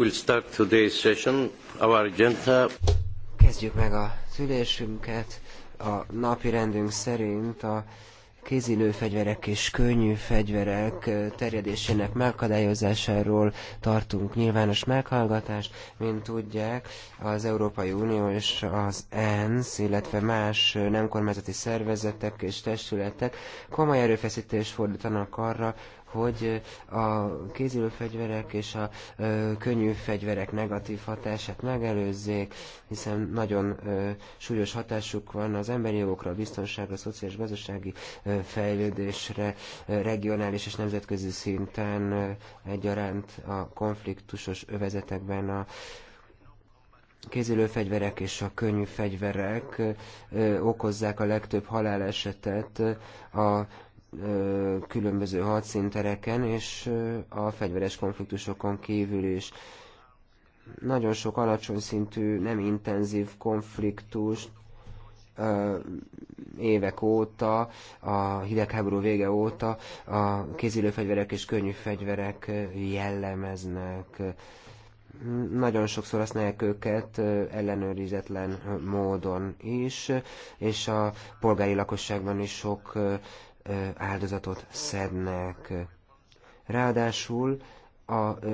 We'll start today's session. Our agenda... Kezdjük meg a ülésünket. A napi rendünk szerint a kézilő fegyverek és könnyű fegyverek eh, terjedésének megakadályozásáról tartunk nyilvános meghallgatást. Mint tudják, az Európai Unió és az ENSZ, illetve más eh, nemkormányzati szervezetek és testületek komoly erőfeszítést fordítanak arra, hogy a kézülő fegyverek és a könnyű fegyverek negatív hatását megelőzzék, hiszen nagyon súlyos hatásuk van az emberi jogokra, a biztonságra, a szociális gazdasági fejlődésre, regionális és nemzetközi szinten egyaránt a konfliktusos övezetekben a kézilőfegyverek és a könnyű fegyverek okozzák a legtöbb halálesetet a különböző hadszíntereken és a fegyveres konfliktusokon kívül is. Nagyon sok alacsony szintű, nem intenzív konfliktus évek óta, a hidegháború vége óta a kézilőfegyverek és könnyű fegyverek jellemeznek. Nagyon sokszor használják őket ellenőrizetlen módon is, és a polgári lakosságban is sok áldozatot szednek. Ráadásul a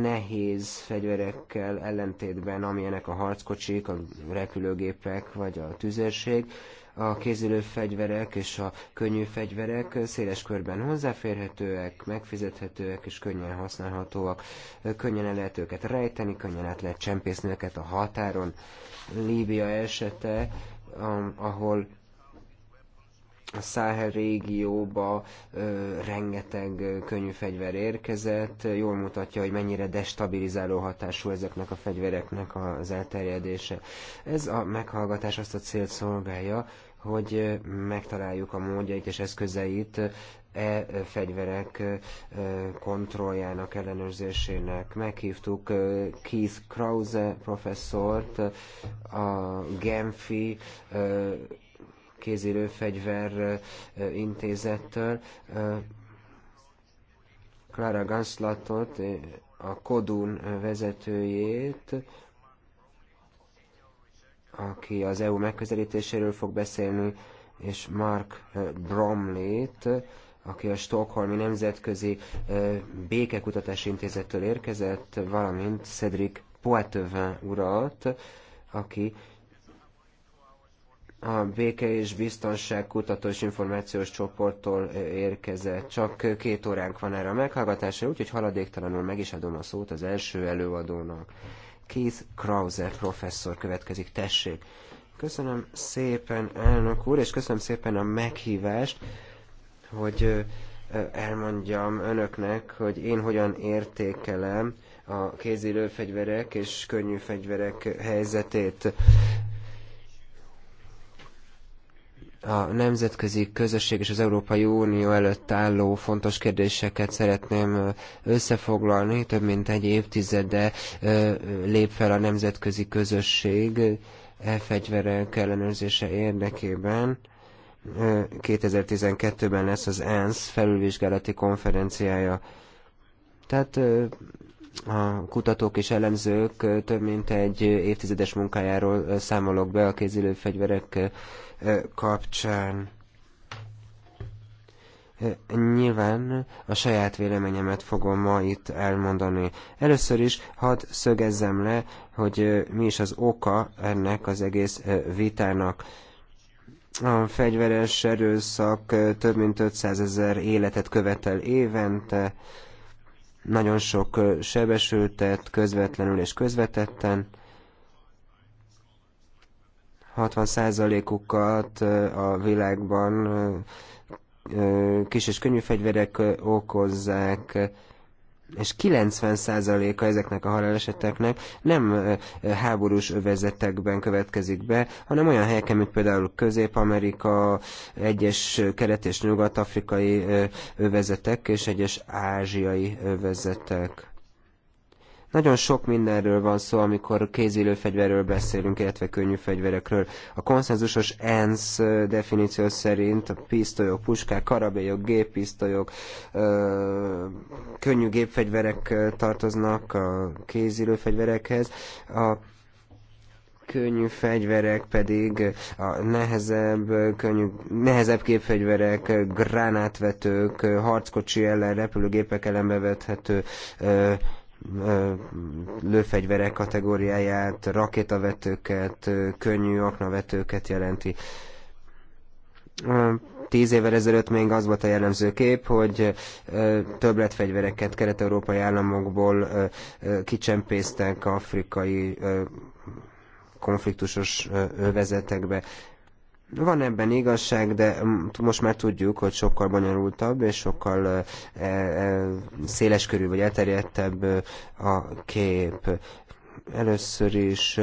nehéz fegyverekkel ellentétben, amilyenek a harckocsik, a repülőgépek vagy a tüzérség, a kézülő fegyverek és a könnyű fegyverek széles körben hozzáférhetőek, megfizethetőek és könnyen használhatóak. Könnyen el lehet őket rejteni, könnyen át lehet csempészni őket a határon. Líbia esete, ahol a Száhel régióba rengeteg könnyű fegyver érkezett, jól mutatja, hogy mennyire destabilizáló hatású ezeknek a fegyvereknek az elterjedése. Ez a meghallgatás azt a célt szolgálja, hogy megtaláljuk a módjait és eszközeit e fegyverek kontrolljának, ellenőrzésének. Meghívtuk Keith Krause professzort, a Genfi fegyver intézettől, Clara Ganslatot, a Kodun vezetőjét, aki az EU megközelítéséről fog beszélni, és Mark Bromlét, aki a Stockholmi Nemzetközi Békekutatási Intézettől érkezett, valamint Cedric Poitevin urat, aki a Béke és Biztonság Kutató és Információs Csoporttól érkezett. Csak két óránk van erre a meghallgatásra, úgyhogy haladéktalanul meg is adom a szót az első előadónak. Keith Krause professzor következik, tessék. Köszönöm szépen, elnök úr, és köszönöm szépen a meghívást, hogy elmondjam önöknek, hogy én hogyan értékelem a kézi és könnyű fegyverek helyzetét a nemzetközi közösség és az Európai Unió előtt álló fontos kérdéseket szeretném összefoglalni. Több mint egy évtizede lép fel a nemzetközi közösség e fegyverek ellenőrzése érdekében. 2012-ben lesz az ENSZ felülvizsgálati konferenciája. Tehát a kutatók és elemzők több mint egy évtizedes munkájáról számolok be a kézilő fegyverek kapcsán. Nyilván a saját véleményemet fogom ma itt elmondani. Először is hadd szögezzem le, hogy mi is az oka ennek az egész vitának. A fegyveres erőszak több mint 500 ezer életet követel évente, nagyon sok sebesültet közvetlenül és közvetetten, 60%-ukat a világban kis és könnyű fegyverek okozzák, és 90%-a ezeknek a haláleseteknek nem háborús övezetekben következik be, hanem olyan helyeken, mint például Közép-Amerika, egyes kelet- és nyugat-afrikai övezetek és egyes ázsiai övezetek. Nagyon sok mindenről van szó, amikor kézilő fegyverről beszélünk, illetve könnyű fegyverekről. A konszenzusos ENSZ definíció szerint a pisztolyok, puskák, karabélyok, géppisztolyok, könnyű gépfegyverek tartoznak a kézilő fegyverekhez. A könnyű fegyverek pedig a nehezebb, könnyű, nehezebb képfegyverek, gránátvetők, harckocsi ellen, repülőgépek ellen bevethető lőfegyverek kategóriáját, rakétavetőket, könnyű aknavetőket jelenti. Tíz évvel ezelőtt még az volt a jellemző kép, hogy többletfegyvereket kelet-európai államokból kicsempésztek afrikai konfliktusos övezetekbe. Van ebben igazság, de most már tudjuk, hogy sokkal bonyolultabb és sokkal e, e, széleskörű vagy elterjedtebb a kép. Először is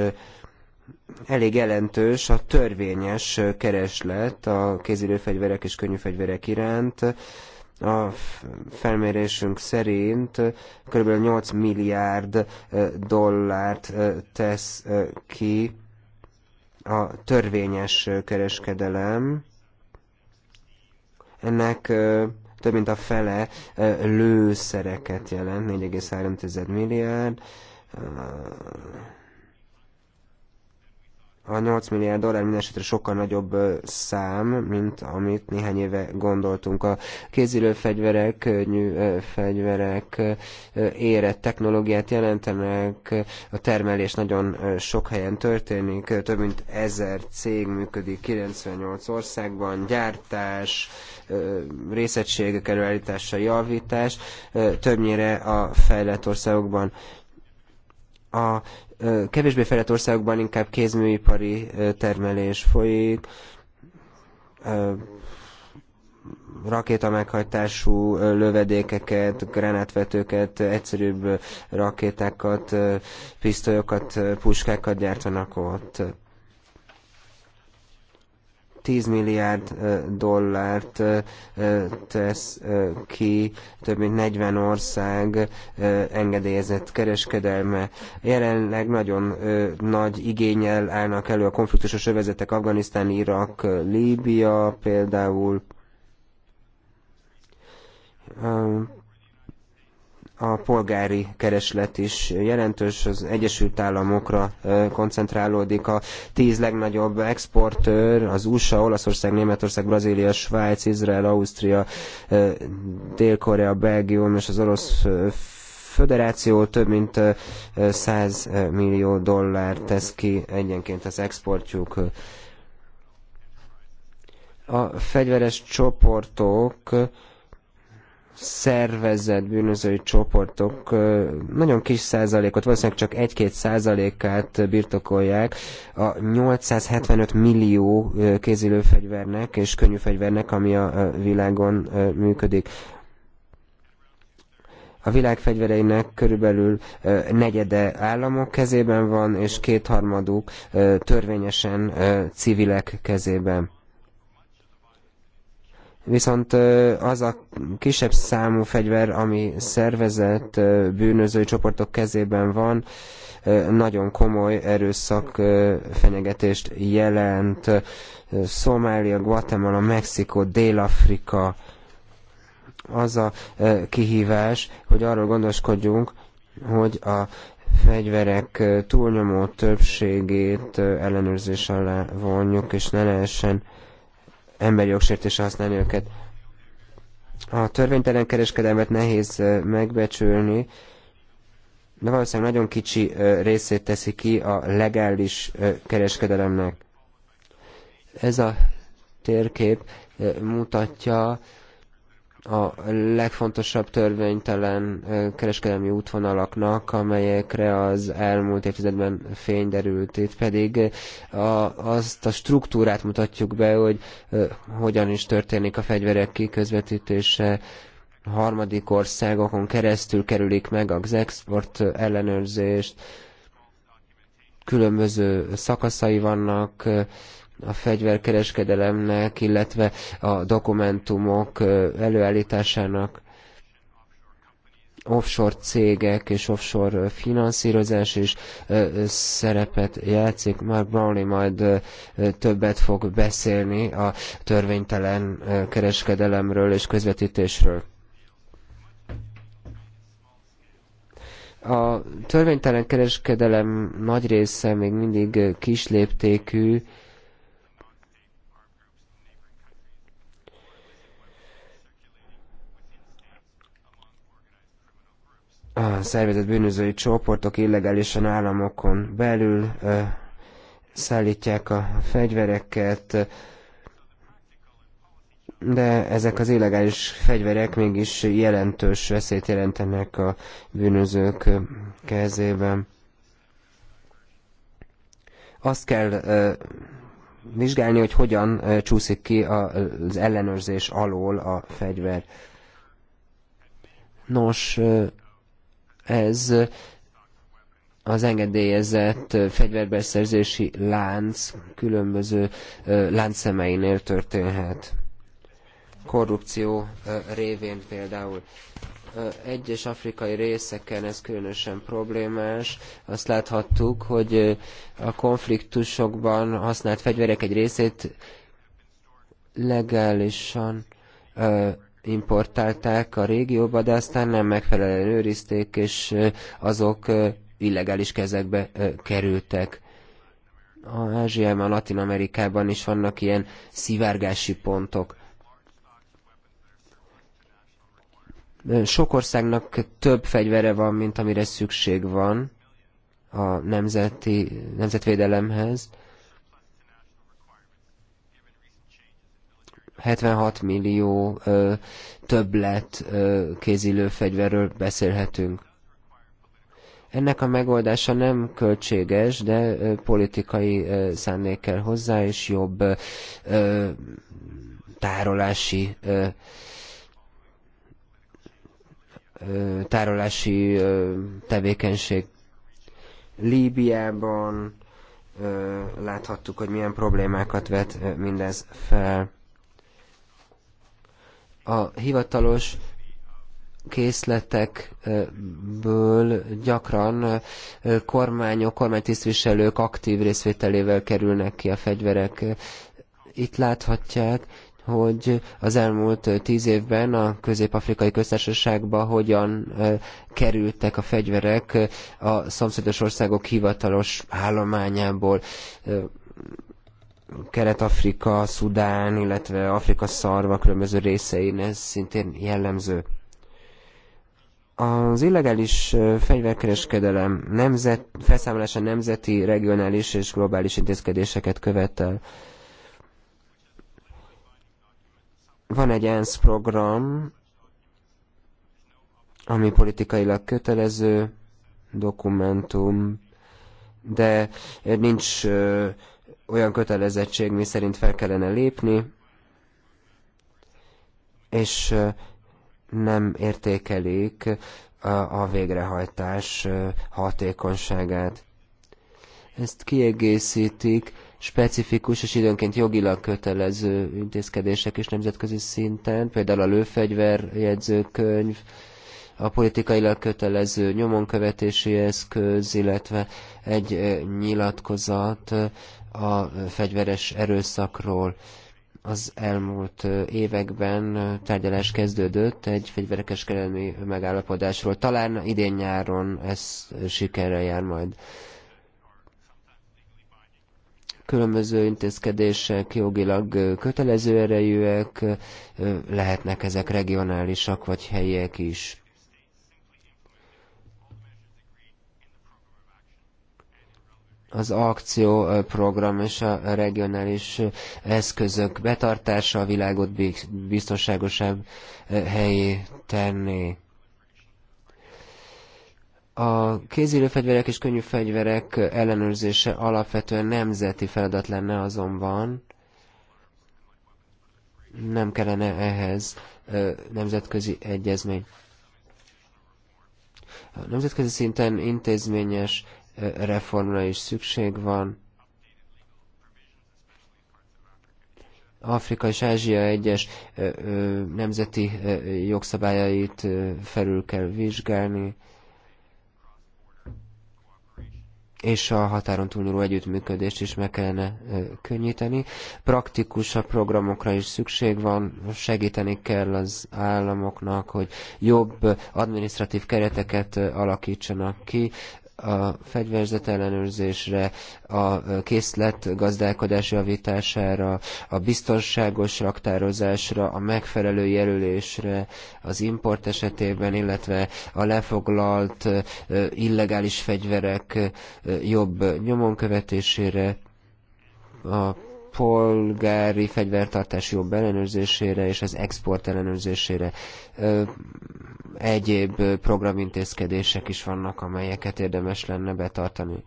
elég jelentős a törvényes kereslet a kézilőfegyverek és könnyű fegyverek iránt. A felmérésünk szerint kb. 8 milliárd dollárt tesz ki a törvényes kereskedelem. Ennek több mint a fele lőszereket jelent, 4,3 milliárd a 8 milliárd dollár minden esetre sokkal nagyobb szám, mint amit néhány éve gondoltunk. A kézilő fegyverek, nyű, fegyverek érett technológiát jelentenek, a termelés nagyon sok helyen történik, több mint ezer cég működik 98 országban, gyártás, részegységek előállítása, javítás, többnyire a fejlett országokban a kevésbé fejlett országokban inkább kézműipari termelés folyik, rakéta meghajtású lövedékeket, gránátvetőket, egyszerűbb rakétákat, pisztolyokat, puskákat gyártanak ott. 10 milliárd dollárt tesz ki, több mint 40 ország engedélyezett kereskedelme. Jelenleg nagyon nagy igényel állnak elő a konfliktusos övezetek Afganisztán, Irak, Líbia például a polgári kereslet is jelentős, az Egyesült Államokra koncentrálódik. A tíz legnagyobb exportőr az USA, Olaszország, Németország, Brazília, Svájc, Izrael, Ausztria, Dél-Korea, Belgium és az orosz föderáció több mint 100 millió dollár tesz ki egyenként az exportjuk. A fegyveres csoportok szervezett bűnözői csoportok nagyon kis százalékot, valószínűleg csak 1-2 százalékát birtokolják a 875 millió kézilőfegyvernek és könnyűfegyvernek, ami a világon működik. A világ fegyvereinek körülbelül negyede államok kezében van, és kétharmaduk törvényesen civilek kezében viszont az a kisebb számú fegyver, ami szervezett bűnözői csoportok kezében van, nagyon komoly erőszak fenyegetést jelent. Szomália, Guatemala, Mexikó, Dél-Afrika, az a kihívás, hogy arról gondoskodjunk, hogy a fegyverek túlnyomó többségét ellenőrzés alá vonjuk, és ne lehessen emberi jogsértésre használni őket. A törvénytelen kereskedelmet nehéz megbecsülni, de valószínűleg nagyon kicsi részét teszi ki a legális kereskedelemnek. Ez a térkép mutatja a legfontosabb törvénytelen kereskedelmi útvonalaknak, amelyekre az elmúlt évtizedben fény derült. Itt pedig a, azt a struktúrát mutatjuk be, hogy hogyan is történik a fegyverek kiközvetítése, harmadik országokon keresztül kerülik meg az export ellenőrzést, különböző szakaszai vannak, a fegyverkereskedelemnek, illetve a dokumentumok előállításának offshore cégek és offshore finanszírozás is szerepet játszik. Mark Brownley majd többet fog beszélni a törvénytelen kereskedelemről és közvetítésről. A törvénytelen kereskedelem nagy része még mindig kisléptékű, a szervezett bűnözői csoportok illegálisan államokon belül szállítják a fegyvereket, de ezek az illegális fegyverek mégis jelentős veszélyt jelentenek a bűnözők kezében. Azt kell vizsgálni, hogy hogyan csúszik ki az ellenőrzés alól a fegyver. Nos, ez az engedélyezett fegyverbeszerzési lánc különböző láncszemeinél történhet. Korrupció révén például egyes afrikai részeken ez különösen problémás. Azt láthattuk, hogy a konfliktusokban használt fegyverek egy részét legálisan importálták a régióba, de aztán nem megfelelően őrizték, és azok illegális kezekbe kerültek. A Ázsiában, Latin Amerikában is vannak ilyen szivárgási pontok. Sok országnak több fegyvere van, mint amire szükség van a nemzeti, nemzetvédelemhez 76 millió ö, többlet ö, kézilő fegyverről beszélhetünk. Ennek a megoldása nem költséges, de ö, politikai ö, szándék kell hozzá, és jobb ö, tárolási ö, ö, tárolási ö, tevékenység. Líbiában ö, láthattuk, hogy milyen problémákat vet mindez fel a hivatalos készletekből gyakran kormányok, kormánytisztviselők aktív részvételével kerülnek ki a fegyverek. Itt láthatják, hogy az elmúlt tíz évben a Közép-Afrikai Köztársaságba hogyan kerültek a fegyverek a szomszédos országok hivatalos állományából Kelet-Afrika, Szudán, illetve Afrika szarva különböző részein ez szintén jellemző. Az illegális fegyverkereskedelem nemzet, felszámolása nemzeti, regionális és globális intézkedéseket követel. Van egy ENSZ program, ami politikailag kötelező dokumentum, de nincs olyan kötelezettség, mi szerint fel kellene lépni, és nem értékelik a végrehajtás hatékonyságát. Ezt kiegészítik specifikus és időnként jogilag kötelező intézkedések is nemzetközi szinten, például a lőfegyver jegyzőkönyv, a politikailag kötelező nyomonkövetési eszköz, illetve egy nyilatkozat a fegyveres erőszakról. Az elmúlt években tárgyalás kezdődött egy fegyverekeskedelmi megállapodásról. Talán idén nyáron ez sikerrel jár majd különböző intézkedések jogilag kötelező erejűek, lehetnek ezek regionálisak vagy helyiek is. az akcióprogram és a regionális eszközök betartása a világot biztonságosabb helyé tenni. A kézilő fegyverek és könnyű fegyverek ellenőrzése alapvetően nemzeti feladat lenne azonban, nem kellene ehhez nemzetközi egyezmény. A nemzetközi szinten intézményes reformra is szükség van. Afrika és Ázsia egyes nemzeti jogszabályait felül kell vizsgálni, és a határon túlnyúló együttműködést is meg kellene könnyíteni. Praktikusabb programokra is szükség van, segíteni kell az államoknak, hogy jobb administratív kereteket alakítsanak ki, a fegyverzet ellenőrzésre, a készlet gazdálkodás javítására, a biztonságos raktározásra, a megfelelő jelölésre, az import esetében, illetve a lefoglalt illegális fegyverek jobb nyomon követésére, a polgári fegyvertartás jobb ellenőrzésére és az export ellenőrzésére egyéb programintézkedések is vannak, amelyeket érdemes lenne betartani.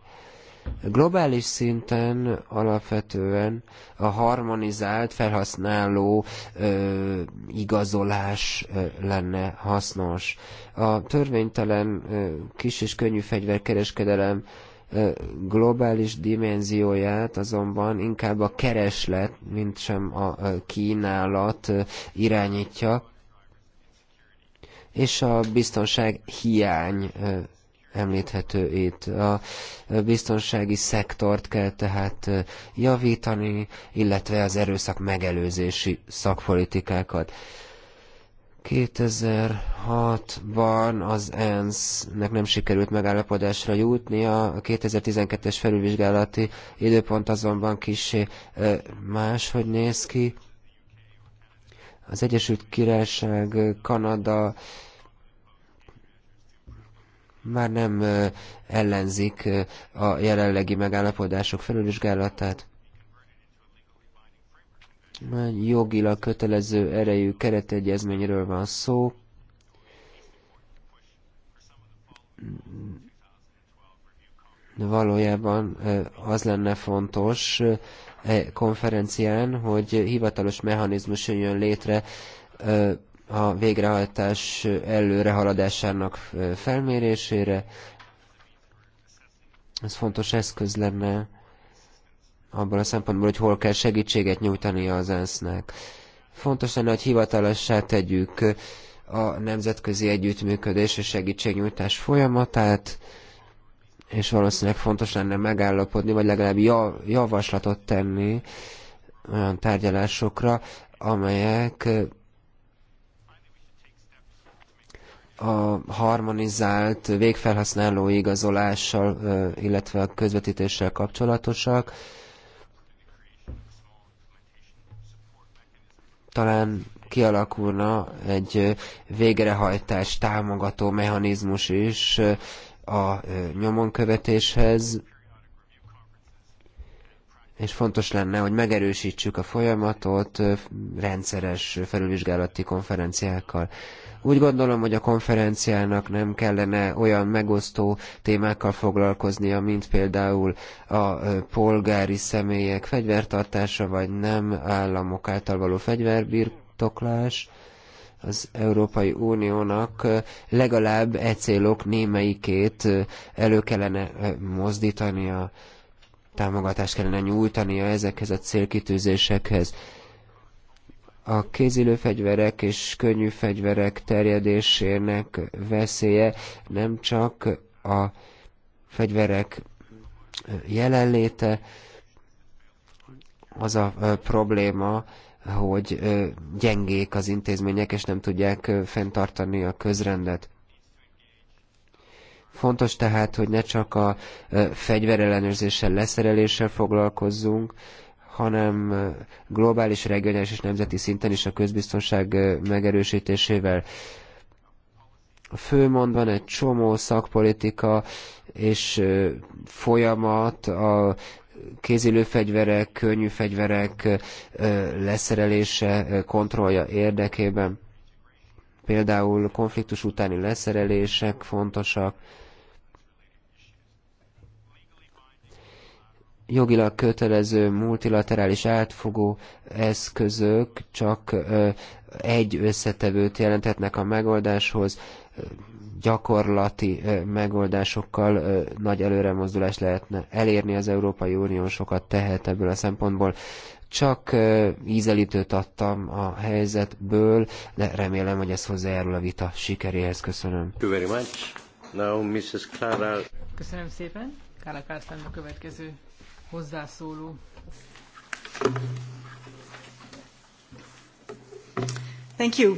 Globális szinten alapvetően a harmonizált felhasználó ö, igazolás ö, lenne hasznos. A törvénytelen ö, kis és könnyű fegyverkereskedelem ö, globális dimenzióját azonban inkább a kereslet, mint sem a, a kínálat ö, irányítja és a biztonság hiány említhető itt. A biztonsági szektort kell tehát javítani, illetve az erőszak megelőzési szakpolitikákat. 2006-ban az ENSZ-nek nem sikerült megállapodásra jutni, a 2012-es felülvizsgálati időpont azonban kicsi máshogy néz ki az Egyesült Királyság, Kanada már nem ellenzik a jelenlegi megállapodások felülvizsgálatát. Jogilag kötelező erejű keretegyezményről van szó. valójában az lenne fontos, E konferencián, hogy hivatalos mechanizmus jön létre a végrehajtás előrehaladásának felmérésére. Ez fontos eszköz lenne abból a szempontból, hogy hol kell segítséget nyújtani az ENSZ-nek. Fontos lenne, hogy hivatalossá tegyük a nemzetközi együttműködés és segítségnyújtás folyamatát, és valószínűleg fontos lenne megállapodni, vagy legalább javaslatot tenni olyan tárgyalásokra, amelyek eh, a harmonizált végfelhasználó igazolással, eh, illetve a közvetítéssel kapcsolatosak. Talán kialakulna egy eh, végrehajtás támogató mechanizmus is a nyomonkövetéshez, és fontos lenne, hogy megerősítsük a folyamatot rendszeres felülvizsgálati konferenciákkal. Úgy gondolom, hogy a konferenciának nem kellene olyan megosztó témákkal foglalkoznia, mint például a polgári személyek fegyvertartása, vagy nem államok által való fegyverbirtoklás, az Európai Uniónak legalább e célok némelyikét elő kellene mozdítania, támogatást kellene nyújtania ezekhez a célkitűzésekhez. A fegyverek és könnyű fegyverek terjedésének veszélye nem csak a fegyverek jelenléte, az a probléma, hogy gyengék az intézmények, és nem tudják fenntartani a közrendet. Fontos tehát, hogy ne csak a fegyverellenőrzéssel, leszereléssel foglalkozzunk, hanem globális, regionális és nemzeti szinten is a közbiztonság megerősítésével. Főmondban egy csomó szakpolitika és folyamat a kézilő fegyverek, könnyű fegyverek leszerelése, kontrollja érdekében. Például konfliktus utáni leszerelések fontosak. Jogilag kötelező, multilaterális átfogó eszközök csak egy összetevőt jelentetnek a megoldáshoz gyakorlati megoldásokkal nagy előremozdulást lehetne elérni. Az Európai Unió sokat tehet ebből a szempontból. Csak ízelítőt adtam a helyzetből, de remélem, hogy ez hozzájárul a vita sikeréhez. Köszönöm. Mrs. Clara. Köszönöm szépen. Kála Kárszán a következő hozzászóló. Thank you.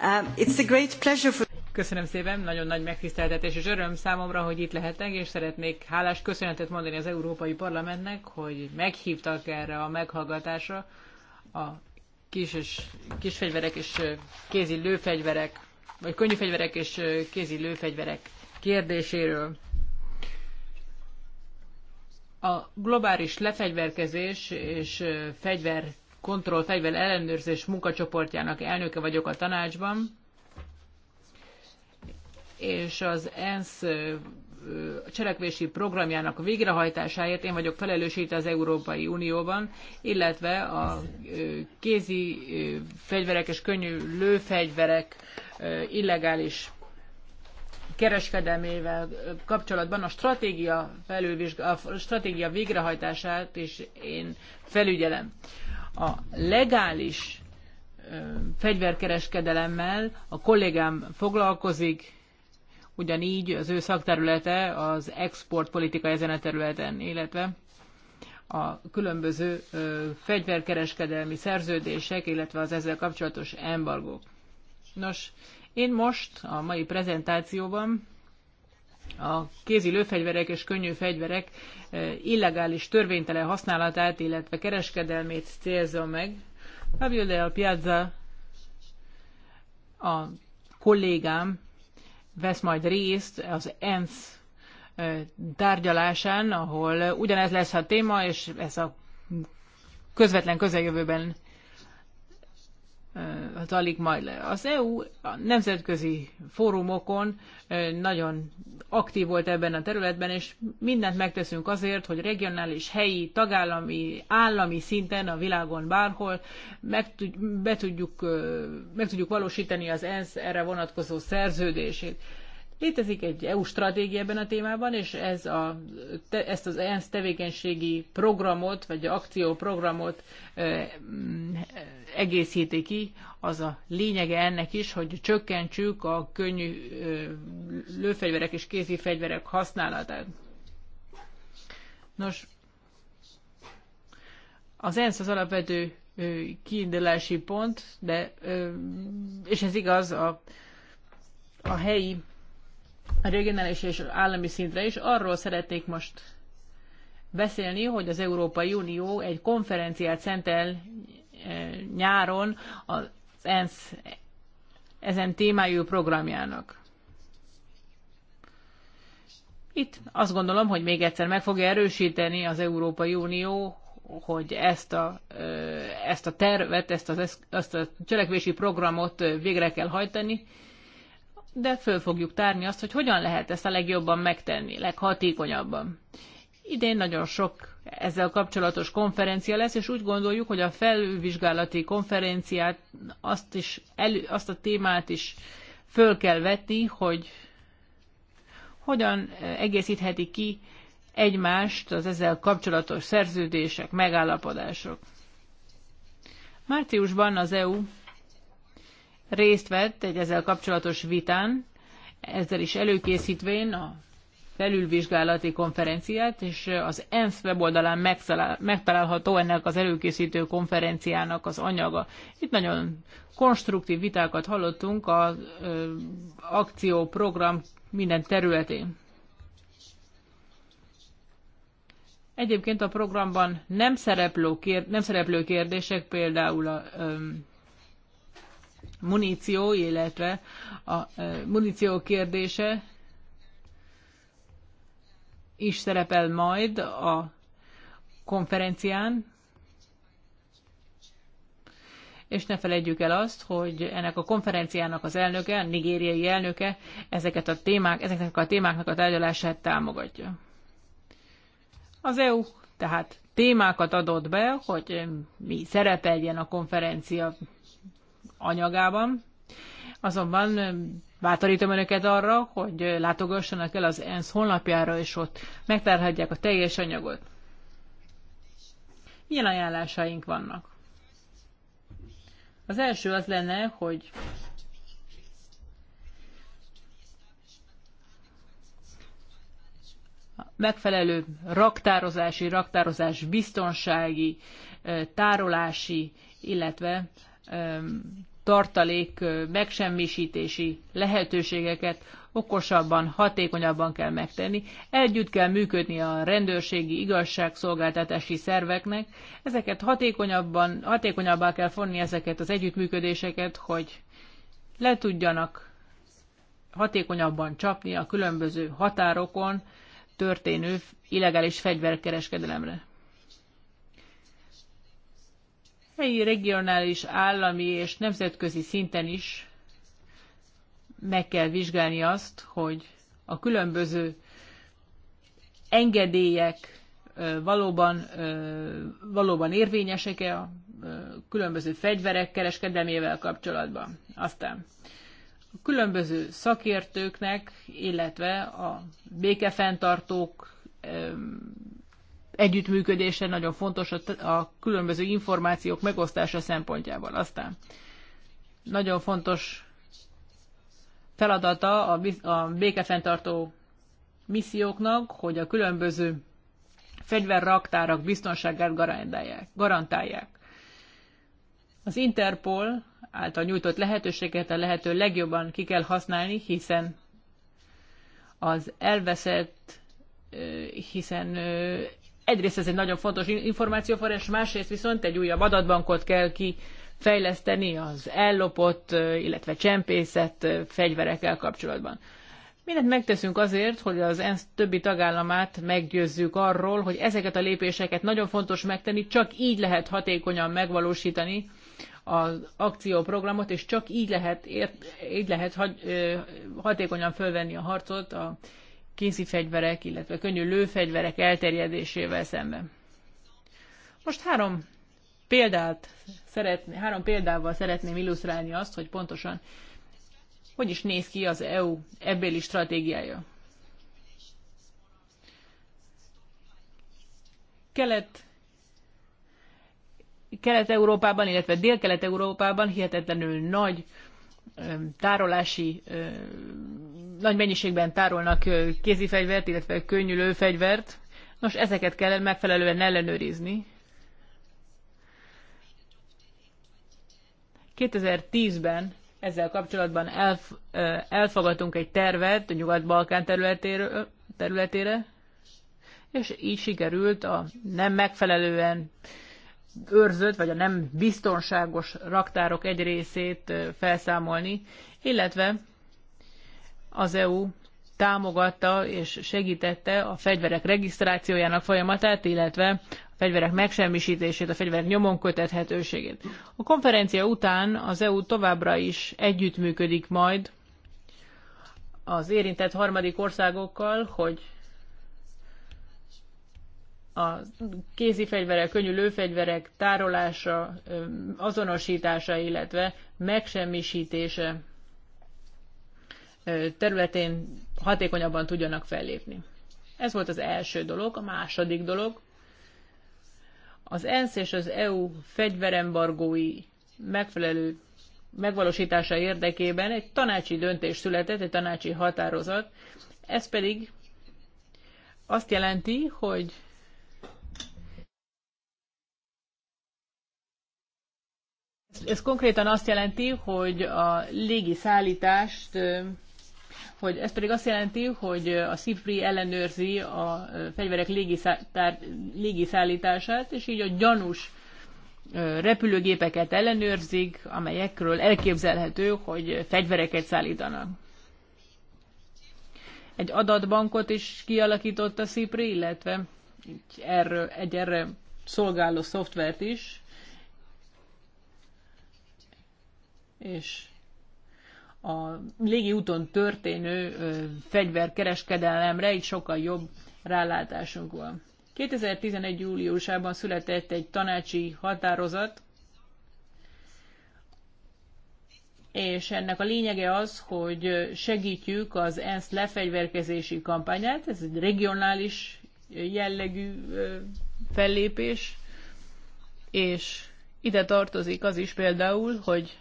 Uh, it's a great pleasure for Köszönöm szépen, nagyon nagy megtiszteltetés és öröm számomra, hogy itt lehetek, és szeretnék hálás köszönetet mondani az Európai Parlamentnek, hogy meghívtak erre a meghallgatásra a kis és, kisfegyverek és kézi lőfegyverek, vagy könnyű fegyverek és kézi lőfegyverek kérdéséről. A globális lefegyverkezés és fegyver kontroll, fegyver ellenőrzés munkacsoportjának elnöke vagyok a tanácsban és az ENSZ cselekvési programjának a végrehajtásáért én vagyok felelős itt az Európai Unióban, illetve a kézi fegyverek és könnyű lőfegyverek illegális kereskedelmével kapcsolatban a stratégia, felülvizsga, a stratégia végrehajtását is én felügyelem. A legális fegyverkereskedelemmel a kollégám foglalkozik, ugyanígy az ő szakterülete az exportpolitika ezen a területen, illetve a különböző ö, fegyverkereskedelmi szerződések, illetve az ezzel kapcsolatos embargók. Nos, én most a mai prezentációban a kézi lőfegyverek és könnyű fegyverek illegális törvénytelen használatát, illetve kereskedelmét célzom meg. Fabio Del Piazza a kollégám vesz majd részt az ENSZ tárgyalásán, ahol ugyanez lesz a téma, és ez a közvetlen közeljövőben az alig majd le. Az EU a nemzetközi fórumokon nagyon aktív volt ebben a területben, és mindent megteszünk azért, hogy regionális, helyi, tagállami, állami szinten a világon bárhol meg, be tudjuk, meg tudjuk valósítani az ENSZ erre vonatkozó szerződését. Létezik egy EU stratégia ebben a témában, és ez a, te, ezt az ENSZ tevékenységi programot, vagy akcióprogramot e, egészíti ki. Az a lényege ennek is, hogy csökkentsük a könnyű e, lőfegyverek és kézi fegyverek használatát. Nos, az ENSZ az alapvető kiindulási pont, de, és ez igaz a, a helyi a regionális és állami szintre is. Arról szeretnék most beszélni, hogy az Európai Unió egy konferenciát szentel eh, nyáron az ENSZ ezen témájú programjának. Itt azt gondolom, hogy még egyszer meg fogja erősíteni az Európai Unió, hogy ezt a, eh, ezt a tervet, ezt, az, ezt a cselekvési programot eh, végre kell hajtani, de föl fogjuk tárni azt, hogy hogyan lehet ezt a legjobban megtenni, leghatékonyabban. Idén nagyon sok ezzel kapcsolatos konferencia lesz, és úgy gondoljuk, hogy a felvizsgálati konferenciát, azt, is elő, azt a témát is föl kell vetni, hogy hogyan e, egészítheti ki egymást az ezzel kapcsolatos szerződések, megállapodások. Márciusban az EU részt vett egy ezzel kapcsolatos vitán, ezzel is előkészítvén a felülvizsgálati konferenciát, és az ENSZ weboldalán megtalálható ennek az előkészítő konferenciának az anyaga. Itt nagyon konstruktív vitákat hallottunk az akcióprogram minden területén. Egyébként a programban nem szereplő, kér, nem szereplő kérdések, például a muníció, illetve a e, muníció kérdése is szerepel majd a konferencián, és ne felejtjük el azt, hogy ennek a konferenciának az elnöke, a nigériai elnöke ezeket a témák, ezeknek a témáknak a tárgyalását támogatja. Az EU tehát témákat adott be, hogy mi szerepeljen a konferencia anyagában. Azonban bátorítom önöket arra, hogy látogassanak el az ENSZ honlapjára, és ott megtárhatják a teljes anyagot. Milyen ajánlásaink vannak? Az első az lenne, hogy megfelelő raktározási, raktározás biztonsági, tárolási, illetve tartalék megsemmisítési lehetőségeket okosabban, hatékonyabban kell megtenni. Együtt kell működni a rendőrségi, igazságszolgáltatási szerveknek. Ezeket hatékonyabban, hatékonyabbá kell fonni ezeket az együttműködéseket, hogy le tudjanak hatékonyabban csapni a különböző határokon történő illegális fegyverkereskedelemre helyi, regionális, állami és nemzetközi szinten is meg kell vizsgálni azt, hogy a különböző engedélyek valóban, valóban érvényesek-e a különböző fegyverek kereskedelmével kapcsolatban. Aztán a különböző szakértőknek, illetve a békefenntartók együttműködése nagyon fontos a, a különböző információk megosztása szempontjából. Aztán nagyon fontos feladata a, a békefenntartó misszióknak, hogy a különböző fegyverraktárak biztonságát garantálják. Az Interpol által nyújtott lehetőséget a lehető legjobban ki kell használni, hiszen az elveszett, hiszen egyrészt ez egy nagyon fontos információforrás, másrészt viszont egy újabb adatbankot kell ki fejleszteni az ellopott, illetve csempészett fegyverekkel kapcsolatban. Mindent megteszünk azért, hogy az ENSZ többi tagállamát meggyőzzük arról, hogy ezeket a lépéseket nagyon fontos megtenni, csak így lehet hatékonyan megvalósítani az akcióprogramot, és csak így lehet, ért, így lehet hatékonyan fölvenni a harcot a kézi fegyverek, illetve könnyű lőfegyverek elterjedésével szemben. Most három példát szeretné, három példával szeretném illusztrálni azt, hogy pontosan hogy is néz ki az EU ebbéli stratégiája. Kelet Kelet-Európában, illetve Dél-Kelet-Európában hihetetlenül nagy tárolási, nagy mennyiségben tárolnak kézi fegyvert, illetve könnyű lőfegyvert. Nos, ezeket kell megfelelően ellenőrizni. 2010-ben ezzel kapcsolatban elf, elfogadtunk egy tervet a Nyugat-Balkán területére, és így sikerült a nem megfelelően őrzött, vagy a nem biztonságos raktárok egy részét felszámolni, illetve az EU támogatta és segítette a fegyverek regisztrációjának folyamatát, illetve a fegyverek megsemmisítését, a fegyverek nyomon kötethetőségét. A konferencia után az EU továbbra is együttműködik majd az érintett harmadik országokkal, hogy a kézi fegyverek, könnyű lőfegyverek tárolása, azonosítása, illetve megsemmisítése területén hatékonyabban tudjanak fellépni. Ez volt az első dolog. A második dolog, az ENSZ és az EU fegyverembargói megfelelő megvalósítása érdekében egy tanácsi döntés született, egy tanácsi határozat. Ez pedig azt jelenti, hogy Ez konkrétan azt jelenti, hogy a légi szállítást, hogy ez pedig azt jelenti, hogy a CIPRI ellenőrzi a fegyverek légiszállítását, és így a gyanús repülőgépeket ellenőrzik, amelyekről elképzelhető, hogy fegyvereket szállítanak. Egy adatbankot is kialakított a CIPRI, illetve egy erre, egy erre szolgáló szoftvert is, és a légi úton történő fegyverkereskedelemre így sokkal jobb rálátásunk van. 2011. júliusában született egy tanácsi határozat, és ennek a lényege az, hogy segítjük az ENSZ lefegyverkezési kampányát, ez egy regionális jellegű fellépés, és ide tartozik az is például, hogy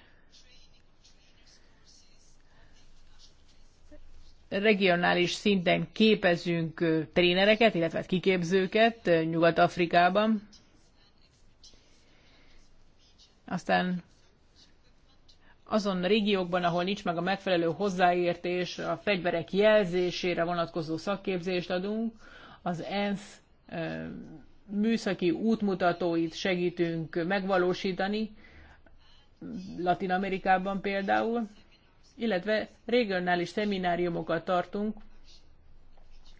regionális szinten képezünk trénereket, illetve hát kiképzőket Nyugat-Afrikában. Aztán azon régiókban, ahol nincs meg a megfelelő hozzáértés, a fegyverek jelzésére vonatkozó szakképzést adunk, az ENSZ műszaki útmutatóit segítünk megvalósítani, Latin Amerikában például, illetve regionális szemináriumokat tartunk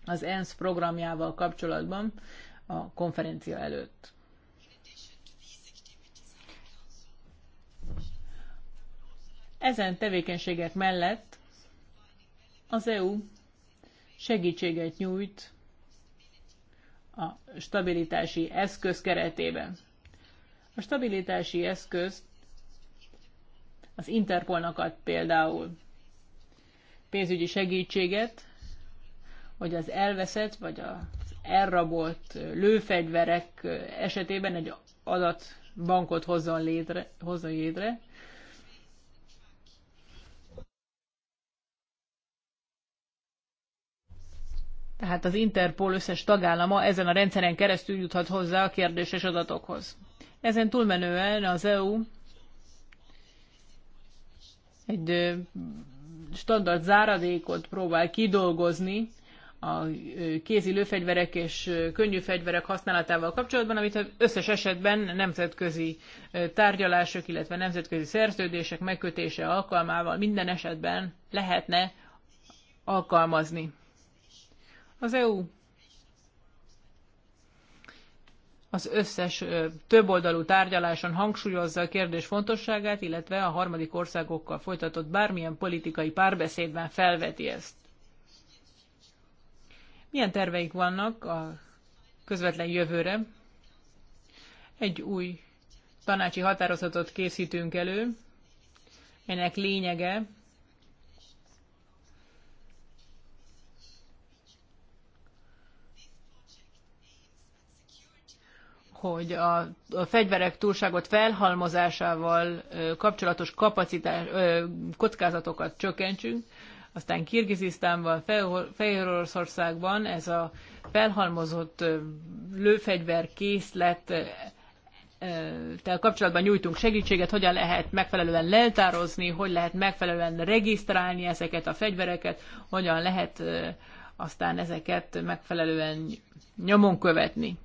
az ENSZ programjával kapcsolatban a konferencia előtt. Ezen tevékenységek mellett az EU segítséget nyújt a stabilitási eszköz keretében. A stabilitási eszközt az Interpolnak ad például pénzügyi segítséget, hogy az elveszett vagy az elrabolt lőfegyverek esetében egy adatbankot hozzon létre, hozzon létre. Tehát az Interpol összes tagállama ezen a rendszeren keresztül juthat hozzá a kérdéses adatokhoz. Ezen túlmenően az EU egy standard záradékot próbál kidolgozni a kézi lőfegyverek és könnyű fegyverek használatával kapcsolatban, amit összes esetben nemzetközi tárgyalások, illetve nemzetközi szerződések megkötése alkalmával minden esetben lehetne alkalmazni. Az EU az összes többoldalú tárgyaláson hangsúlyozza a kérdés fontosságát, illetve a harmadik országokkal folytatott bármilyen politikai párbeszédben felveti ezt. Milyen terveik vannak a közvetlen jövőre? Egy új tanácsi határozatot készítünk elő, ennek lényege hogy a, a fegyverek túlságot felhalmozásával kapcsolatos kapacitás, kockázatokat csökkentsünk, aztán Kirgizisztánban, Fehéroroszországban ez a felhalmozott lőfegyver készlet tehát kapcsolatban nyújtunk segítséget, hogyan lehet megfelelően leltározni, hogy lehet megfelelően regisztrálni ezeket a fegyvereket, hogyan lehet aztán ezeket megfelelően nyomon követni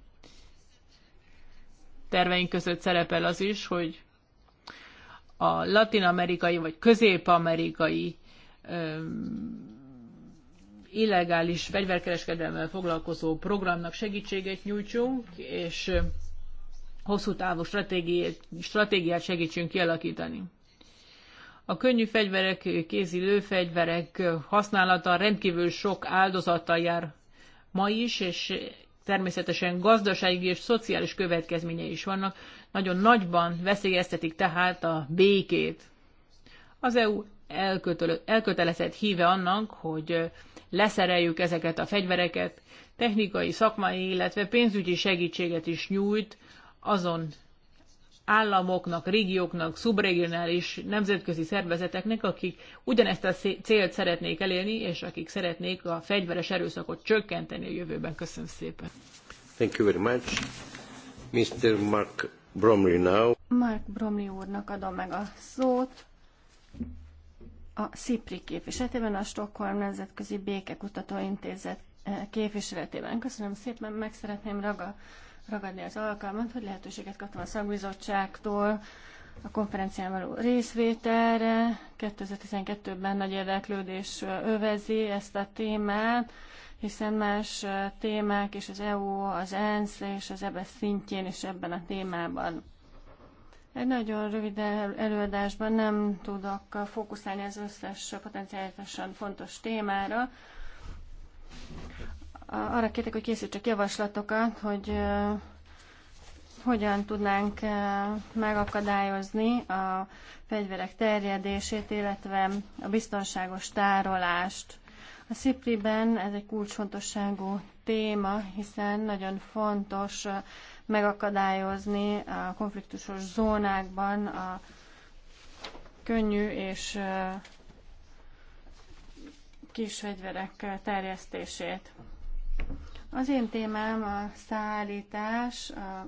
terveink között szerepel az is, hogy a latin-amerikai vagy közép-amerikai illegális fegyverkereskedelmmel foglalkozó programnak segítséget nyújtsunk, és hosszú távú stratégiát, stratégiát segítsünk kialakítani. A könnyű fegyverek, kézi lőfegyverek használata rendkívül sok áldozattal jár ma is, és természetesen gazdasági és szociális következményei is vannak, nagyon nagyban veszélyeztetik tehát a békét. Az EU elkötelezett híve annak, hogy leszereljük ezeket a fegyvereket, technikai, szakmai, illetve pénzügyi segítséget is nyújt azon államoknak, régióknak, szubregionális nemzetközi szervezeteknek, akik ugyanezt a célt szeretnék elérni, és akik szeretnék a fegyveres erőszakot csökkenteni a jövőben. Köszönöm szépen. Thank you very much. Mr. Mark Bromley now. Mark Bromley úrnak adom meg a szót. A SZIPRI képviseletében a Stockholm Nemzetközi Békekutató Intézet eh, képviseletében. Köszönöm szépen, meg szeretném ragadni ragadni az alkalmat, hogy lehetőséget kaptam a szakbizottságtól a konferencián való részvételre. 2012-ben nagy érdeklődés övezi ezt a témát, hiszen más témák e e és az EU, az ENSZ és az EBS szintjén is ebben a témában. Egy nagyon rövid előadásban nem tudok fókuszálni az összes potenciálisan fontos témára arra kértek, hogy készítsek javaslatokat, hogy hogyan tudnánk megakadályozni a fegyverek terjedését, illetve a biztonságos tárolást. A Szipriben ez egy kulcsfontosságú téma, hiszen nagyon fontos megakadályozni a konfliktusos zónákban a könnyű és kis fegyverek terjesztését. Az én témám a szállítás, a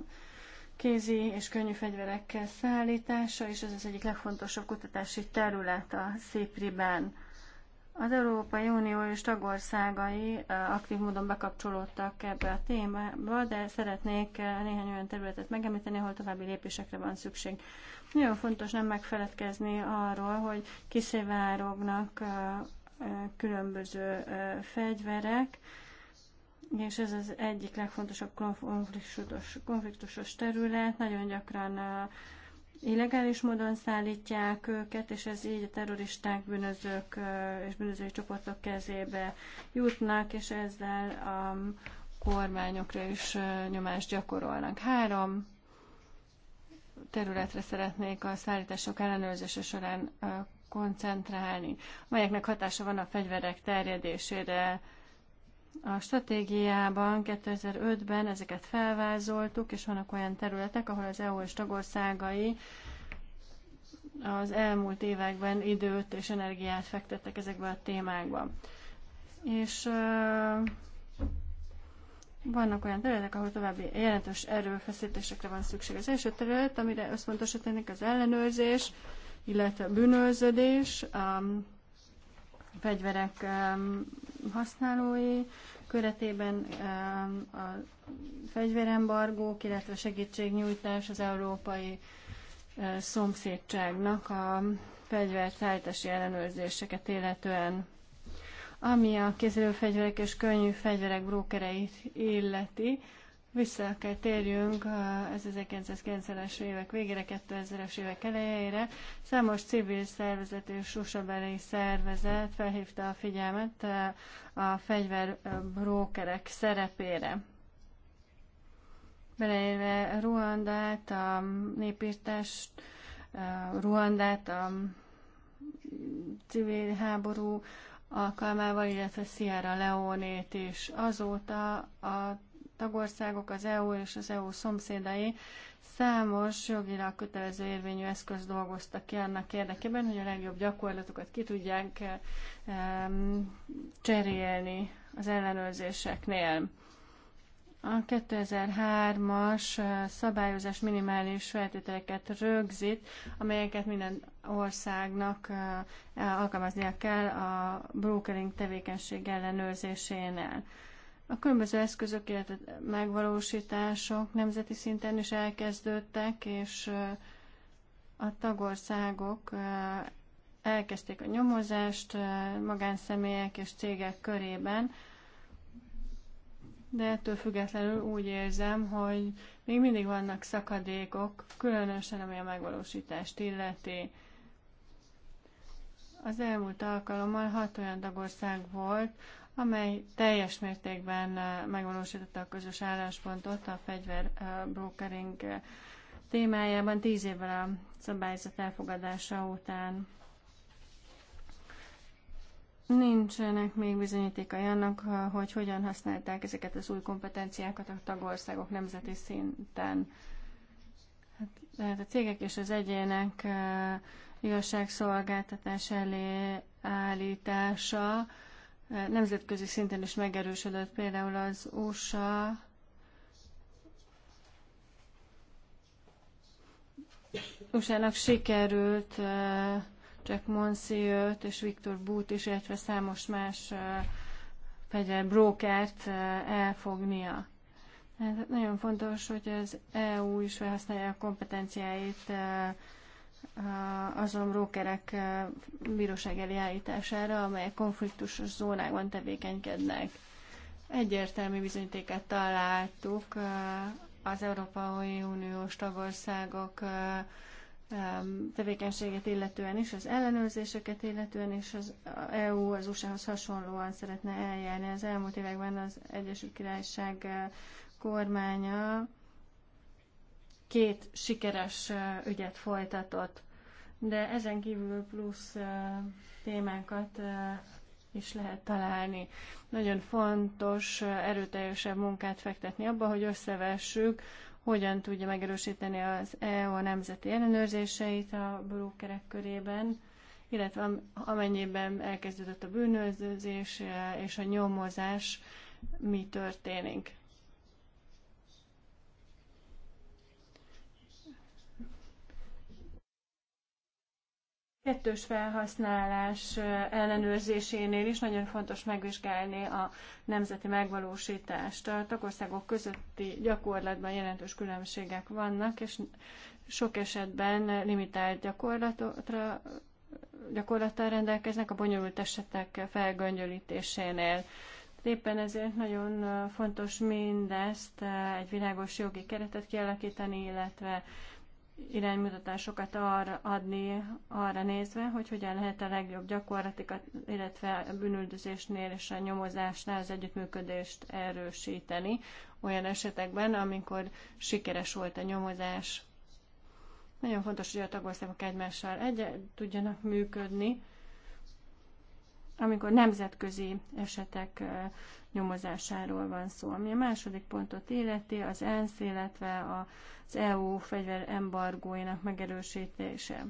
kézi és könnyű fegyverekkel szállítása, és ez az egyik legfontosabb kutatási terület a Szépriben. Az Európai Unió és tagországai aktív módon bekapcsolódtak ebbe a témába, de szeretnék néhány olyan területet megemlíteni, ahol további lépésekre van szükség. Nagyon fontos nem megfeledkezni arról, hogy kiszivárognak különböző fegyverek, és ez az egyik legfontosabb konfliktusos, konfliktusos terület. Nagyon gyakran illegális módon szállítják őket, és ez így a terroristák, bűnözők és bűnözői csoportok kezébe jutnak, és ezzel a kormányokra is nyomást gyakorolnak. Három területre szeretnék a szállítások ellenőrzése során koncentrálni, amelyeknek hatása van a fegyverek terjedésére, a stratégiában 2005-ben ezeket felvázoltuk, és vannak olyan területek, ahol az EU és tagországai az elmúlt években időt és energiát fektettek ezekbe a témákba. És vannak olyan területek, ahol további jelentős erőfeszítésekre van szükség. Az első terület, amire összpontosítanék, az ellenőrzés, illetve bűnöződés, um, fegyverek um, használói köretében um, a fegyverembargók, illetve segítségnyújtás az európai uh, szomszédságnak a fegyverszállítási ellenőrzéseket illetően. Ami a fegyverek és könnyű fegyverek brókereit illeti, vissza kell térjünk az uh, 1990-es évek végére, 2000-es évek elejére. Számos civil szervezet és susabeli szervezet felhívta a figyelmet uh, a fegyverbrókerek uh, szerepére. Beleérve Ruandát, a népírtást, Ruandát, a civil háború alkalmával, illetve Sierra Leone-t is. Azóta a tagországok, az EU és az EU szomszédai számos jogilag kötelező érvényű eszköz dolgoztak ki annak érdekében, hogy a legjobb gyakorlatokat ki tudják eh, cserélni az ellenőrzéseknél. A 2003-as eh, szabályozás minimális feltételeket rögzít, amelyeket minden országnak eh, alkalmaznia kell a brokering tevékenység ellenőrzésénél. A különböző eszközök, illetve megvalósítások nemzeti szinten is elkezdődtek, és a tagországok elkezdték a nyomozást magánszemélyek és cégek körében, de ettől függetlenül úgy érzem, hogy még mindig vannak szakadékok, különösen ami a megvalósítást illeti. Az elmúlt alkalommal hat olyan tagország volt, amely teljes mértékben eh, megvalósította a közös álláspontot a fegyverbrokering eh, eh, témájában tíz évvel a szabályzat elfogadása után. Nincsenek még bizonyítékai annak, hogy hogyan használták ezeket az új kompetenciákat a tagországok nemzeti szinten. Hát, tehát a cégek és az egyének igazságszolgáltatás elé állítása, nemzetközi szinten is megerősödött, például az USA USA-nak sikerült Jack Monsiőt és Viktor Boot is, illetve számos más fegyel brókert elfognia. Hát nagyon fontos, hogy az EU is felhasználja a kompetenciáit azon brókerek bíróság elé állítására, amelyek konfliktusos zónákban tevékenykednek. Egyértelmű bizonyítéket találtuk az Európai Uniós tagországok tevékenységet illetően is, az ellenőrzéseket illetően is, az EU az USA-hoz hasonlóan szeretne eljárni. Az elmúlt években az Egyesült Királyság kormánya két sikeres ügyet folytatott de ezen kívül plusz témákat is lehet találni. Nagyon fontos erőteljesebb munkát fektetni abba, hogy összevessük, hogyan tudja megerősíteni az EU a nemzeti ellenőrzéseit a brókerek körében, illetve amennyiben elkezdődött a bűnözés és a nyomozás, mi történik. kettős felhasználás ellenőrzésénél is nagyon fontos megvizsgálni a nemzeti megvalósítást. A tagországok közötti gyakorlatban jelentős különbségek vannak, és sok esetben limitált gyakorlatra gyakorlattal rendelkeznek a bonyolult esetek felgöngyölítésénél. Éppen ezért nagyon fontos mindezt egy világos jogi keretet kialakítani, illetve iránymutatásokat arra adni, arra nézve, hogy hogyan lehet a legjobb gyakorlatikat, illetve a bűnüldözésnél és a nyomozásnál az együttműködést erősíteni olyan esetekben, amikor sikeres volt a nyomozás. Nagyon fontos, hogy a tagországok egymással egyet tudjanak működni, amikor nemzetközi esetek nyomozásáról van szó. Ami a második pontot életi, az ENSZ, illetve az EU embargóinak megerősítése.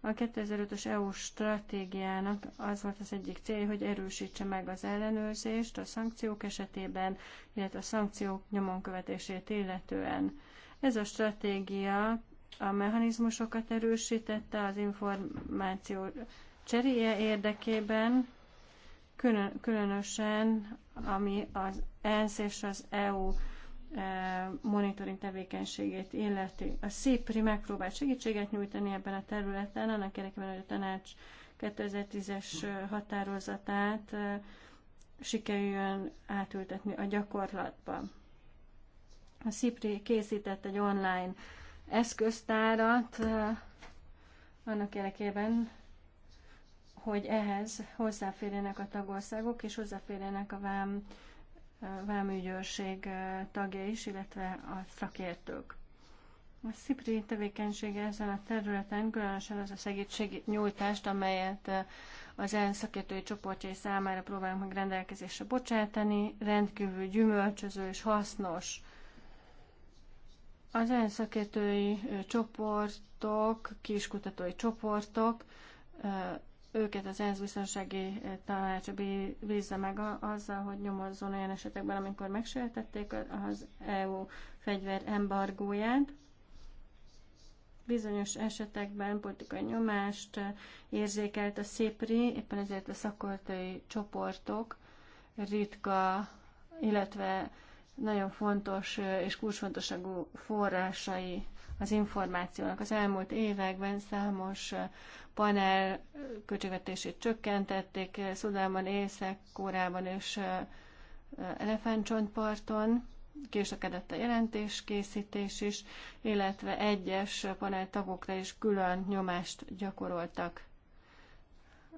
A 2005-ös EU stratégiának az volt az egyik cél, hogy erősítse meg az ellenőrzést a szankciók esetében, illetve a szankciók nyomon követését illetően. Ez a stratégia a mechanizmusokat erősítette, az információ cseréje érdekében, külön, különösen ami az ENSZ és az EU e, monitoring tevékenységét illeti. A SZIPRI megpróbált segítséget nyújtani ebben a területen, annak érdekében, hogy a tanács 2010-es határozatát sikerüljön átültetni a gyakorlatba. A SZIPRI készített egy online eszköztárat annak érdekében, hogy ehhez hozzáférjenek a tagországok, és hozzáférjenek a vám, vámügyőrség tagja is, illetve a szakértők. A SZIPRI tevékenysége ezen a területen, különösen az a segítségnyújtást, amelyet az ENSZ szakértői csoportjai számára próbálunk meg rendelkezésre bocsátani, rendkívül gyümölcsöző és hasznos. Az ENSZ szakértői csoportok, kiskutatói csoportok őket az ENSZ biztonsági eh, tanács bízza meg azzal, hogy nyomozzon olyan esetekben, amikor megsértették az EU fegyver embargóját. Bizonyos esetekben politikai nyomást eh, érzékelt a SZIPRI, éppen ezért a szakoltai csoportok ritka, illetve nagyon fontos eh, és kulcsfontosságú forrásai az információnak. Az elmúlt években számos panel költségvetését csökkentették Szudában, Észak-Kórában és Elefántcsontparton, késlekedett a jelentéskészítés is, illetve egyes panel tagokra is külön nyomást gyakoroltak.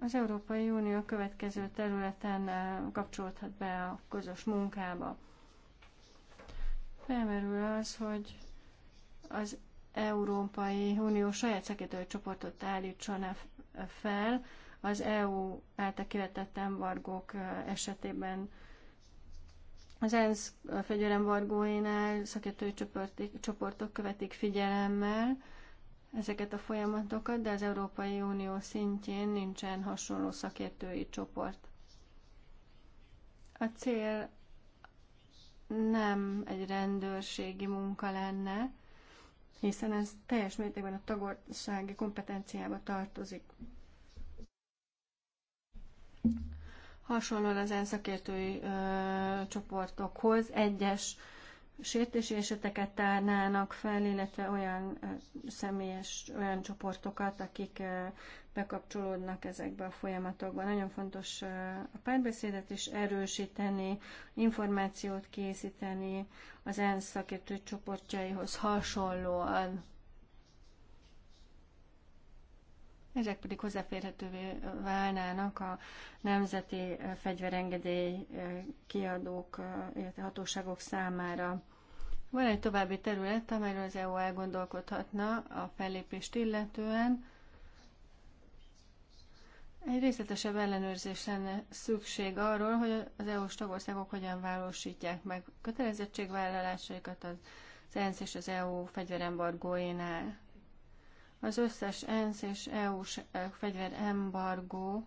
Az Európai Unió következő területen kapcsolódhat be a közös munkába. Felmerül az, hogy az Európai Unió saját szakértői csoportot állítson e e fel az EU által kiretett embargók e, esetében. Az ENSZ fegyelemvargóinál szakértői csoportok követik figyelemmel ezeket a folyamatokat, de az Európai Unió szintjén nincsen hasonló szakértői csoport. A cél nem egy rendőrségi munka lenne, hiszen ez teljes mértékben a tagországi kompetenciába tartozik. Hasonlóan az szakértői ö, csoportokhoz egyes sértési eseteket tárnának fel, illetve olyan ö, személyes, olyan csoportokat, akik ö, bekapcsolódnak ezekbe a folyamatokba. Nagyon fontos a párbeszédet is erősíteni, információt készíteni az ENSZ szakértő csoportjaihoz hasonlóan. Ezek pedig hozzáférhetővé válnának a nemzeti fegyverengedély kiadók, illetve hatóságok számára. Van egy további terület, amelyről az EU elgondolkodhatna a fellépést illetően, egy részletesebb ellenőrzés lenne szükség arról, hogy az EU-s tagországok hogyan valósítják meg kötelezettségvállalásaikat az ENSZ és az EU fegyverembargóinál. Az összes ENSZ és EU-s eh, fegyverembargó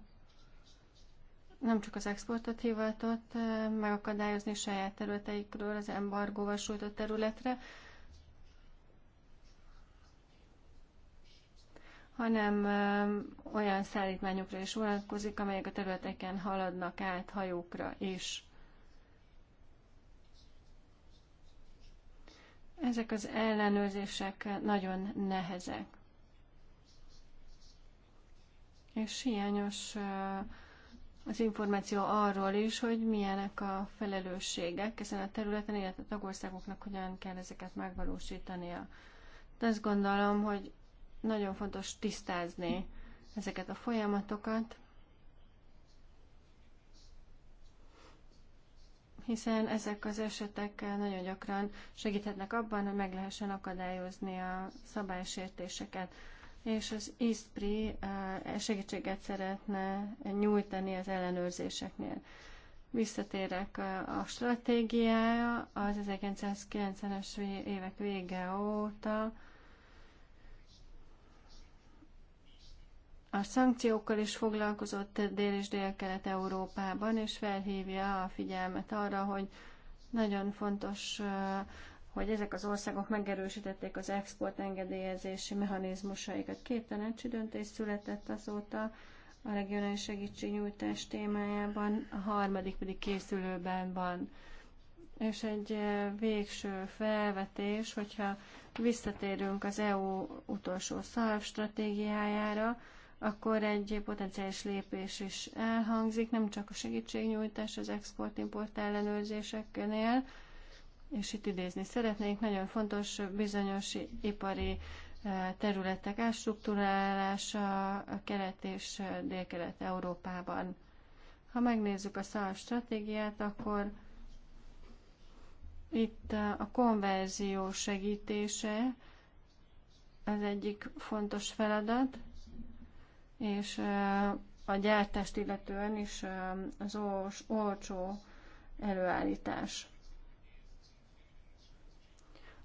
nem csak az exportot hivatott eh, megakadályozni saját területeikről az embargóval sújtott területre, hanem olyan szállítmányokra is vonatkozik, amelyek a területeken haladnak át hajókra is. Ezek az ellenőrzések nagyon nehezek. És hiányos az információ arról is, hogy milyenek a felelősségek ezen a területen, illetve a tagországoknak hogyan kell ezeket megvalósítania. De azt gondolom, hogy nagyon fontos tisztázni ezeket a folyamatokat, hiszen ezek az esetek nagyon gyakran segíthetnek abban, hogy meg lehessen akadályozni a szabálysértéseket. És az ISPRI eh, segítséget szeretne nyújtani az ellenőrzéseknél. Visszatérek eh, a stratégiája az 1990-es évek vége óta, a szankciókkal is foglalkozott dél- és dél-kelet-európában, és felhívja a figyelmet arra, hogy nagyon fontos, hogy ezek az országok megerősítették az export engedélyezési mechanizmusaikat. Két tanácsi döntés született azóta a regionális segítségnyújtás témájában, a harmadik pedig készülőben van. És egy végső felvetés, hogyha visszatérünk az EU utolsó szalv stratégiájára, akkor egy potenciális lépés is elhangzik, nem csak a segítségnyújtás az export-import ellenőrzéseknél, és itt idézni szeretnénk, nagyon fontos bizonyos ipari eh, területek ástruktúrálása a kelet és délkelet Európában. Ha megnézzük a szal stratégiát, akkor itt a konverzió segítése az egyik fontos feladat, és a gyártást illetően is az olcsó előállítás.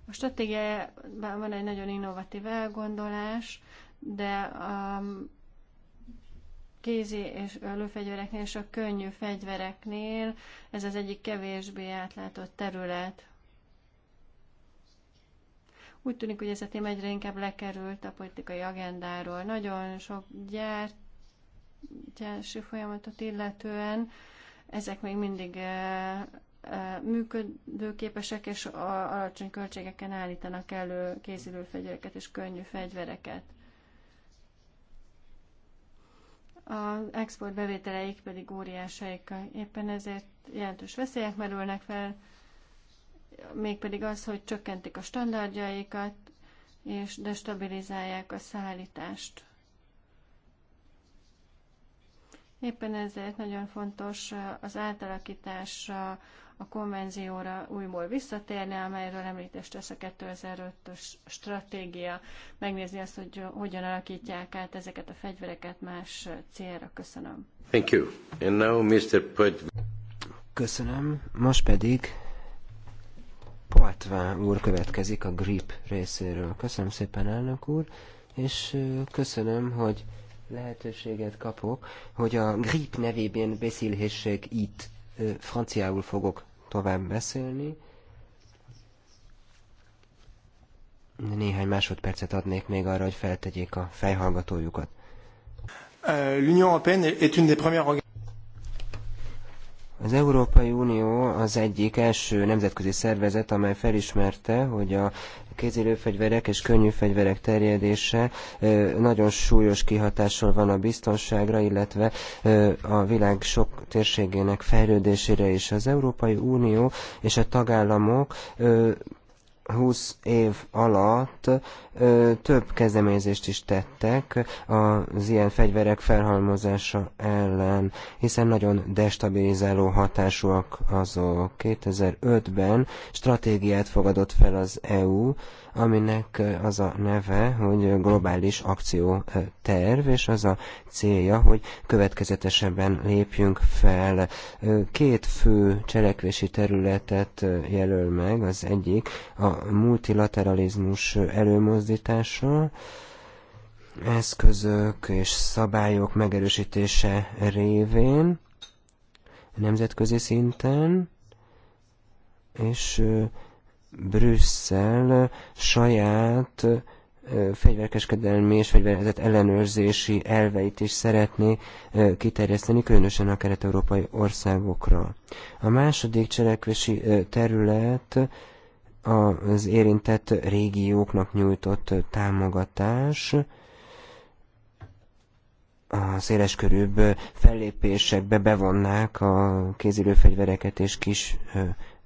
A stratégiában van egy nagyon innovatív elgondolás, de a kézi és lőfegyvereknél és a könnyű fegyvereknél ez az egyik kevésbé átlátott terület. Úgy tűnik, hogy ez a téma egyre inkább lekerült a politikai agendáról. Nagyon sok gyártási folyamatot illetően ezek még mindig eh, eh, működőképesek és alacsony költségeken állítanak elő készülő fegyvereket és könnyű fegyvereket. Az export bevételeik pedig óriásaik. Éppen ezért jelentős veszélyek merülnek fel, mégpedig az, hogy csökkentik a standardjaikat, és destabilizálják a szállítást. Éppen ezért nagyon fontos az átalakításra, a konvenzióra újból visszatérni, amelyről említést tesz a 2005-ös stratégia, megnézni azt, hogy hogyan alakítják át ezeket a fegyvereket más célra. Köszönöm. Thank you. And now Mr. Put... Köszönöm. Most pedig Poitvin úr következik a GRIP részéről. Köszönöm szépen, elnök úr, és köszönöm, hogy lehetőséget kapok, hogy a GRIP nevében beszélhessék itt. Franciául fogok tovább beszélni. Néhány másodpercet adnék még arra, hogy feltegyék a fejhallgatójukat. Euh, L'Union européenne est une des premières az Európai Unió az egyik első nemzetközi szervezet, amely felismerte, hogy a kézilőfegyverek és könnyű fegyverek terjedése nagyon súlyos kihatással van a biztonságra, illetve a világ sok térségének fejlődésére is. Az Európai Unió és a tagállamok 20 év alatt ö, több kezdeményezést is tettek az ilyen fegyverek felhalmozása ellen, hiszen nagyon destabilizáló hatásúak azok. 2005-ben stratégiát fogadott fel az EU aminek az a neve, hogy globális akcióterv, és az a célja, hogy következetesebben lépjünk fel. Két fő cselekvési területet jelöl meg, az egyik a multilateralizmus előmozdítása, eszközök és szabályok megerősítése révén, nemzetközi szinten, és Brüsszel saját fegyverkeskedelmi és fegyverezett ellenőrzési elveit is szeretné kiterjeszteni, különösen a kelet-európai országokra. A második cselekvési terület az érintett régióknak nyújtott támogatás, a körűbb fellépésekbe bevonnák a kézilőfegyvereket és kis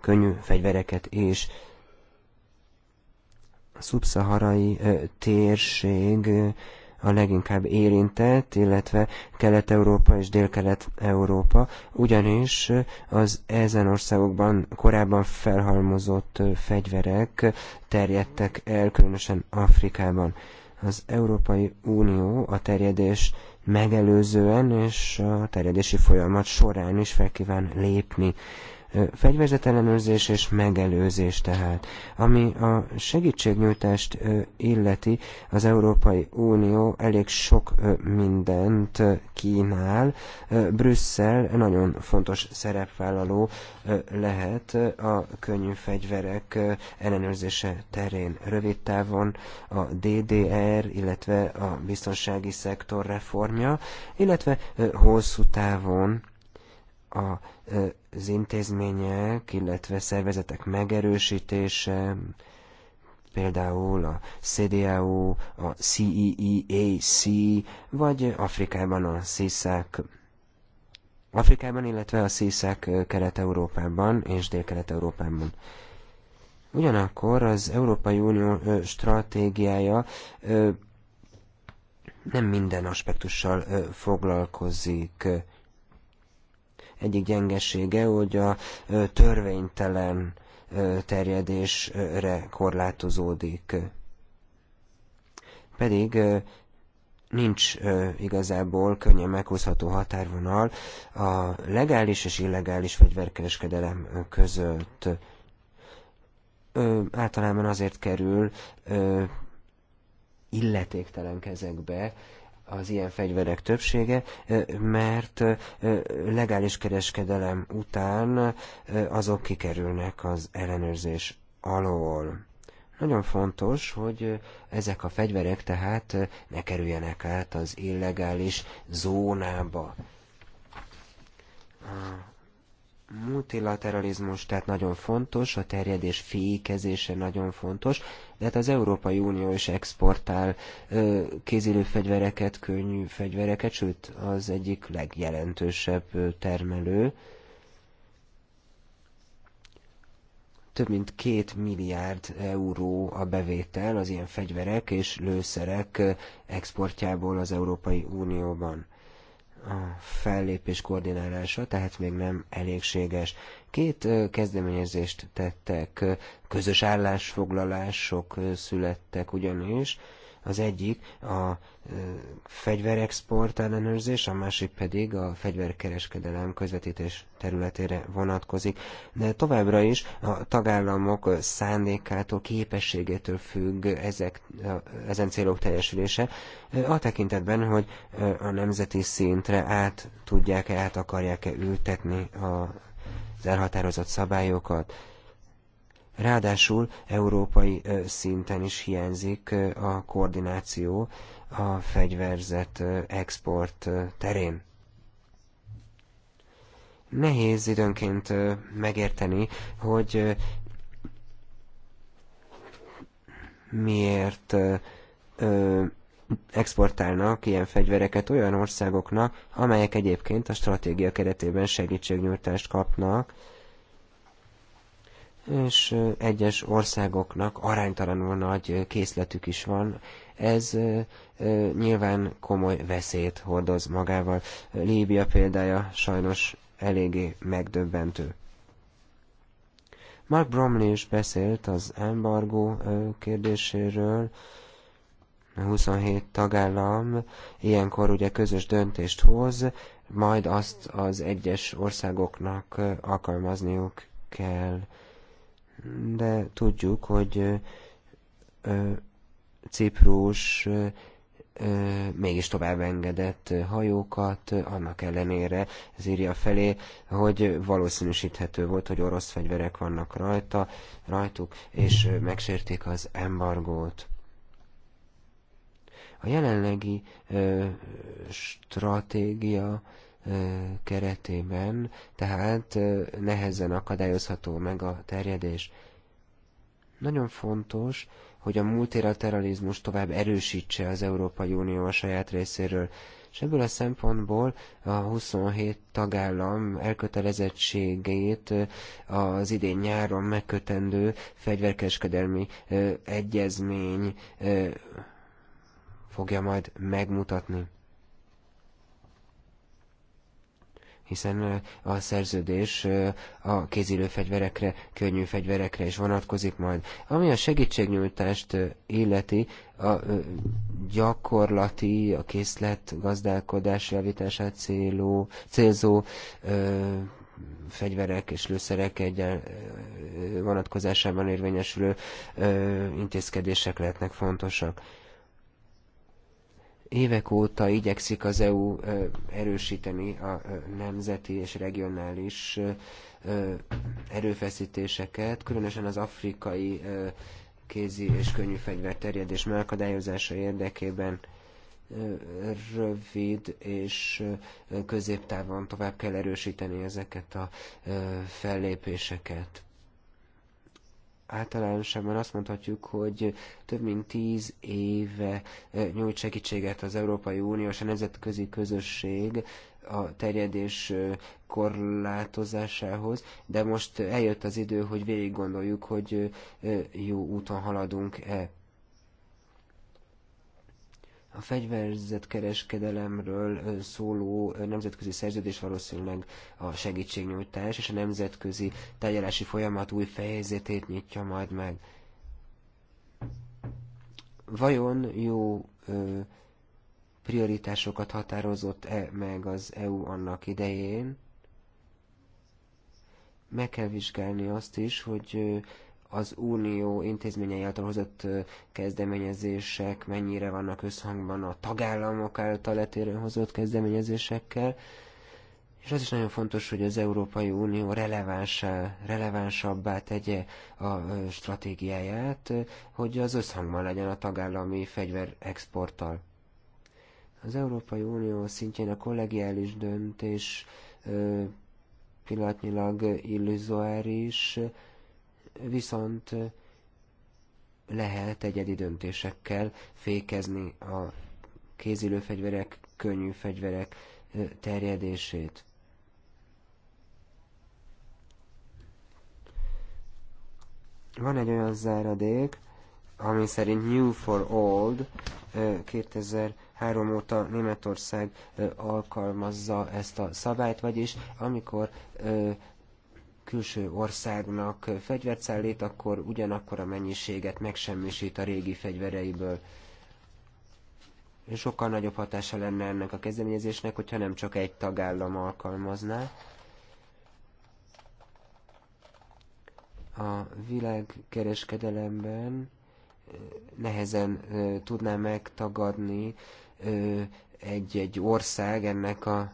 könnyű fegyvereket is. És szubszaharai térség a leginkább érintett, illetve Kelet-Európa és Dél-Kelet-Európa, ugyanis az ezen országokban korábban felhalmozott fegyverek terjedtek el, különösen Afrikában. Az Európai Unió a terjedés megelőzően és a terjedési folyamat során is fel kíván lépni fegyverzetellenőrzés és megelőzés tehát. Ami a segítségnyújtást illeti, az Európai Unió elég sok mindent kínál. Brüsszel nagyon fontos szerepvállaló lehet a könnyű fegyverek ellenőrzése terén rövid távon a DDR, illetve a biztonsági szektor reformja, illetve hosszú távon az intézmények, illetve szervezetek megerősítése, például a CDAO, a CEEAC, e e vagy Afrikában a CISAC. E Afrikában, illetve a CISAC Kelet-Európában és Dél-Kelet-Európában. Ugyanakkor az Európai Unió stratégiája nem minden aspektussal foglalkozik egyik gyengesége, hogy a törvénytelen terjedésre korlátozódik. Pedig nincs igazából könnyen meghozható határvonal a legális és illegális fegyverkereskedelem között. általában azért kerül illetéktelen kezekbe az ilyen fegyverek többsége, mert legális kereskedelem után azok kikerülnek az ellenőrzés alól. Nagyon fontos, hogy ezek a fegyverek tehát ne kerüljenek át az illegális zónába multilateralizmus tehát nagyon fontos, a terjedés fékezése nagyon fontos, de hát az Európai Unió is exportál kézilő fegyvereket, könnyű fegyvereket, sőt az egyik legjelentősebb termelő. Több mint két milliárd euró a bevétel az ilyen fegyverek és lőszerek exportjából az Európai Unióban a fellépés koordinálása, tehát még nem elégséges. Két kezdeményezést tettek, közös állásfoglalások születtek ugyanis, az egyik a fegyverexport ellenőrzés, a másik pedig a fegyverkereskedelem közvetítés területére vonatkozik. De továbbra is a tagállamok szándékától, képességétől függ ezek, ezen célok teljesülése, a tekintetben, hogy a nemzeti szintre át tudják-e, át akarják-e ültetni az elhatározott szabályokat Ráadásul európai szinten is hiányzik a koordináció a fegyverzet export terén. Nehéz időnként megérteni, hogy miért exportálnak ilyen fegyvereket olyan országoknak, amelyek egyébként a stratégia keretében segítségnyújtást kapnak, és egyes országoknak aránytalanul nagy készletük is van. Ez nyilván komoly veszélyt hordoz magával. Líbia példája sajnos eléggé megdöbbentő. Mark Bromley is beszélt az embargó kérdéséről, 27 tagállam ilyenkor ugye közös döntést hoz, majd azt az egyes országoknak alkalmazniuk kell de tudjuk, hogy Ciprus mégis tovább engedett hajókat, annak ellenére írja felé, hogy valószínűsíthető volt, hogy orosz fegyverek vannak rajta, rajtuk, és megsérték az embargót. A jelenlegi ö, stratégia keretében, tehát nehezen akadályozható meg a terjedés. Nagyon fontos, hogy a multilateralizmus tovább erősítse az Európai Unió a saját részéről, és ebből a szempontból a 27 tagállam elkötelezettségét az idén nyáron megkötendő fegyverkereskedelmi egyezmény fogja majd megmutatni. hiszen a szerződés a kézilő fegyverekre, könnyű fegyverekre is vonatkozik majd. Ami a segítségnyújtást illeti, a gyakorlati, a készlet gazdálkodás javítását célú célzó fegyverek és lőszerek egyen vonatkozásában érvényesülő intézkedések lehetnek fontosak. Évek óta igyekszik az EU erősíteni a nemzeti és regionális erőfeszítéseket, különösen az afrikai kézi és könnyű fegyver terjedés megakadályozása érdekében rövid és középtávon tovább kell erősíteni ezeket a fellépéseket általánosában azt mondhatjuk, hogy több mint tíz éve eh, nyújt segítséget az Európai Unió és a nemzetközi közösség a terjedés eh, korlátozásához, de most eljött az idő, hogy végig gondoljuk, hogy eh, jó úton haladunk-e. A kereskedelemről szóló nemzetközi szerződés valószínűleg a segítségnyújtás és a nemzetközi tárgyalási folyamat új fejezetét nyitja majd meg. Vajon jó ö, prioritásokat határozott-e meg az EU annak idején? Meg kell vizsgálni azt is, hogy ö, az unió intézményei által hozott kezdeményezések mennyire vannak összhangban a tagállamok által letérő hozott kezdeményezésekkel, és az is nagyon fontos, hogy az Európai Unió relevánsabbá tegye a stratégiáját, hogy az összhangban legyen a tagállami fegyverexporttal. Az Európai Unió szintjén a kollegiális döntés pillanatnyilag illuzoáris, viszont lehet egyedi döntésekkel fékezni a kézilő fegyverek, könnyű fegyverek terjedését. Van egy olyan záradék, ami szerint New for Old 2003 óta Németország alkalmazza ezt a szabályt, vagyis amikor külső országnak fegyvert szállít, akkor ugyanakkor a mennyiséget megsemmisít a régi fegyvereiből. Sokkal nagyobb hatása lenne ennek a kezdeményezésnek, hogyha nem csak egy tagállam alkalmazná. A világkereskedelemben nehezen tudná megtagadni egy-egy ország ennek a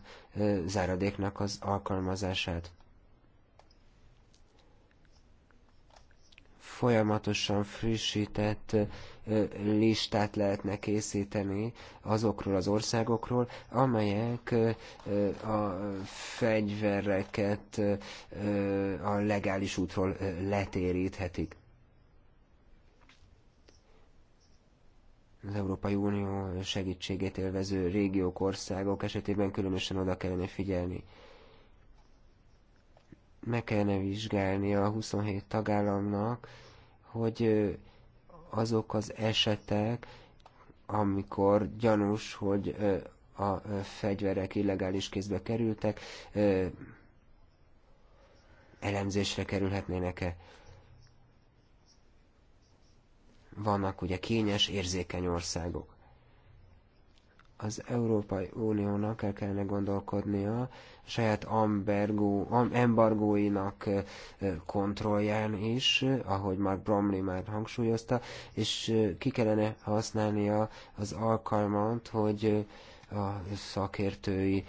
záradéknak az alkalmazását. folyamatosan frissített listát lehetne készíteni azokról az országokról, amelyek a fegyvereket a legális útról letéríthetik. az Európai Unió segítségét élvező régiók, országok esetében különösen oda kellene figyelni. Meg kellene vizsgálni a 27 tagállamnak, hogy azok az esetek, amikor gyanús, hogy a fegyverek illegális kézbe kerültek, elemzésre kerülhetnének-e. Vannak ugye kényes, érzékeny országok az Európai Uniónak el kellene gondolkodnia a saját embargóinak kontrollján is, ahogy Mark Bromley már hangsúlyozta, és ki kellene használnia az alkalmat, hogy a szakértői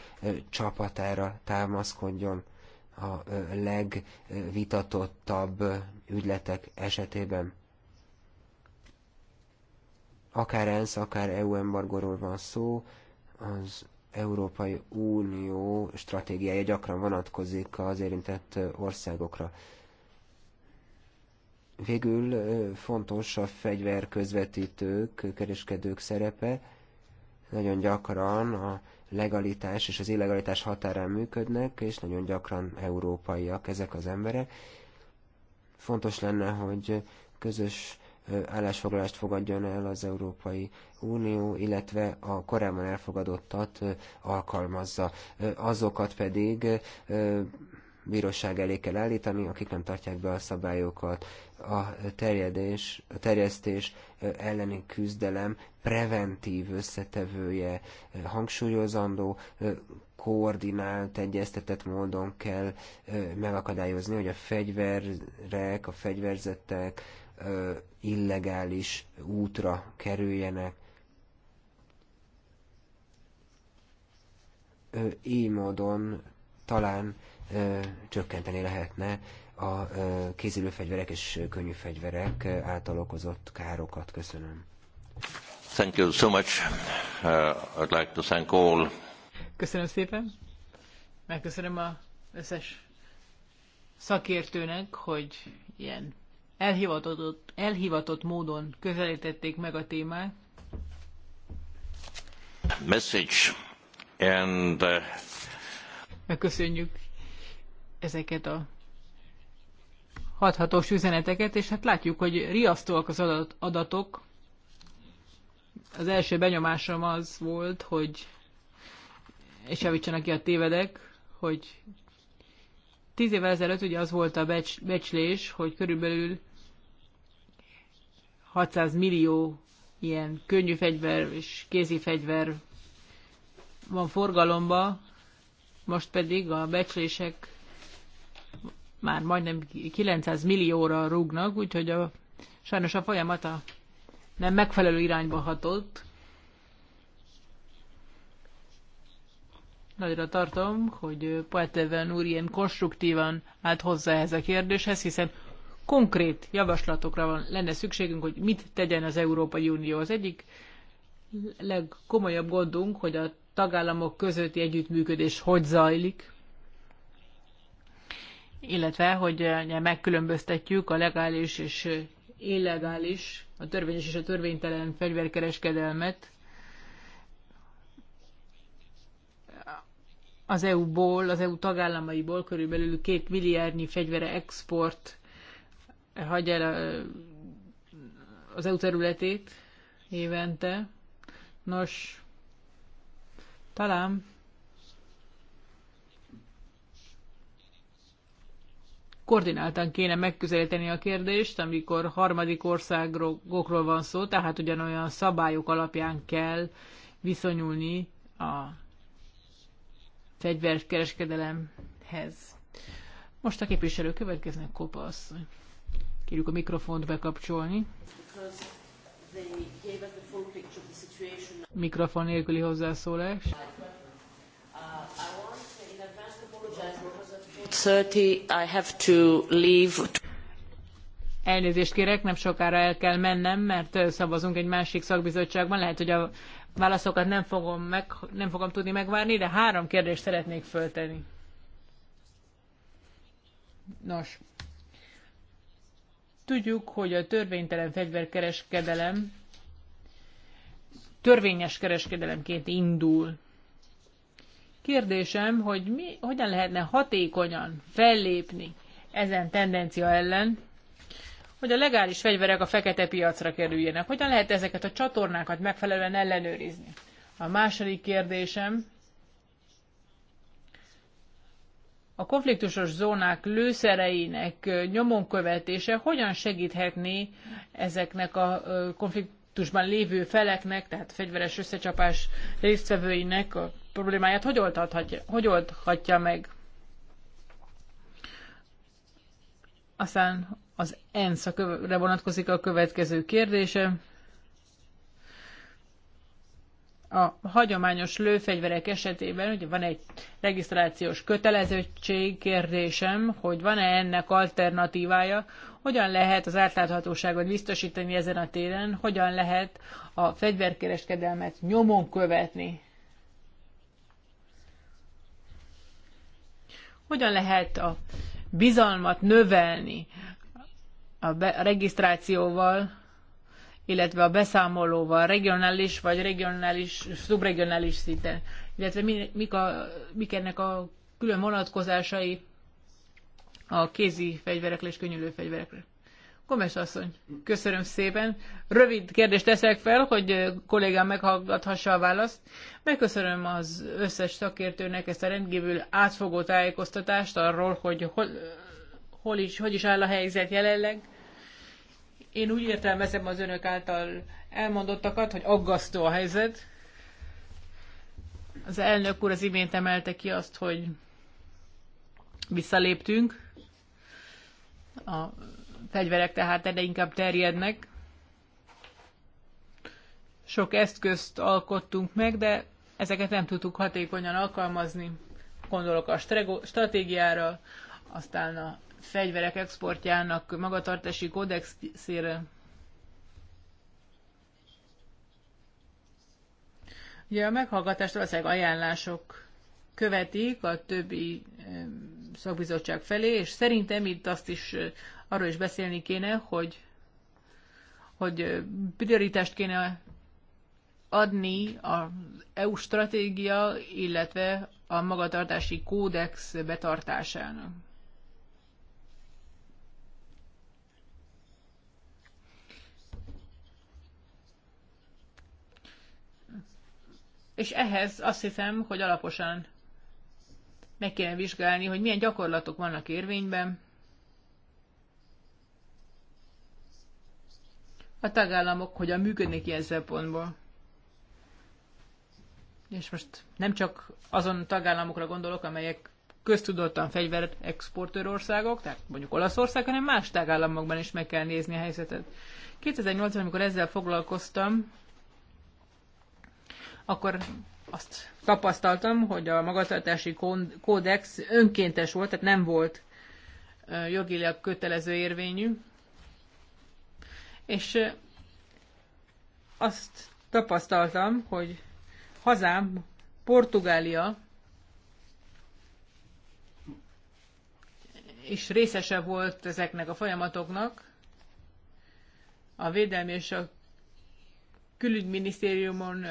csapatára támaszkodjon a legvitatottabb ügyletek esetében akár ENSZ, akár EU embargóról van szó, az Európai Unió stratégiája gyakran vonatkozik az érintett országokra. Végül fontos a közvetítők, kereskedők szerepe. Nagyon gyakran a legalitás és az illegalitás határán működnek, és nagyon gyakran európaiak ezek az emberek. Fontos lenne, hogy közös állásfoglalást fogadjon el az Európai Unió, illetve a korábban elfogadottat alkalmazza. Azokat pedig bíróság elé kell állítani, akik nem tartják be a szabályokat. A terjedés, a terjesztés elleni küzdelem preventív összetevője, hangsúlyozandó, koordinált, egyeztetett módon kell megakadályozni, hogy a fegyverek, a fegyverzetek, illegális útra kerüljenek. Így módon talán csökkenteni lehetne a ö, kézülőfegyverek és könnyű fegyverek által okozott károkat. Köszönöm. Thank you so much. Uh, I'd like to thank all. Köszönöm szépen. Megköszönöm a összes szakértőnek, hogy ilyen elhivatott, elhivatott módon közelítették meg a témát. Message and uh... Megköszönjük ezeket a hathatós üzeneteket, és hát látjuk, hogy riasztóak az adat, adatok. Az első benyomásom az volt, hogy és javítsanak ki a tévedek, hogy tíz évvel ezelőtt ugye az volt a becs, becslés, hogy körülbelül 600 millió ilyen könnyű fegyver és kézi fegyver van forgalomba, most pedig a becslések már majdnem 900 millióra rúgnak, úgyhogy a, sajnos a folyamat a nem megfelelő irányba hatott. Nagyra tartom, hogy Poeteven úr ilyen konstruktívan állt hozzá ez a kérdéshez, hiszen konkrét javaslatokra van, lenne szükségünk, hogy mit tegyen az Európai Unió. Az egyik legkomolyabb gondunk, hogy a tagállamok közötti együttműködés hogy zajlik, illetve hogy megkülönböztetjük a legális és illegális, a törvényes és a törvénytelen fegyverkereskedelmet az EU-ból, az EU tagállamaiból körülbelül két milliárdnyi fegyvere export hagyja el az EU területét évente. Nos, talán koordináltan kéne megközelíteni a kérdést, amikor harmadik országokról van szó, tehát ugyanolyan szabályok alapján kell viszonyulni a fegyverkereskedelemhez. Most a képviselő következnek, Kopa asszony. Kérjük a mikrofont bekapcsolni. Mikrofon nélküli hozzászólás. 30, I have to leave. Elnézést kérek, nem sokára el kell mennem, mert szavazunk egy másik szakbizottságban. Lehet, hogy a válaszokat nem fogom, meg, nem fogom tudni megvárni, de három kérdést szeretnék föltenni. Nos, Tudjuk, hogy a törvénytelen fegyverkereskedelem törvényes kereskedelemként indul. Kérdésem, hogy mi, hogyan lehetne hatékonyan fellépni ezen tendencia ellen, hogy a legális fegyverek a fekete piacra kerüljenek. Hogyan lehet ezeket a csatornákat megfelelően ellenőrizni? A második kérdésem, a konfliktusos zónák lőszereinek nyomon követése hogyan segíthetné ezeknek a konfliktusban lévő feleknek, tehát fegyveres összecsapás résztvevőinek a problémáját hogy oldhatja, hogy oldhatja meg? Aztán az ENSZ-re vonatkozik a következő kérdése a hagyományos lőfegyverek esetében ugye van egy regisztrációs kötelezettség kérdésem, hogy van-e ennek alternatívája, hogyan lehet az átláthatóságot biztosítani ezen a téren, hogyan lehet a fegyverkereskedelmet nyomon követni. Hogyan lehet a bizalmat növelni a, be, a regisztrációval, illetve a beszámolóval regionális vagy regionális, szubregionális szinten, illetve mi, mik, a, mik ennek a külön vonatkozásai a kézi fegyverekre és könnyülő fegyverekre. Gomes asszony, köszönöm szépen. Rövid kérdést teszek fel, hogy kollégám meghallgathassa a választ. Megköszönöm az összes szakértőnek ezt a rendkívül átfogó tájékoztatást arról, hogy hol, hol is, hogy is áll a helyzet jelenleg én úgy értelmezem az önök által elmondottakat, hogy aggasztó a helyzet. Az elnök úr az imént emelte ki azt, hogy visszaléptünk. A fegyverek tehát erre inkább terjednek. Sok eszközt alkottunk meg, de ezeket nem tudtuk hatékonyan alkalmazni. Gondolok a stratégiára, aztán a fegyverek exportjának magatartási kódexére. Ugye a meghallgatást valószínűleg ajánlások követik a többi szakbizottság felé, és szerintem itt azt is arról is beszélni kéne, hogy, hogy prioritást kéne adni az EU stratégia, illetve a magatartási kódex betartásának. és ehhez azt hiszem, hogy alaposan meg kéne vizsgálni, hogy milyen gyakorlatok vannak érvényben, a tagállamok hogyan működnek ilyen szempontból. És most nem csak azon tagállamokra gondolok, amelyek köztudottan fegyvert exportőr országok, tehát mondjuk Olaszország, hanem más tagállamokban is meg kell nézni a helyzetet. 2008-ban, amikor ezzel foglalkoztam, akkor azt tapasztaltam, hogy a magatartási kódex önkéntes volt, tehát nem volt jogilag kötelező érvényű. És azt tapasztaltam, hogy hazám, Portugália is részese volt ezeknek a folyamatoknak. A Védelmi és a Külügyminisztériumon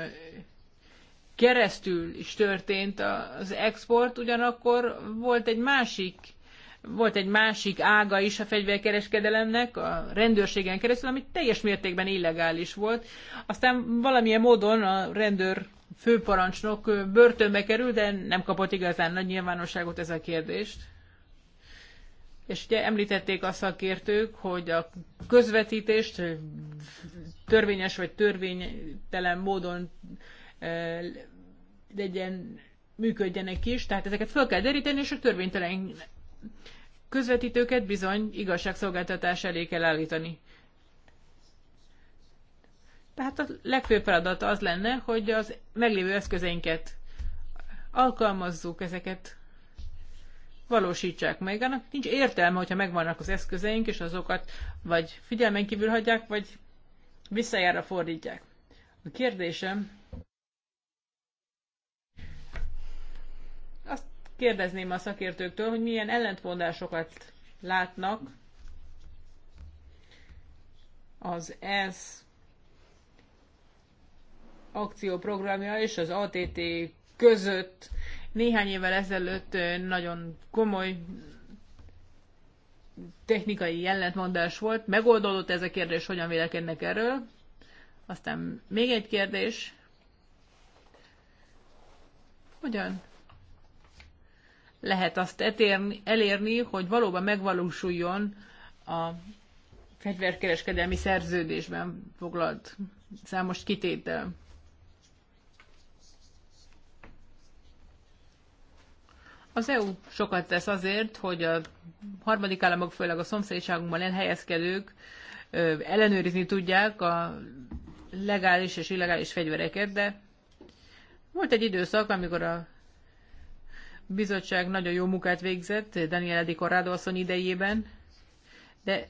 keresztül is történt az export, ugyanakkor volt egy másik volt egy másik ága is a fegyverkereskedelemnek, a rendőrségen keresztül, ami teljes mértékben illegális volt. Aztán valamilyen módon a rendőr főparancsnok börtönbe került, de nem kapott igazán nagy nyilvánosságot ez a kérdést. És ugye említették a szakértők, hogy a közvetítést törvényes vagy törvénytelen módon legyen, működjenek is, tehát ezeket fel kell deríteni, és a törvénytelen közvetítőket bizony igazságszolgáltatás elé kell állítani. Tehát a legfőbb feladata az lenne, hogy az meglévő eszközeinket alkalmazzuk, ezeket valósítsák meg. Annak nincs értelme, hogyha megvannak az eszközeink, és azokat vagy figyelmen kívül hagyják, vagy visszajára fordítják. A kérdésem Kérdezném a szakértőktől, hogy milyen ellentmondásokat látnak az ENSZ akcióprogramja és az ATT között. Néhány évvel ezelőtt nagyon komoly technikai ellentmondás volt. Megoldódott ez a kérdés, hogyan vélekednek erről. Aztán még egy kérdés. Hogyan lehet azt etérni, elérni, hogy valóban megvalósuljon a fegyverkereskedelmi szerződésben foglalt számos kitétel. Az EU sokat tesz azért, hogy a harmadik államok, főleg a szomszédságunkban elhelyezkedők ellenőrizni tudják a legális és illegális fegyvereket, de volt egy időszak, amikor a bizottság nagyon jó munkát végzett Daniel Edi Corrado asszony idejében, de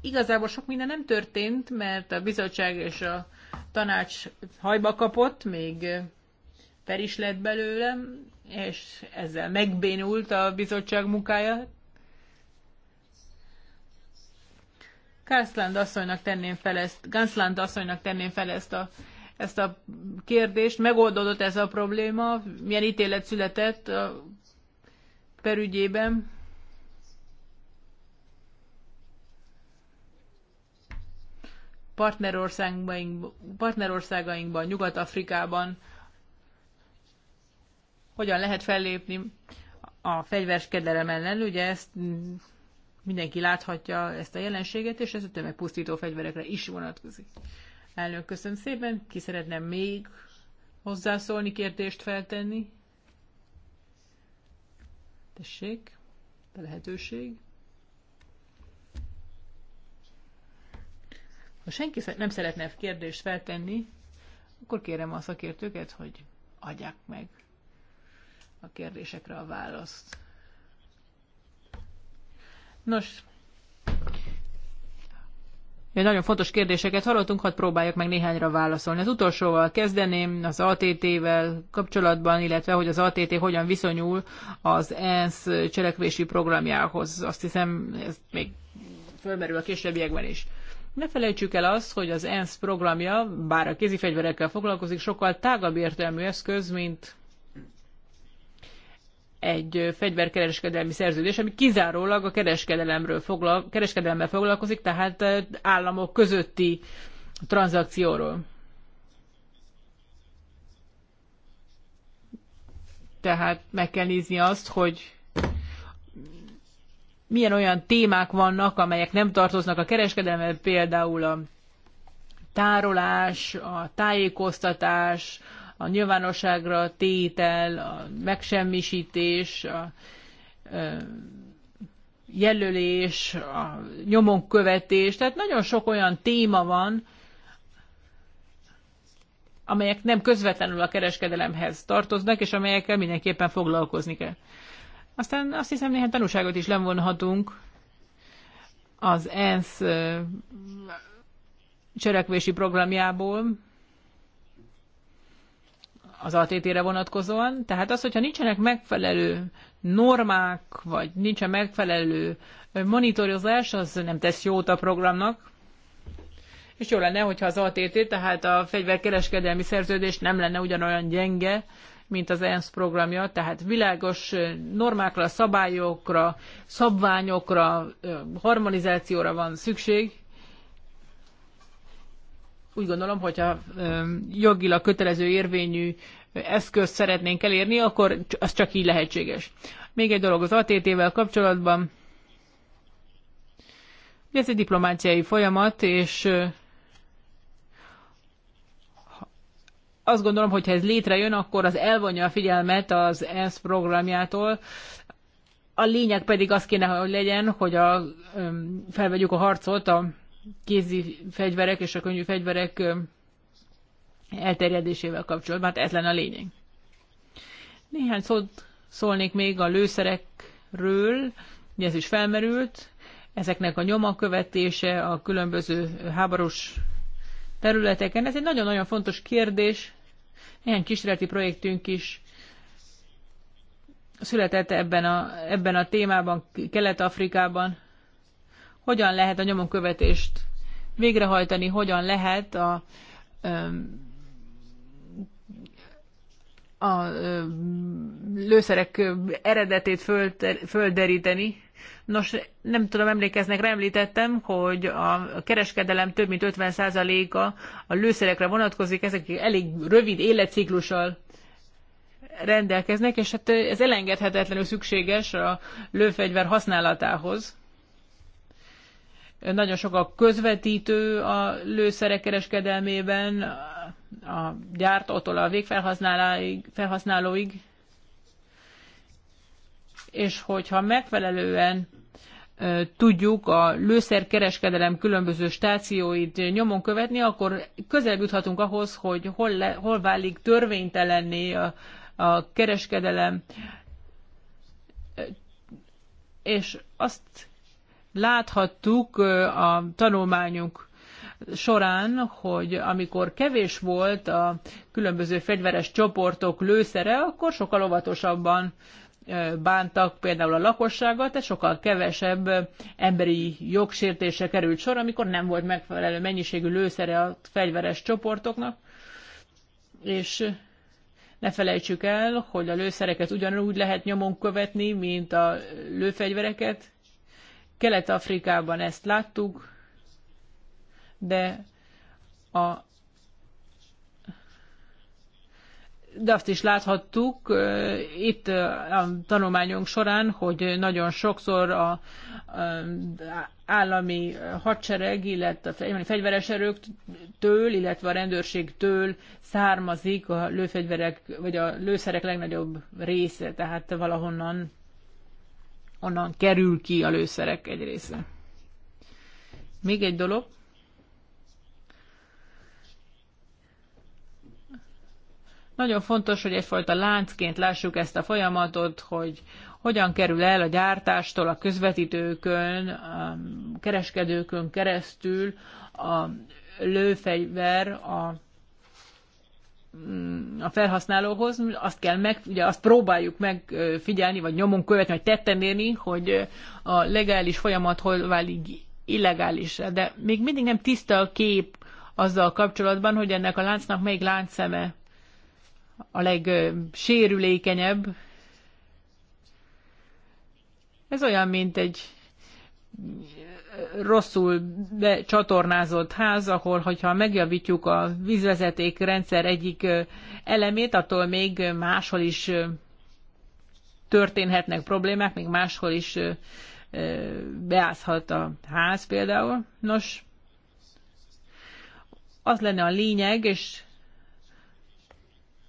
igazából sok minden nem történt, mert a bizottság és a tanács hajba kapott, még per is lett belőlem, és ezzel megbénult a bizottság munkája. Gászland asszonynak tenném fel ezt, Gászland asszonynak tenném fel ezt a ezt a kérdést, megoldódott ez a probléma, milyen ítélet született a perügyében. Partnerországainkban, partnerországainkban Nyugat-Afrikában hogyan lehet fellépni a fegyveres kedelem ellen, ugye ezt mindenki láthatja ezt a jelenséget, és ez a tömegpusztító fegyverekre is vonatkozik. Elnök, köszönöm szépen. Ki szeretne még hozzászólni, kérdést feltenni? Tessék, a lehetőség. Ha senki nem szeretne kérdést feltenni, akkor kérem a szakértőket, hogy adják meg a kérdésekre a választ. Nos, nagyon fontos kérdéseket hallottunk, hadd próbáljak meg néhányra válaszolni. Az utolsóval kezdeném, az ATT-vel kapcsolatban, illetve hogy az ATT hogyan viszonyul az ENSZ cselekvési programjához. Azt hiszem, ez még fölmerül a későbbiekben is. Ne felejtsük el azt, hogy az ENSZ programja, bár a kézifegyverekkel foglalkozik, sokkal tágabb értelmű eszköz, mint egy fegyverkereskedelmi szerződés, ami kizárólag a kereskedelemről foglal, kereskedelemmel foglalkozik, tehát államok közötti tranzakcióról. Tehát meg kell nézni azt, hogy milyen olyan témák vannak, amelyek nem tartoznak a kereskedelembe, például a tárolás, a tájékoztatás, a nyilvánosságra tétel, a megsemmisítés, a jelölés, a nyomon követés, tehát nagyon sok olyan téma van, amelyek nem közvetlenül a kereskedelemhez tartoznak, és amelyekkel mindenképpen foglalkozni kell. Aztán azt hiszem néhány tanúságot is levonhatunk az ENSZ cselekvési programjából, az ATT-re vonatkozóan. Tehát az, hogyha nincsenek megfelelő normák, vagy nincsen megfelelő monitorozás, az nem tesz jót a programnak. És jó lenne, hogyha az ATT, tehát a fegyverkereskedelmi szerződés nem lenne ugyanolyan gyenge, mint az ENSZ programja, tehát világos normákra, szabályokra, szabványokra, harmonizációra van szükség, úgy gondolom, hogyha jogilag kötelező érvényű eszközt szeretnénk elérni, akkor az csak így lehetséges. Még egy dolog az ATT-vel kapcsolatban. Ez egy diplomáciai folyamat, és azt gondolom, hogy ha ez létrejön, akkor az elvonja a figyelmet az ENSZ programjától. A lényeg pedig az kéne, hogy legyen, hogy a, felvegyük a harcot a kézi fegyverek és a könnyű fegyverek elterjedésével kapcsolatban. Hát ez lenne a lényeg. Néhány szót szólnék még a lőszerekről, ugye ez is felmerült, ezeknek a követése a különböző háborús területeken. Ez egy nagyon-nagyon fontos kérdés. Néhány kísérleti projektünk is született ebben a, ebben a témában, Kelet-Afrikában hogyan lehet a nyomonkövetést végrehajtani, hogyan lehet a, a, a lőszerek eredetét földeríteni. Nos, nem tudom, emlékeznek, remlítettem, hogy a kereskedelem több mint 50%-a a lőszerekre vonatkozik, ezek elég rövid életciklussal rendelkeznek, és hát ez elengedhetetlenül szükséges a lőfegyver használatához nagyon sok a közvetítő a lőszerek kereskedelmében, a gyártótól a végfelhasználóig, és hogyha megfelelően tudjuk a lőszerkereskedelem különböző stációit nyomon követni, akkor közel juthatunk ahhoz, hogy hol, le, hol válik törvénytelenné a, a kereskedelem. És azt Láthattuk a tanulmányunk során, hogy amikor kevés volt a különböző fegyveres csoportok lőszere, akkor sokkal óvatosabban bántak például a lakossággal, tehát sokkal kevesebb emberi jogsértése került sor, amikor nem volt megfelelő mennyiségű lőszere a fegyveres csoportoknak, és ne felejtsük el, hogy a lőszereket ugyanúgy lehet nyomon követni, mint a lőfegyvereket, Kelet-Afrikában ezt láttuk, de a de azt is láthattuk itt a tanulmányunk során, hogy nagyon sokszor a, állami hadsereg, illetve a fegyveres erőktől, illetve a rendőrségtől származik a lőfegyverek, vagy a lőszerek legnagyobb része, tehát valahonnan onnan kerül ki a lőszerek egy része. Még egy dolog. Nagyon fontos, hogy egyfajta láncként lássuk ezt a folyamatot, hogy hogyan kerül el a gyártástól, a közvetítőkön, a kereskedőkön keresztül a lőfegyver a Mm, a felhasználóhoz, azt kell meg, ugye azt próbáljuk megfigyelni, vagy nyomon követni, vagy tetten érni, hogy a legális folyamat hol válik illegális, De még mindig nem tiszta a kép azzal kapcsolatban, hogy ennek a láncnak melyik láncszeme a legsérülékenyebb. Ez olyan, mint egy rosszul becsatornázott ház, ahol, hogyha megjavítjuk a vízvezeték rendszer egyik elemét, attól még máshol is történhetnek problémák, még máshol is beázhat a ház például. Nos, az lenne a lényeg, és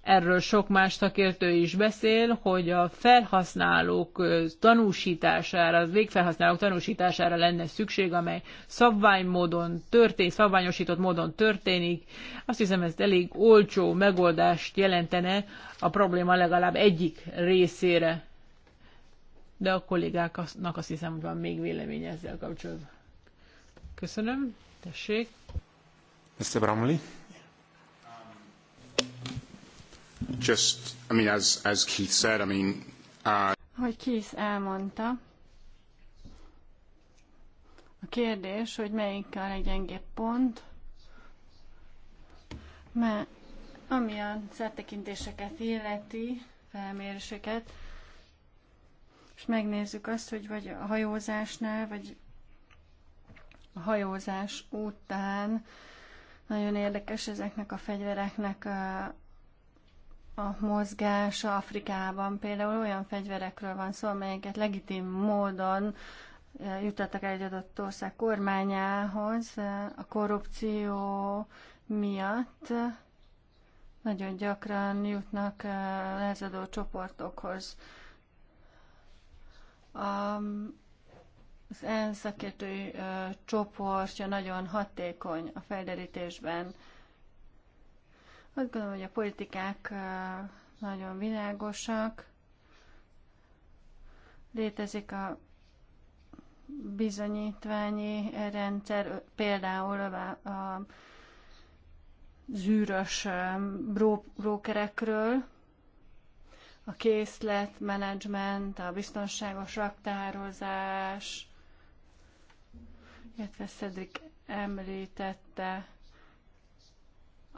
erről sok más szakértő is beszél, hogy a felhasználók tanúsítására, az végfelhasználók tanúsítására lenne szükség, amely szabványmódon történik, szabványosított módon történik. Azt hiszem, ez elég olcsó megoldást jelentene a probléma legalább egyik részére. De a kollégáknak azt hiszem, hogy van még vélemény ezzel kapcsolatban. Köszönöm. Tessék. Mr. Bramley. Just, I mean, as, as Keith said, I mean, uh... Hogy Keith elmondta, a kérdés, hogy melyik a leggyengébb pont, mert ami a szertekintéseket illeti, felméréseket, és megnézzük azt, hogy vagy a hajózásnál, vagy a hajózás után nagyon érdekes ezeknek a fegyvereknek a mozgás Afrikában például olyan fegyverekről van szó, amelyeket legitim módon eh, jutottak egy adott ország kormányához eh, a korrupció miatt eh, nagyon gyakran jutnak lezadó csoportokhoz. A az ENSZ szakértői csoportja nagyon hatékony a felderítésben. Azt gondolom, hogy a politikák nagyon világosak. Létezik a bizonyítványi rendszer, például a, a zűrös brókerekről, a menedzsment, a biztonságos raktározás, illetve Szedrik említette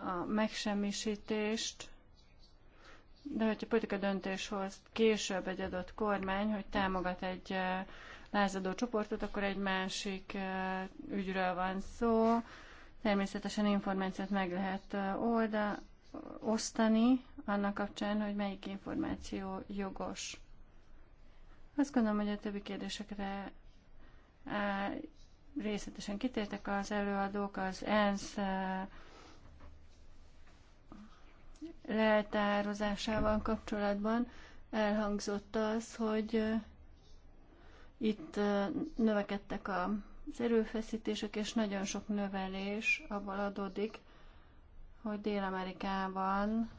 a megsemmisítést, de hogyha politika döntéshoz később egy adott kormány, hogy támogat egy eh, lázadó csoportot, akkor egy másik eh, ügyről van szó. Természetesen információt meg lehet eh, olda, osztani annak kapcsán, hogy melyik információ jogos. Azt gondolom, hogy a többi kérdésekre részletesen kitértek az előadók, az ENSZ leltározásával kapcsolatban elhangzott az, hogy itt növekedtek az erőfeszítések, és nagyon sok növelés abból adódik, hogy Dél-Amerikában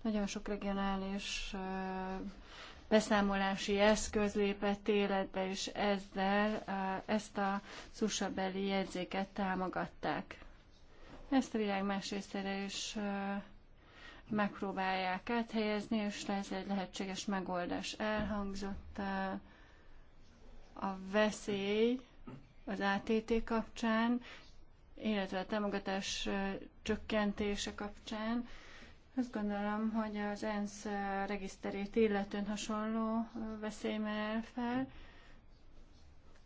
nagyon sok regionális beszámolási eszköz lépett életbe, és ezzel ezt a szusabeli beli jegyzéket támogatták. Ezt a világ más részére is megpróbálják áthelyezni, és ez egy lehetséges megoldás. Elhangzott a veszély az ATT kapcsán, illetve a támogatás csökkentése kapcsán. Azt gondolom, hogy az ENSZ regiszterét illetően hasonló veszély fel.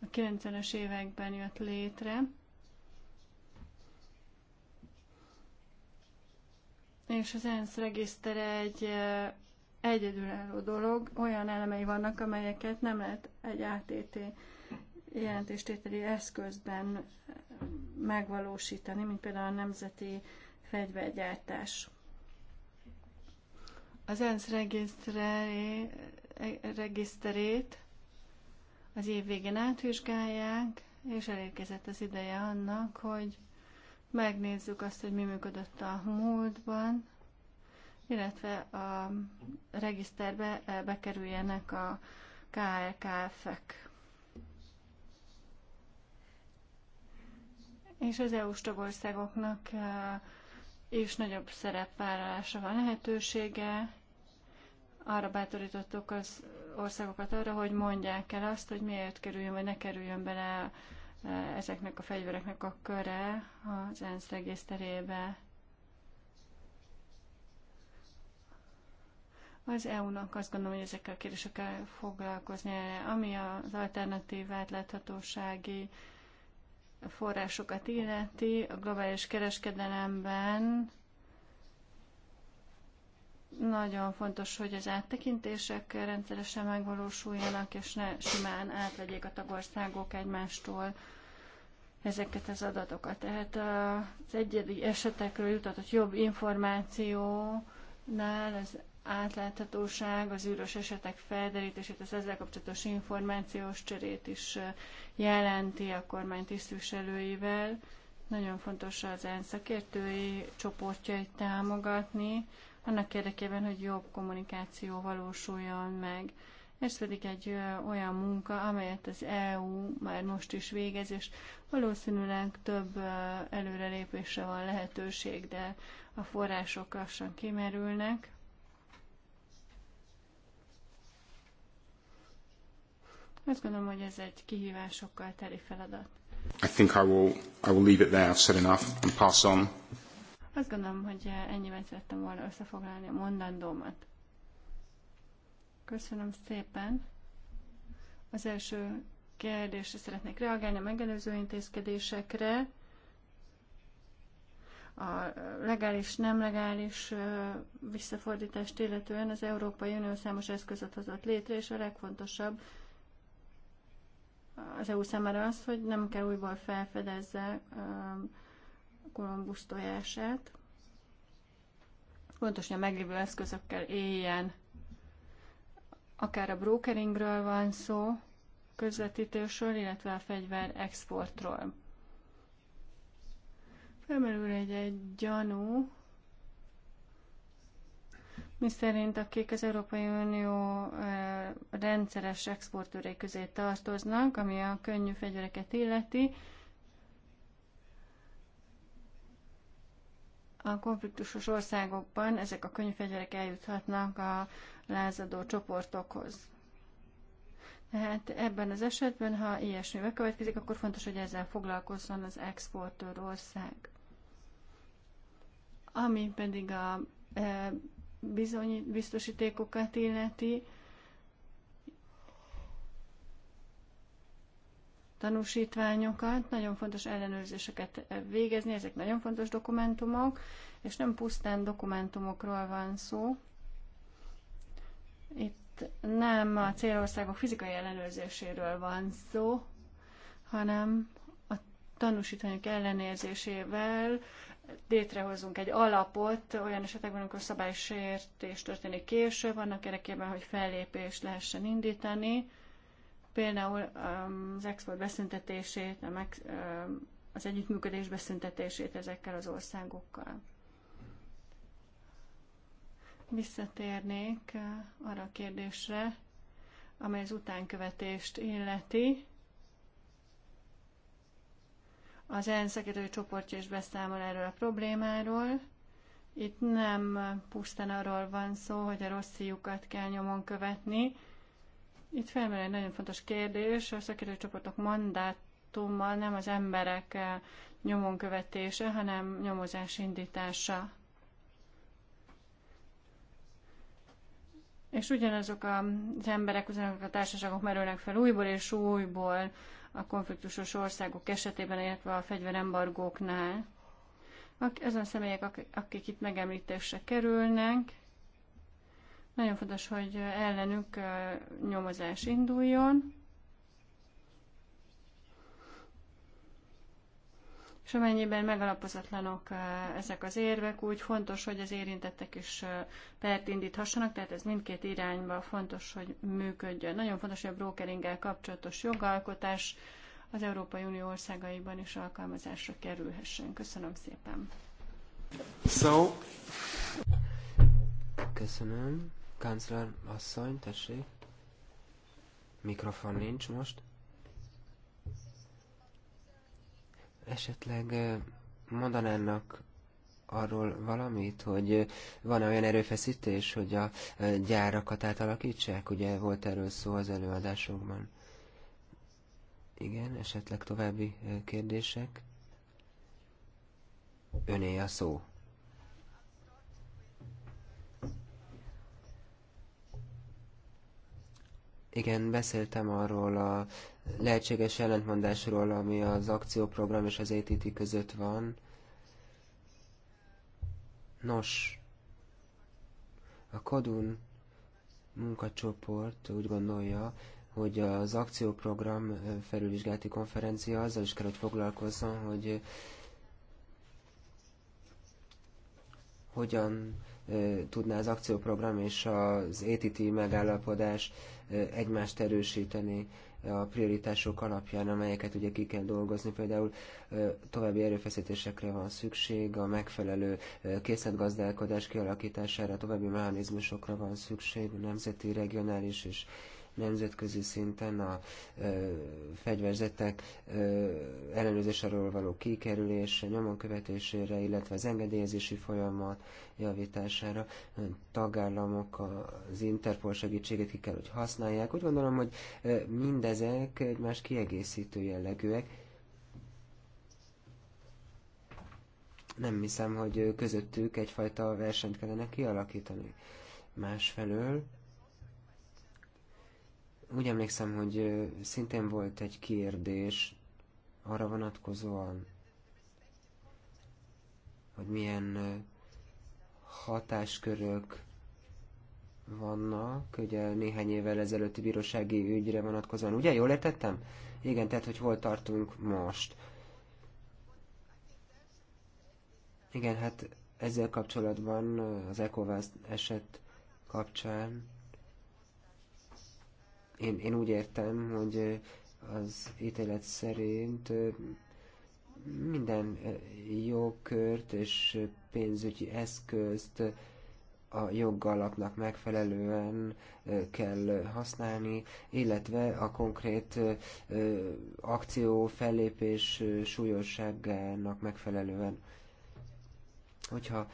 A 90-es években jött létre. és az ENSZ regiszter egy egyedülálló dolog, olyan elemei vannak, amelyeket nem lehet egy ATT jelentéstételi eszközben megvalósítani, mint például a nemzeti fegyvergyártás. Az ENSZ regiszterét az év végén átvizsgálják, és elérkezett az ideje annak, hogy megnézzük azt, hogy mi működött a múltban, illetve a regiszterbe eh, bekerüljenek a KLKF-ek. És az EU-s tagországoknak és eh, nagyobb szerepvállalása van lehetősége. Arra bátorítottuk az országokat arra, hogy mondják el azt, hogy miért kerüljön vagy ne kerüljön bele ezeknek a fegyvereknek a köre az ENSZ regiszterébe. Az EU-nak azt gondolom, hogy ezekkel a kérdésekkel foglalkozni ami az alternatív átláthatósági forrásokat illeti, a globális kereskedelemben nagyon fontos, hogy az áttekintések rendszeresen megvalósuljanak, és ne simán átvegyék a tagországok egymástól ezeket az adatokat. Tehát az egyedi esetekről jutatott jobb információnál az átláthatóság, az űrös esetek felderítését, az ezzel kapcsolatos információs cserét is jelenti a kormány tisztviselőivel. Nagyon fontos az ENSZ szakértői csoportjait támogatni, annak érdekében, hogy jobb kommunikáció valósuljon meg. Ez pedig egy olyan munka, amelyet az EU már most is végez, és valószínűleg több előrelépésre van lehetőség, de a források lassan kimerülnek. Azt gondolom, hogy ez egy kihívásokkal teli feladat. I think I will, I will leave it there. I've said enough and pass on. Azt gondolom, hogy ennyiben szerettem volna összefoglalni a mondandómat. Köszönöm szépen. Az első kérdésre szeretnék reagálni, a megelőző intézkedésekre, a legális, nem legális visszafordítást illetően az Európai Unió számos eszközöt hozott létre, és a legfontosabb az EU számára az, hogy nem kell újból felfedezze Kolumbusz tojását. Fontos, hogy a meglévő eszközökkel éljen. Akár a brokeringről van szó, közvetítésről, illetve a fegyver exportról. Felmerül egy, egy gyanú, szerint akik az Európai Unió rendszeres exportőrei közé tartoznak, ami a könnyű fegyvereket illeti, A konfliktusos országokban ezek a könyvfegyverek eljuthatnak a lázadó csoportokhoz. Tehát ebben az esetben, ha ilyesmi bekövetkezik, akkor fontos, hogy ezzel foglalkozzon az exportőr ország. Ami pedig a e, bizonyít, biztosítékokat illeti, tanúsítványokat, nagyon fontos ellenőrzéseket végezni, ezek nagyon fontos dokumentumok, és nem pusztán dokumentumokról van szó. Itt nem a célországok fizikai ellenőrzéséről van szó, hanem a tanúsítványok ellenőrzésével létrehozunk egy alapot olyan esetekben, amikor szabálysértés történik később, annak érdekében, hogy fellépést lehessen indítani, például um, az export beszüntetését, um, az együttműködés beszüntetését ezekkel az országokkal. Visszatérnék uh, arra a kérdésre, amely az utánkövetést illeti. Az ENSZ szakértői csoportja is beszámol erről a problémáról. Itt nem pusztán arról van szó, hogy a rossz kell nyomon követni, itt felmerül egy nagyon fontos kérdés, a szakértőcsoportok mandátummal nem az emberek eh, nyomon követése, hanem nyomozás indítása. És ugyanazok az emberek, ugyanazok a társaságok merülnek fel újból és újból a konfliktusos országok esetében, illetve a fegyverembargóknál. Ezen személyek, akik itt megemlítésre kerülnek, nagyon fontos, hogy ellenük nyomozás induljon, és amennyiben megalapozatlanok ezek az érvek, úgy fontos, hogy az érintettek is pert indíthassanak, tehát ez mindkét irányba fontos, hogy működjön. Nagyon fontos, hogy a brokeringgel kapcsolatos jogalkotás az Európai Unió országaiban is alkalmazásra kerülhessen. Köszönöm szépen. So. Köszönöm. Kancler asszony, tessék. Mikrofon nincs most. Esetleg mondanának arról valamit, hogy van -e olyan erőfeszítés, hogy a gyárakat átalakítsák? Ugye volt erről szó az előadásokban. Igen, esetleg további kérdések? Öné a szó. Igen, beszéltem arról a lehetséges ellentmondásról, ami az akcióprogram és az ATT között van. Nos, a Kodun munkacsoport úgy gondolja, hogy az akcióprogram felülvizsgálati konferencia azzal is kell, hogy foglalkozzon, hogy hogyan tudná az akcióprogram és az ATT megállapodás egymást erősíteni a prioritások alapján, amelyeket ugye ki kell dolgozni. Például további erőfeszítésekre van szükség, a megfelelő készletgazdálkodás kialakítására, további mechanizmusokra van szükség, nemzeti, regionális és nemzetközi szinten a fegyverzetek ellenőrzés alól való kikerülése, nyomon követésére, illetve az engedélyezési folyamat javítására tagállamok az Interpol segítségét ki kell, hogy használják. Úgy gondolom, hogy mindezek egymás kiegészítő jellegűek, nem hiszem, hogy közöttük egyfajta versenyt kellene kialakítani. Másfelől úgy emlékszem, hogy szintén volt egy kérdés arra vonatkozóan, hogy milyen hatáskörök vannak, ugye néhány évvel ezelőtti bírósági ügyre vonatkozóan. Ugye, jól értettem? Igen, tehát, hogy hol tartunk most. Igen, hát ezzel kapcsolatban az ECOVAS eset kapcsán én, én úgy értem, hogy az ítélet szerint minden jogkört és pénzügyi eszközt a jogalapnak megfelelően kell használni, illetve a konkrét akció fellépés súlyosságának megfelelően. Hogyha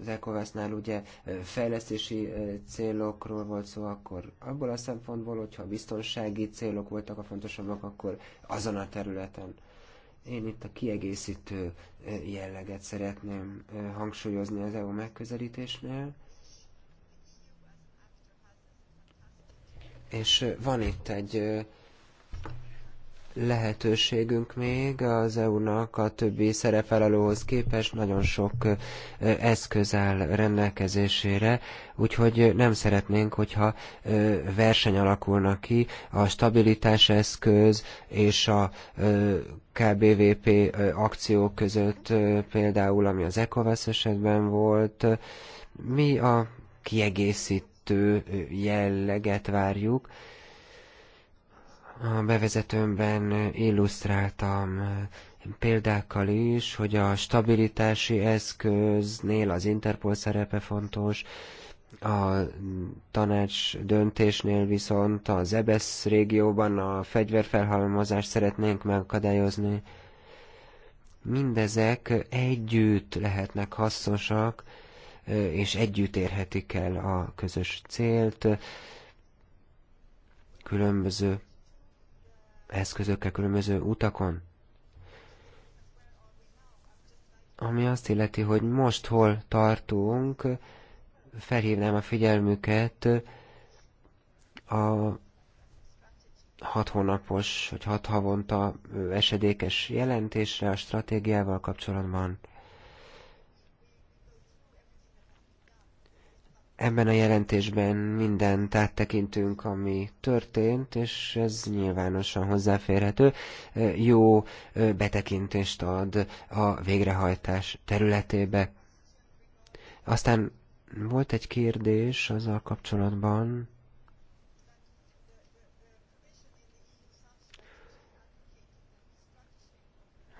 az ECOWAS-nál ugye fejlesztési célokról volt szó, akkor abból a szempontból, hogyha biztonsági célok voltak a fontosabbak, akkor azon a területen. Én itt a kiegészítő jelleget szeretném hangsúlyozni az EU megközelítésnél. És van itt egy lehetőségünk még az EU-nak a többi szerepvállalóhoz képest nagyon sok eszköz áll rendelkezésére, úgyhogy nem szeretnénk, hogyha verseny alakulna ki a stabilitás eszköz és a KBVP akciók között például, ami az ECOVASZ esetben volt. Mi a kiegészítő jelleget várjuk, a bevezetőmben illusztráltam példákkal is, hogy a stabilitási eszköznél az Interpol szerepe fontos, a tanács döntésnél viszont az EBSZ e régióban a fegyverfelhalmozást szeretnénk megakadályozni. Mindezek együtt lehetnek hasznosak, és együtt érhetik el a közös célt. Különböző eszközökkel, különböző utakon. Ami azt illeti, hogy most hol tartunk, felhívnám a figyelmüket a hat hónapos, vagy hat havonta esedékes jelentésre a stratégiával kapcsolatban. Ebben a jelentésben mindent áttekintünk, ami történt, és ez nyilvánosan hozzáférhető. Jó betekintést ad a végrehajtás területébe. Aztán volt egy kérdés azzal kapcsolatban,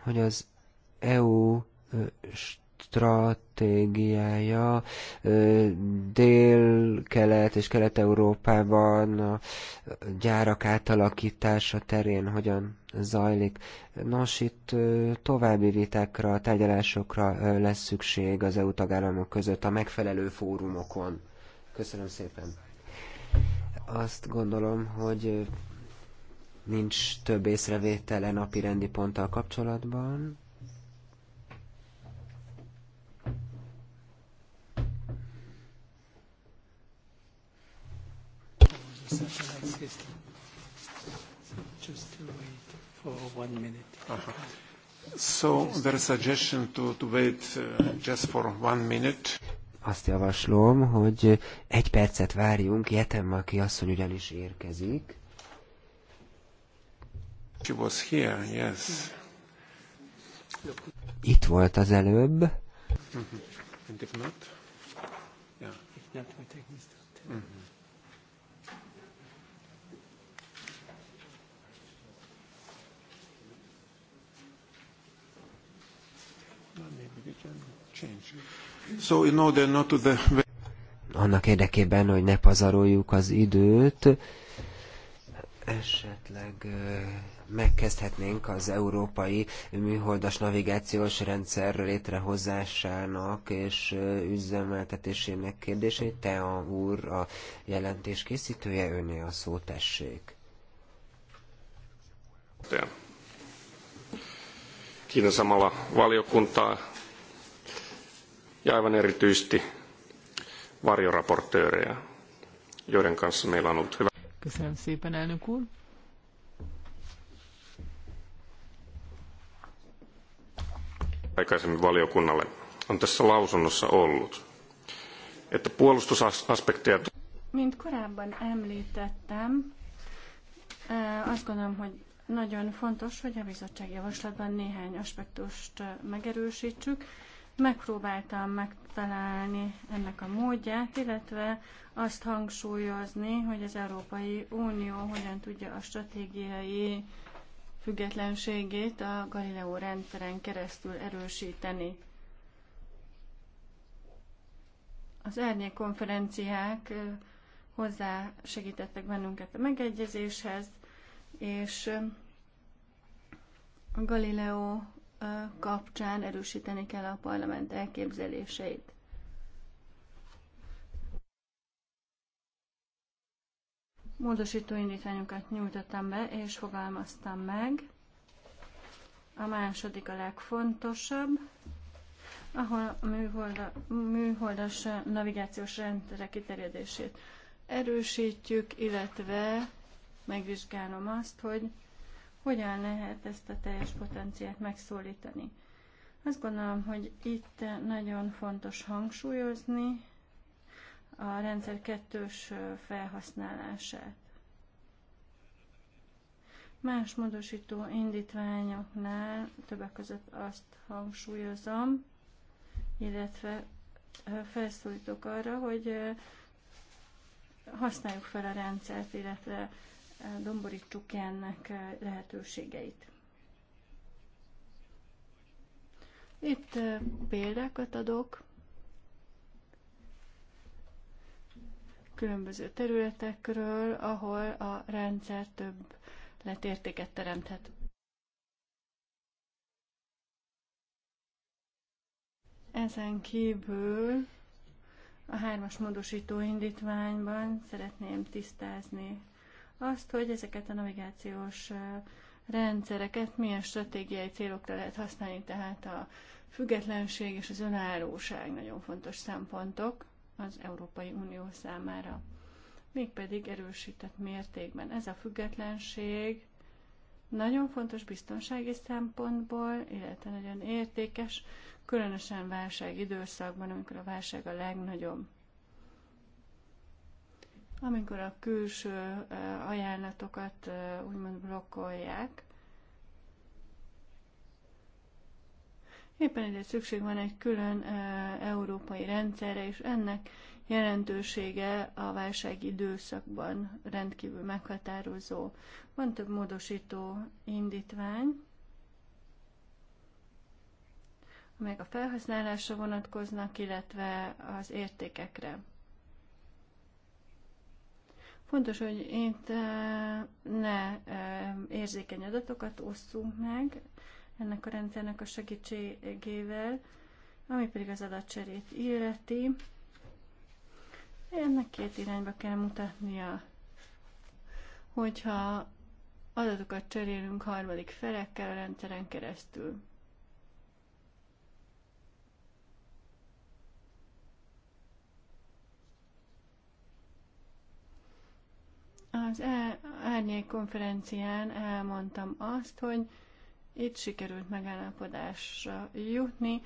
hogy az EU stratégiája dél-kelet és kelet-európában a gyárak átalakítása terén hogyan zajlik. Nos, itt további vitákra, tárgyalásokra lesz szükség az EU tagállamok között a megfelelő fórumokon. Köszönöm szépen. Azt gondolom, hogy nincs több észrevétele napi rendi ponttal kapcsolatban. satellite system. So just to wait for one minute. Uh -huh. So there is a suggestion to, to wait uh, just for one minute. Azt javaslom, hogy egy percet várjunk, Jetemaki asszony ugyanis érkezik. She was here, yes. Itt volt az előbb. Mm -hmm. And if not, yeah. if not, we take Annak érdekében, hogy ne pazaroljuk az időt, esetleg megkezdhetnénk az európai műholdas navigációs rendszer létrehozásának és üzemeltetésének kérdését. Te a úr a jelentés készítője, öné a szó tessék. Kiinnitän samalla valiokuntaa ja aivan erityisesti varjoraportöörejä, joiden kanssa meillä on ollut hyvä. Köszönöm szépen, elnök úr. Aikaisemmin valiokunnalle on tässä lausunnossa ollut, että puolustusaspekteja... Mint korábban említettem, azt gondolom, hogy nagyon fontos, hogy a bizottság javaslatban néhány aspektust megerősítsük, Megpróbáltam megtalálni ennek a módját, illetve azt hangsúlyozni, hogy az Európai Unió hogyan tudja a stratégiai függetlenségét a Galileo rendszeren keresztül erősíteni. Az árnyék konferenciák hozzá segítettek bennünket a megegyezéshez, és a Galileo kapcsán erősíteni kell a parlament elképzeléseit. Módosító indítványokat nyújtottam be és fogalmaztam meg. A második a legfontosabb, ahol a műholda, műholdas navigációs rendszerek kiterjedését erősítjük, illetve megvizsgálom azt, hogy hogyan lehet ezt a teljes potenciát megszólítani. Azt gondolom, hogy itt nagyon fontos hangsúlyozni a rendszer kettős felhasználását. Más módosító indítványoknál többek között azt hangsúlyozom, illetve felszólítok arra, hogy használjuk fel a rendszert, illetve domborítsuk ki ennek eh, lehetőségeit. Itt eh, példákat adok különböző területekről, ahol a rendszer több letértéket teremthet. Ezen kívül a hármas módosító indítványban szeretném tisztázni azt, hogy ezeket a navigációs rendszereket milyen stratégiai célokra lehet használni, tehát a függetlenség és az önállóság nagyon fontos szempontok az Európai Unió számára. Mégpedig erősített mértékben. Ez a függetlenség nagyon fontos biztonsági szempontból, illetve nagyon értékes, különösen válság időszakban, amikor a válság a legnagyobb. Amikor a külső ajánlatokat úgymond blokkolják, Éppen ezért szükség van egy külön európai rendszerre, és ennek jelentősége a válság időszakban rendkívül meghatározó. Van több módosító indítvány, amelyek a felhasználásra vonatkoznak, illetve az értékekre. Fontos, hogy itt e, ne e, érzékeny adatokat osszunk meg ennek a rendszernek a segítségével, ami pedig az adatcserét illeti. Ennek két irányba kell mutatnia, hogyha adatokat cserélünk harmadik felekkel a rendszeren keresztül. Az e- árnyék konferencián elmondtam azt, hogy itt sikerült megállapodásra jutni,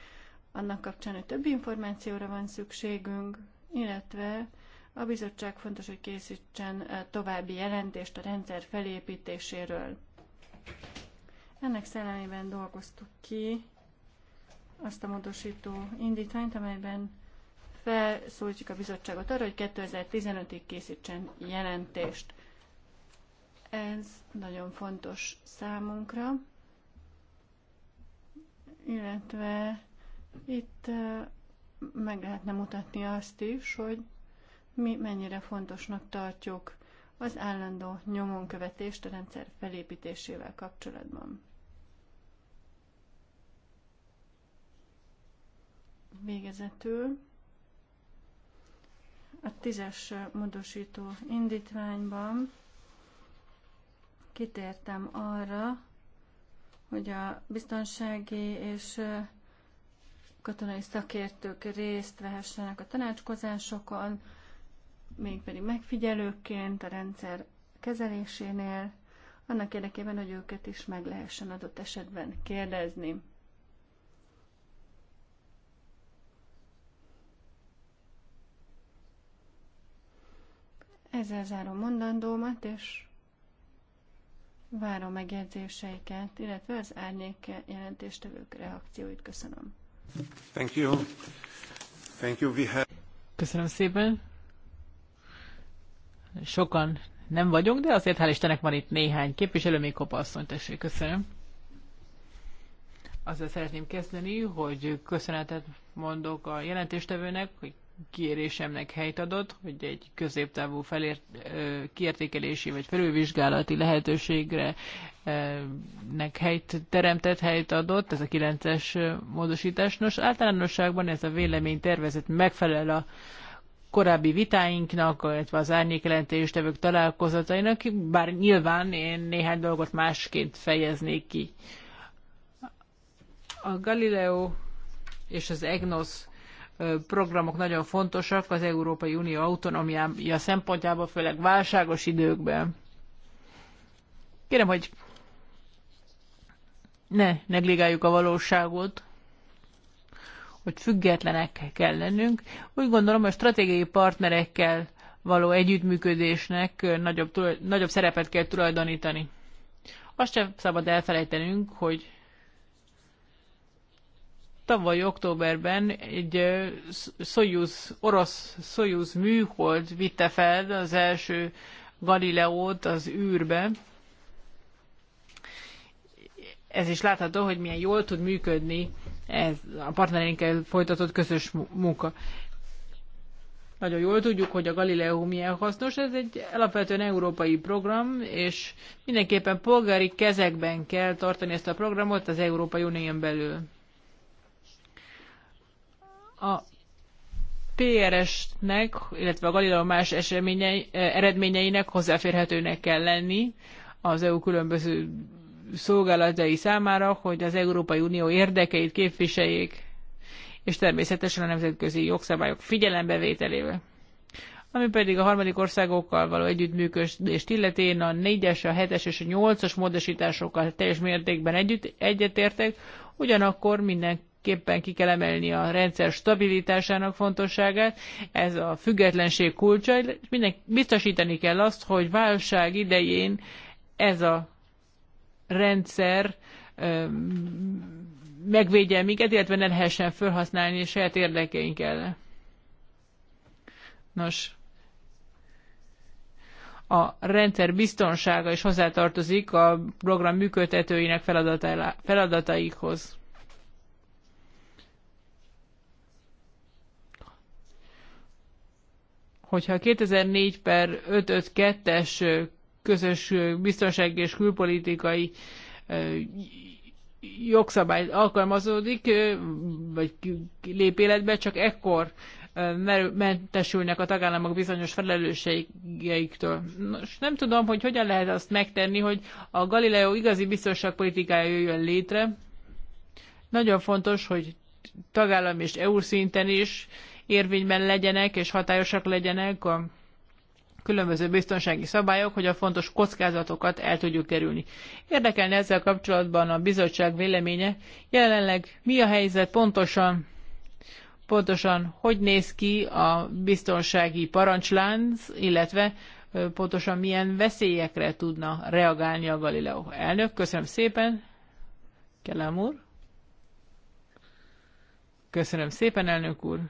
annak kapcsán, hogy több információra van szükségünk, illetve a bizottság fontos, hogy készítsen e, további jelentést a rendszer felépítéséről. Ennek szellemében dolgoztuk ki azt a módosító indítványt, amelyben felszólítjuk a bizottságot arra, hogy 2015-ig készítsen jelentést. Ez nagyon fontos számunkra, illetve itt meg lehetne mutatni azt is, hogy mi mennyire fontosnak tartjuk az állandó nyomonkövetést a rendszer felépítésével kapcsolatban. Végezetül a tízes módosító indítványban kitértem arra, hogy a biztonsági és katonai szakértők részt vehessenek a tanácskozásokon, mégpedig megfigyelőként a rendszer kezelésénél, annak érdekében, hogy őket is meg lehessen adott esetben kérdezni. Ezzel zárom mondandómat, és Várom megjegyzéseiket, illetve az árnyék jelentéstevők reakcióit. Köszönöm. Thank you. Thank you. We have... Köszönöm szépen. Sokan nem vagyunk, de azért hál' Istennek van itt néhány képviselő, még Kopa asszony, tessék, köszönöm. Azzal szeretném kezdeni, hogy köszönetet mondok a jelentéstevőnek, hogy kérésemnek helyt adott, hogy egy középtávú felért, kiértékelési vagy felülvizsgálati lehetőségre nek helyt teremtett, helyt adott, ez a 9-es módosítás. Nos, általánosságban ez a vélemény tervezet megfelel a korábbi vitáinknak, illetve az tevők találkozatainak, bár nyilván én néhány dolgot másként fejeznék ki. A Galileo és az EGNOS programok nagyon fontosak az Európai Unió autonómiája szempontjából, főleg válságos időkben. Kérem, hogy ne negligáljuk a valóságot, hogy függetlenek kell lennünk. Úgy gondolom, hogy a stratégiai partnerekkel való együttműködésnek nagyobb, nagyobb szerepet kell tulajdonítani. Azt sem szabad elfelejtenünk, hogy Tavaly októberben egy Soyuz, orosz Soyuz műhold vitte fel az első Galileót az űrbe. Ez is látható, hogy milyen jól tud működni ez a partnerénkkel folytatott közös munka. Nagyon jól tudjuk, hogy a Galileo milyen hasznos, ez egy alapvetően európai program, és mindenképpen polgári kezekben kell tartani ezt a programot az Európai Unión belül. A PRS-nek, illetve a Galileo más eseményei, eh, eredményeinek hozzáférhetőnek kell lenni az EU különböző szolgálatai számára, hogy az Európai Unió érdekeit képviseljék, és természetesen a nemzetközi jogszabályok figyelembevételével. Ami pedig a harmadik országokkal való együttműködést illeti, én a 4-es, a 7-es és a 8-as módosításokkal teljes mértékben együtt, egyetértek, ugyanakkor minden mindenképpen ki kell emelni a rendszer stabilitásának fontosságát, ez a függetlenség kulcsa, és minden, biztosítani kell azt, hogy válság idején ez a rendszer megvédje minket, illetve ne lehessen felhasználni a saját érdekeink ellen. Nos, a rendszer biztonsága is hozzátartozik a program működtetőinek feladataikhoz hogyha 2004 per 552-es közös biztonsági és külpolitikai jogszabály alkalmazódik, vagy lép életbe, csak ekkor mentesülnek a tagállamok bizonyos felelősségeiktől. Nos, nem tudom, hogy hogyan lehet azt megtenni, hogy a Galileo igazi biztonságpolitikája jöjjön létre. Nagyon fontos, hogy tagállam és EU szinten is érvényben legyenek és hatályosak legyenek a különböző biztonsági szabályok, hogy a fontos kockázatokat el tudjuk kerülni. Érdekelne ezzel kapcsolatban a bizottság véleménye. Jelenleg mi a helyzet pontosan, pontosan hogy néz ki a biztonsági parancslánc, illetve pontosan milyen veszélyekre tudna reagálni a Galileo elnök. Köszönöm szépen, Kelem úr. Köszönöm szépen, elnök úr.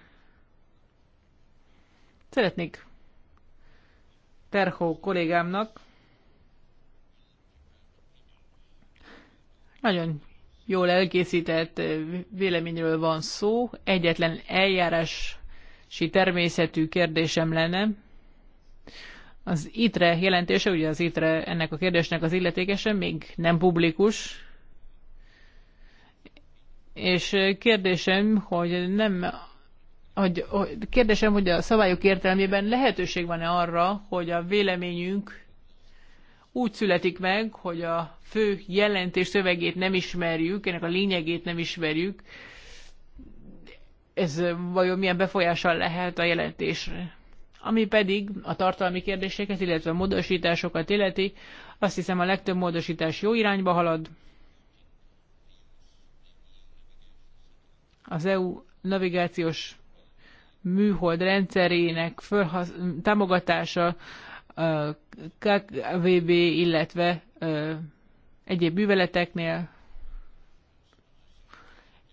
Szeretnék Terhó kollégámnak nagyon jól elkészített véleményről van szó. Egyetlen eljárási természetű kérdésem lenne. Az ITRE jelentése, ugye az ITRE ennek a kérdésnek az illetékesen még nem publikus, és kérdésem, hogy nem hogy, hogy kérdésem, hogy a szabályok értelmében lehetőség van-e arra, hogy a véleményünk úgy születik meg, hogy a fő jelentés szövegét nem ismerjük, ennek a lényegét nem ismerjük. Ez vajon milyen befolyással lehet a jelentésre? Ami pedig a tartalmi kérdéseket, illetve a módosításokat illeti, azt hiszem a legtöbb módosítás jó irányba halad. Az EU navigációs műhold rendszerének fölhasz, támogatása, a KVB, illetve egyéb műveleteknél.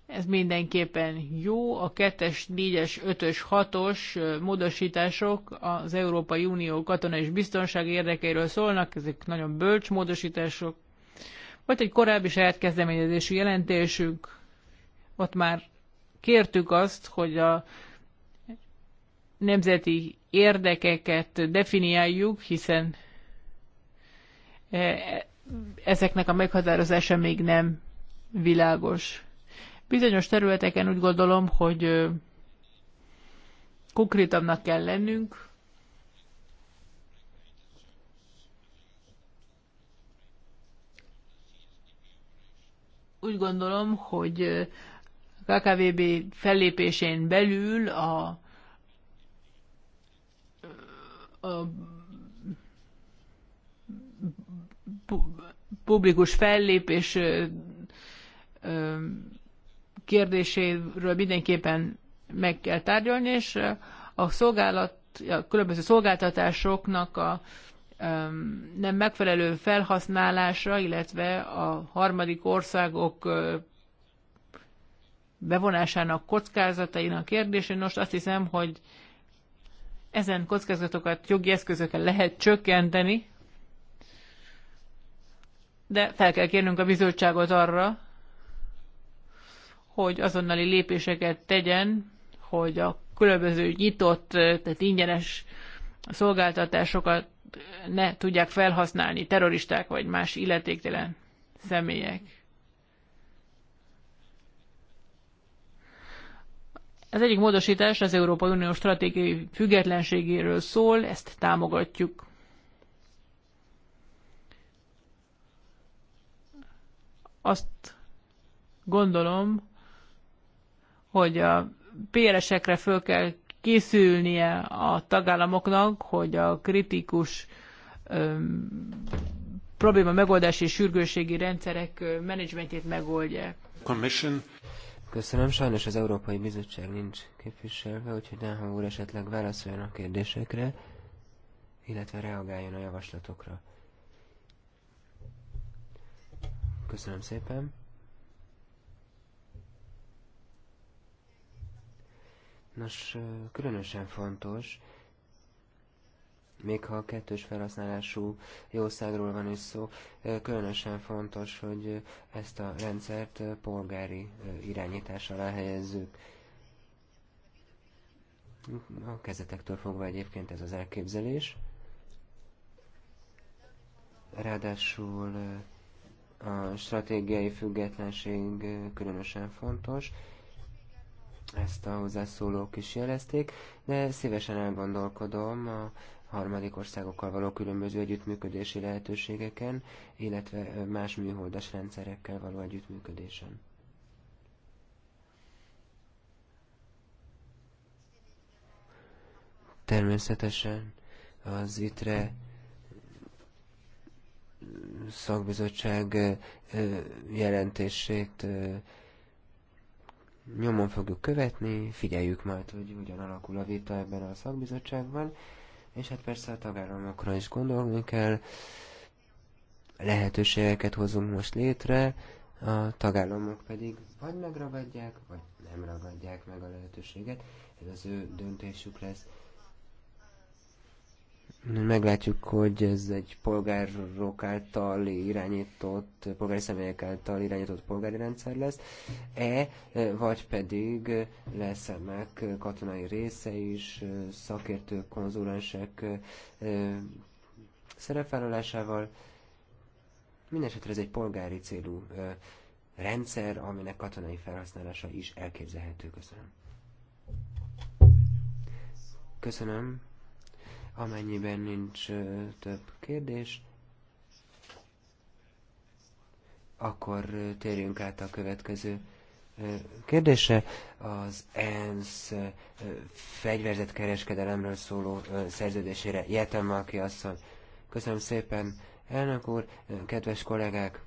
Ez mindenképpen jó. A 2-es, 4-es, 5-ös, 6-os módosítások az Európai Unió katonai és biztonsági érdekeiről szólnak, ezek nagyon bölcs módosítások. Volt egy korábbi saját kezdeményezési jelentésünk, ott már kértük azt, hogy a nemzeti érdekeket definiáljuk, hiszen e, ezeknek a meghatározása még nem világos. Bizonyos területeken úgy gondolom, hogy konkrétabbnak kell lennünk, úgy gondolom, hogy KKVB fellépésén belül a publikus fellépés kérdéséről mindenképpen meg kell tárgyalni, és a szolgálat, a különböző szolgáltatásoknak a nem megfelelő felhasználásra, illetve a harmadik országok bevonásának kockázatainak kérdésén. Most azt hiszem, hogy ezen kockázatokat jogi eszközökkel lehet csökkenteni, de fel kell kérnünk a bizottságot arra, hogy azonnali lépéseket tegyen, hogy a különböző nyitott, tehát ingyenes szolgáltatásokat ne tudják felhasználni terroristák vagy más illetéktelen személyek. Az egyik módosítás az Európai Unió stratégiai függetlenségéről szól, ezt támogatjuk. Azt gondolom, hogy a PRS-ekre föl kell készülnie a tagállamoknak, hogy a kritikus öm, probléma megoldási és sürgősségi rendszerek menedzsmentjét megoldja. Commission Köszönöm, sajnos az Európai Bizottság nincs képviselve, úgyhogy Dánha úr esetleg válaszoljon a kérdésekre, illetve reagáljon a javaslatokra. Köszönöm szépen. Nos, különösen fontos, még ha a kettős felhasználású jószágról van is szó, különösen fontos, hogy ezt a rendszert polgári irányítás alá helyezzük. A kezetektől fogva egyébként ez az elképzelés. Ráadásul a stratégiai függetlenség különösen fontos, ezt a hozzászólók is jelezték, de szívesen elgondolkodom a harmadik országokkal való különböző együttműködési lehetőségeken, illetve más műholdas rendszerekkel való együttműködésen. Természetesen az ITRE szakbizottság jelentését nyomon fogjuk követni, figyeljük majd, hogy hogyan alakul a vita ebben a szakbizottságban. És hát persze a tagállamokra is gondolni kell, lehetőségeket hozunk most létre, a tagállamok pedig vagy megragadják, vagy nem ragadják meg a lehetőséget, ez az ő döntésük lesz. Meglátjuk, hogy ez egy polgárok által irányított, polgári személyek által irányított polgári rendszer lesz, e, vagy pedig lesz ennek katonai része is, szakértők, konzulensek szerepvállalásával. Mindenesetre ez egy polgári célú rendszer, aminek katonai felhasználása is elképzelhető. Köszönöm. Köszönöm. Amennyiben nincs több kérdés, akkor térjünk át a következő kérdése. Az ENSZ fegyverzett kereskedelemről szóló szerződésére Jetem Malki asszony. Köszönöm szépen, elnök úr, kedves kollégák!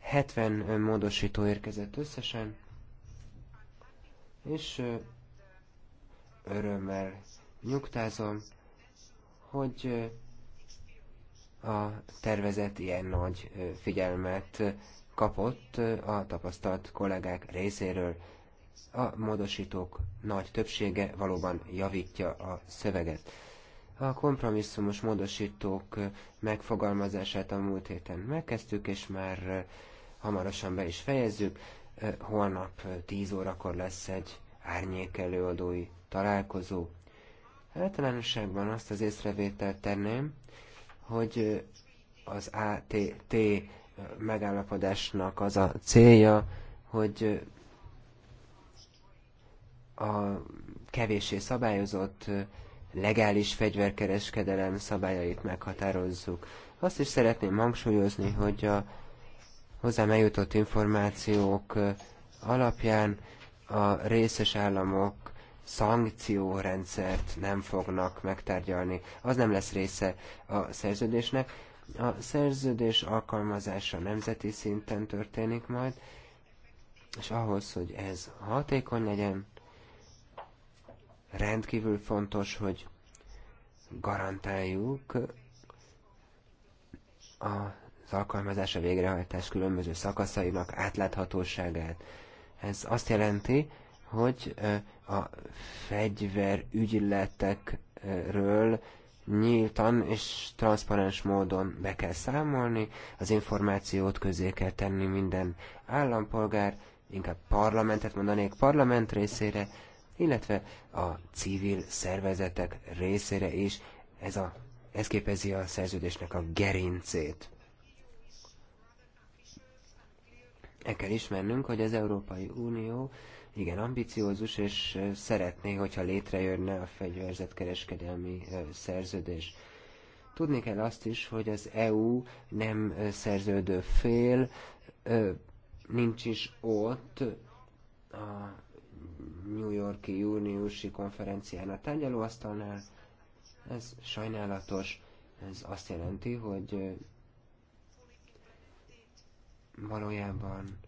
70 módosító érkezett összesen, és örömmel nyugtázom, hogy a tervezet ilyen nagy figyelmet kapott a tapasztalt kollégák részéről. A módosítók nagy többsége valóban javítja a szöveget. A kompromisszumos módosítók megfogalmazását a múlt héten megkezdtük, és már hamarosan be is fejezzük. Holnap 10 órakor lesz egy árnyék előadói találkozó. Általánosságban azt az észrevételt tenném, hogy az ATT megállapodásnak az a célja, hogy a kevésé szabályozott legális fegyverkereskedelem szabályait meghatározzuk. Azt is szeretném hangsúlyozni, hogy a hozzám eljutott információk alapján a részes államok szankciórendszert nem fognak megtárgyalni. Az nem lesz része a szerződésnek. A szerződés alkalmazása nemzeti szinten történik majd, és ahhoz, hogy ez hatékony legyen, rendkívül fontos, hogy garantáljuk az alkalmazása végrehajtás különböző szakaszainak átláthatóságát. Ez azt jelenti, hogy a fegyverügyletekről nyíltan és transzparens módon be kell számolni, az információt közé kell tenni minden állampolgár, inkább parlamentet mondanék parlament részére, illetve a civil szervezetek részére is. Ez, a, ez képezi a szerződésnek a gerincét. El kell ismernünk, hogy az Európai Unió igen ambiciózus, és szeretné, hogyha létrejönne a fegyverzetkereskedelmi szerződés. Tudni kell azt is, hogy az EU nem szerződő fél, nincs is ott a New Yorki júniusi konferencián a tárgyalóasztalnál. Ez sajnálatos, ez azt jelenti, hogy valójában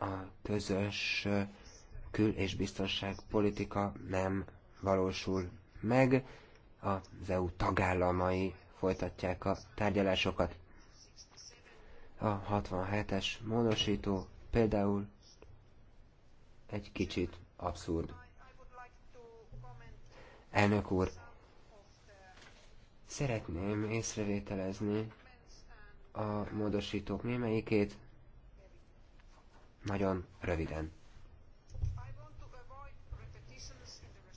a közös kül- és biztonságpolitika nem valósul meg, az EU tagállamai folytatják a tárgyalásokat. A 67-es módosító például egy kicsit abszurd. Elnök úr, szeretném észrevételezni a módosítók némelyikét, nagyon röviden.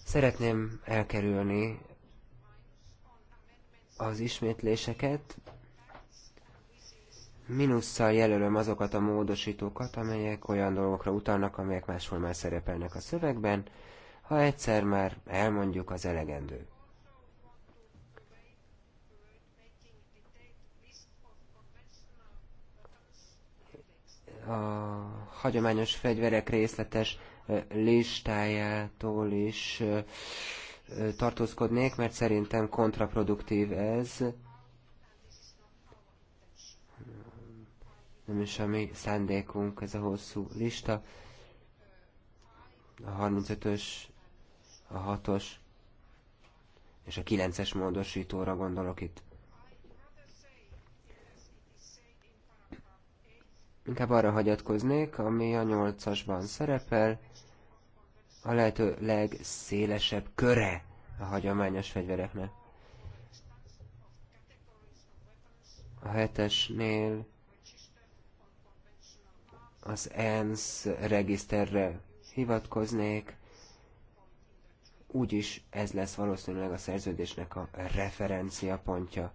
Szeretném elkerülni az ismétléseket. Minusszal jelölöm azokat a módosítókat, amelyek olyan dolgokra utalnak, amelyek máshol már szerepelnek a szövegben. Ha egyszer már elmondjuk, az elegendőt. a hagyományos fegyverek részletes listájától is tartózkodnék, mert szerintem kontraproduktív ez. Nem is a mi szándékunk ez a hosszú lista. A 35-ös, a 6-os és a 9-es módosítóra gondolok itt. inkább arra hagyatkoznék, ami a nyolcasban szerepel, a lehető legszélesebb köre a hagyományos fegyvereknek. A hetesnél az ENSZ regiszterre hivatkoznék, úgyis ez lesz valószínűleg a szerződésnek a referencia pontja.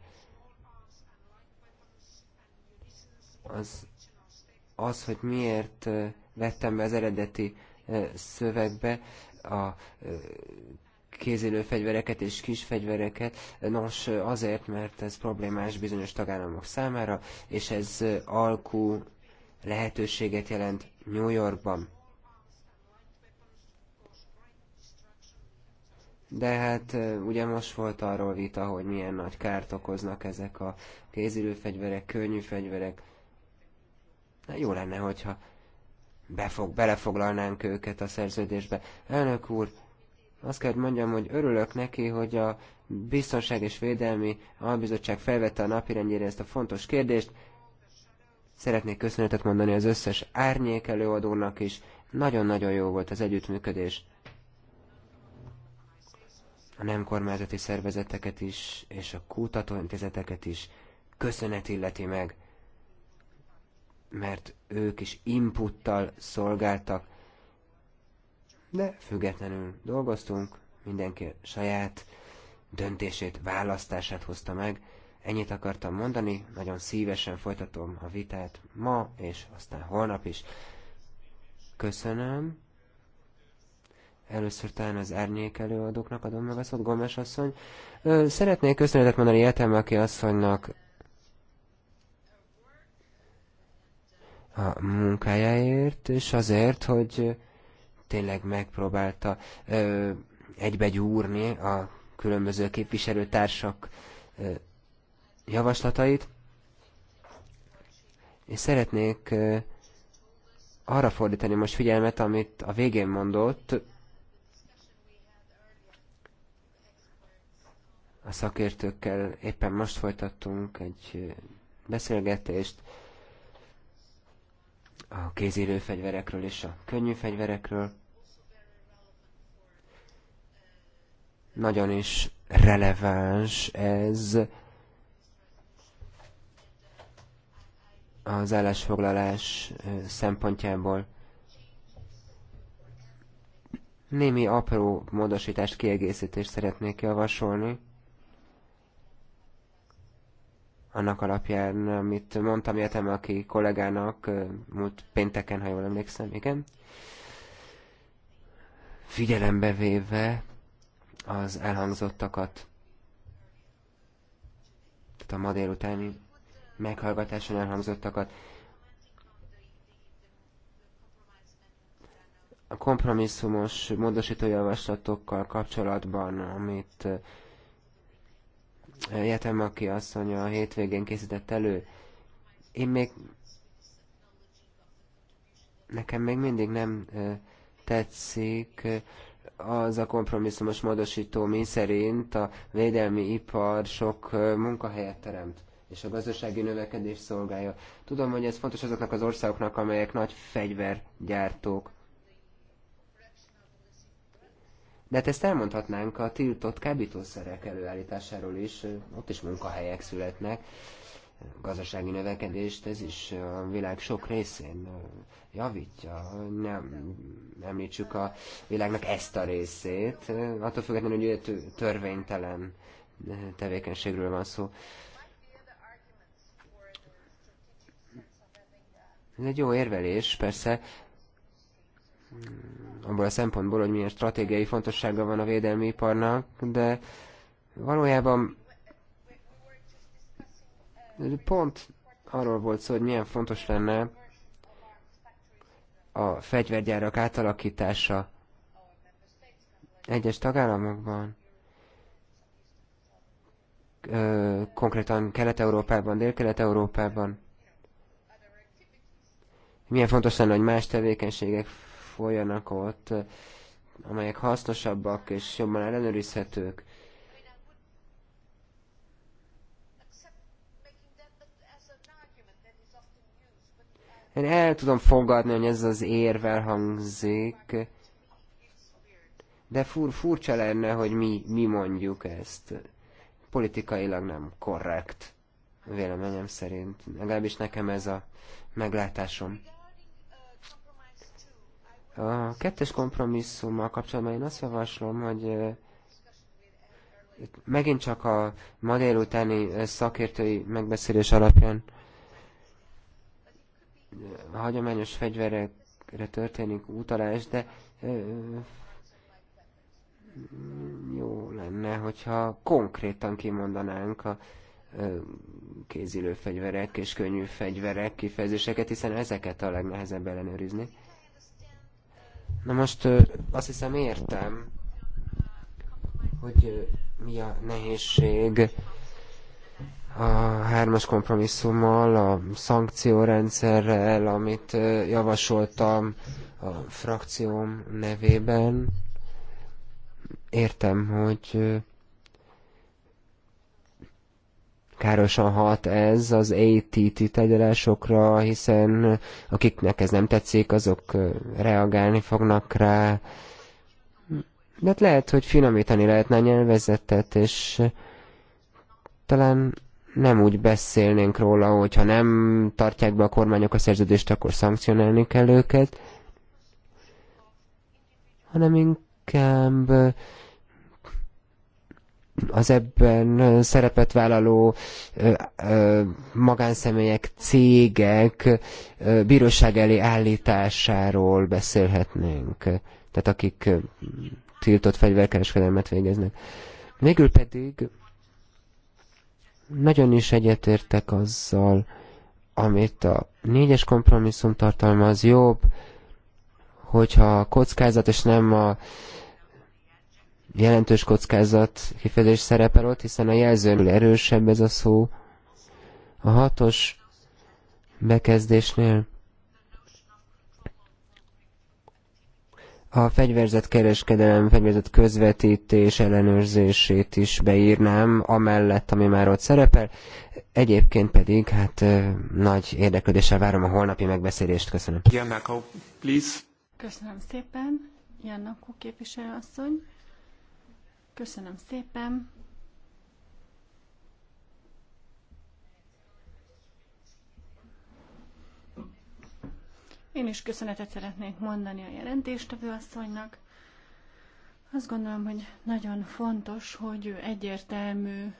Az az, hogy miért vettem be az eredeti szövegbe a kézélő fegyvereket és kis fegyvereket. Nos, azért, mert ez problémás bizonyos tagállamok számára, és ez alkú lehetőséget jelent New Yorkban. De hát ugye most volt arról vita, hogy milyen nagy kárt okoznak ezek a kézilő fegyverek, könnyű fegyverek. Jó lenne, hogyha befog, belefoglalnánk őket a szerződésbe. Elnök úr, azt kell, hogy mondjam, hogy örülök neki, hogy a Biztonság és Védelmi Albizottság felvette a napirendjére ezt a fontos kérdést. Szeretnék köszönetet mondani az összes árnyék előadónak is. Nagyon-nagyon jó volt az együttműködés. A nem kormányzati szervezeteket is, és a kutatóintézeteket is köszönet illeti meg mert ők is inputtal szolgáltak, de függetlenül dolgoztunk, mindenki saját döntését, választását hozta meg. Ennyit akartam mondani, nagyon szívesen folytatom a vitát ma, és aztán holnap is. Köszönöm. Először talán az árnyék előadóknak adom meg a szót, Gomes asszony. Szeretnék köszönetet mondani Jeteme, aki asszonynak a munkájáért, és azért, hogy tényleg megpróbálta ö, egybegyúrni a különböző képviselőtársak ö, javaslatait. És szeretnék ö, arra fordítani most figyelmet, amit a végén mondott, a szakértőkkel éppen most folytattunk egy beszélgetést, a kézérő fegyverekről és a könnyű fegyverekről. Nagyon is releváns ez az állásfoglalás szempontjából. Némi apró módosítást, kiegészítést szeretnék javasolni. annak alapján, amit mondtam értem, aki kollégának múlt pénteken, ha jól emlékszem, igen, figyelembe véve az elhangzottakat. Tehát a ma délutáni meghallgatáson elhangzottakat. A kompromisszumos módosítójavaslatokkal kapcsolatban, amit Jatemaki asszony a hétvégén készített elő. Én még... Nekem még mindig nem tetszik az a kompromisszumos módosító, mi szerint a védelmi ipar sok munkahelyet teremt és a gazdasági növekedés szolgálja. Tudom, hogy ez fontos azoknak az országoknak, amelyek nagy fegyvergyártók. De hát ezt elmondhatnánk a tiltott kábítószerek előállításáról is, ott is munkahelyek születnek, gazdasági növekedést ez is a világ sok részén javítja. Nem említsük a világnak ezt a részét, attól függetlenül, hogy törvénytelen tevékenységről van szó. Ez egy jó érvelés, persze abból a szempontból, hogy milyen stratégiai fontossága van a védelmi iparnak, de valójában pont arról volt szó, hogy milyen fontos lenne a fegyvergyárak átalakítása egyes tagállamokban, ö, konkrétan Kelet-Európában, Dél-Kelet-Európában. Milyen fontos lenne, hogy más tevékenységek folyanak ott, amelyek hasznosabbak és jobban ellenőrizhetők. Én el tudom fogadni, hogy ez az érvel hangzik, de fur, furcsa lenne, hogy mi, mi mondjuk ezt. Politikailag nem korrekt, véleményem szerint. Legalábbis nekem ez a meglátásom. A kettes kompromisszummal kapcsolatban én azt javaslom, hogy megint csak a ma délutáni szakértői megbeszélés alapján a hagyományos fegyverekre történik utalás, de jó lenne, hogyha konkrétan kimondanánk a kézilő fegyverek és könnyű fegyverek kifejezéseket, hiszen ezeket a legnehezebb ellenőrizni. Na most azt hiszem értem, hogy mi a nehézség a hármas kompromisszummal, a szankciórendszerrel, amit javasoltam a frakcióm nevében. Értem, hogy károsan hat ez az ATT tárgyalásokra, hiszen akiknek ez nem tetszik, azok reagálni fognak rá. De hát lehet, hogy finomítani lehetne a nyelvezetet, és talán nem úgy beszélnénk róla, hogyha nem tartják be a kormányok a szerződést, akkor szankcionálni kell őket, hanem inkább az ebben szerepet vállaló magánszemélyek, cégek bíróság elé állításáról beszélhetnénk. Tehát akik tiltott fegyverkereskedelmet végeznek. Végül pedig nagyon is egyetértek azzal, amit a négyes kompromisszum tartalmaz jobb, hogyha a kockázat és nem a jelentős kockázat kifejezés szerepel ott, hiszen a jelzőnél erősebb ez a szó. A hatos bekezdésnél a fegyverzet kereskedelem, fegyverzet közvetítés ellenőrzését is beírnám, amellett, ami már ott szerepel. Egyébként pedig, hát nagy érdeklődéssel várom a holnapi megbeszélést. Köszönöm. Jannakó, please. Köszönöm szépen. Jannakó képviselőasszony. Köszönöm szépen. Én is köszönetet szeretnék mondani a jelentéstevő asszonynak. Azt gondolom, hogy nagyon fontos, hogy ő egyértelmű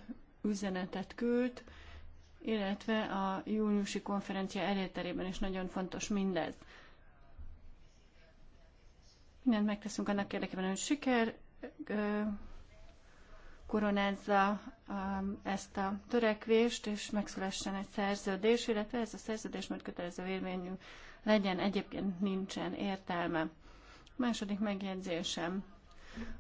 üzenetet küld, illetve a júniusi konferencia elérterében is nagyon fontos mindez. Mindent megteszünk annak érdekében, hogy siker koronázza um, ezt a törekvést, és megszülessen egy szerződés, illetve ez a szerződés majd kötelező érvényű legyen, egyébként nincsen értelme. Második megjegyzésem.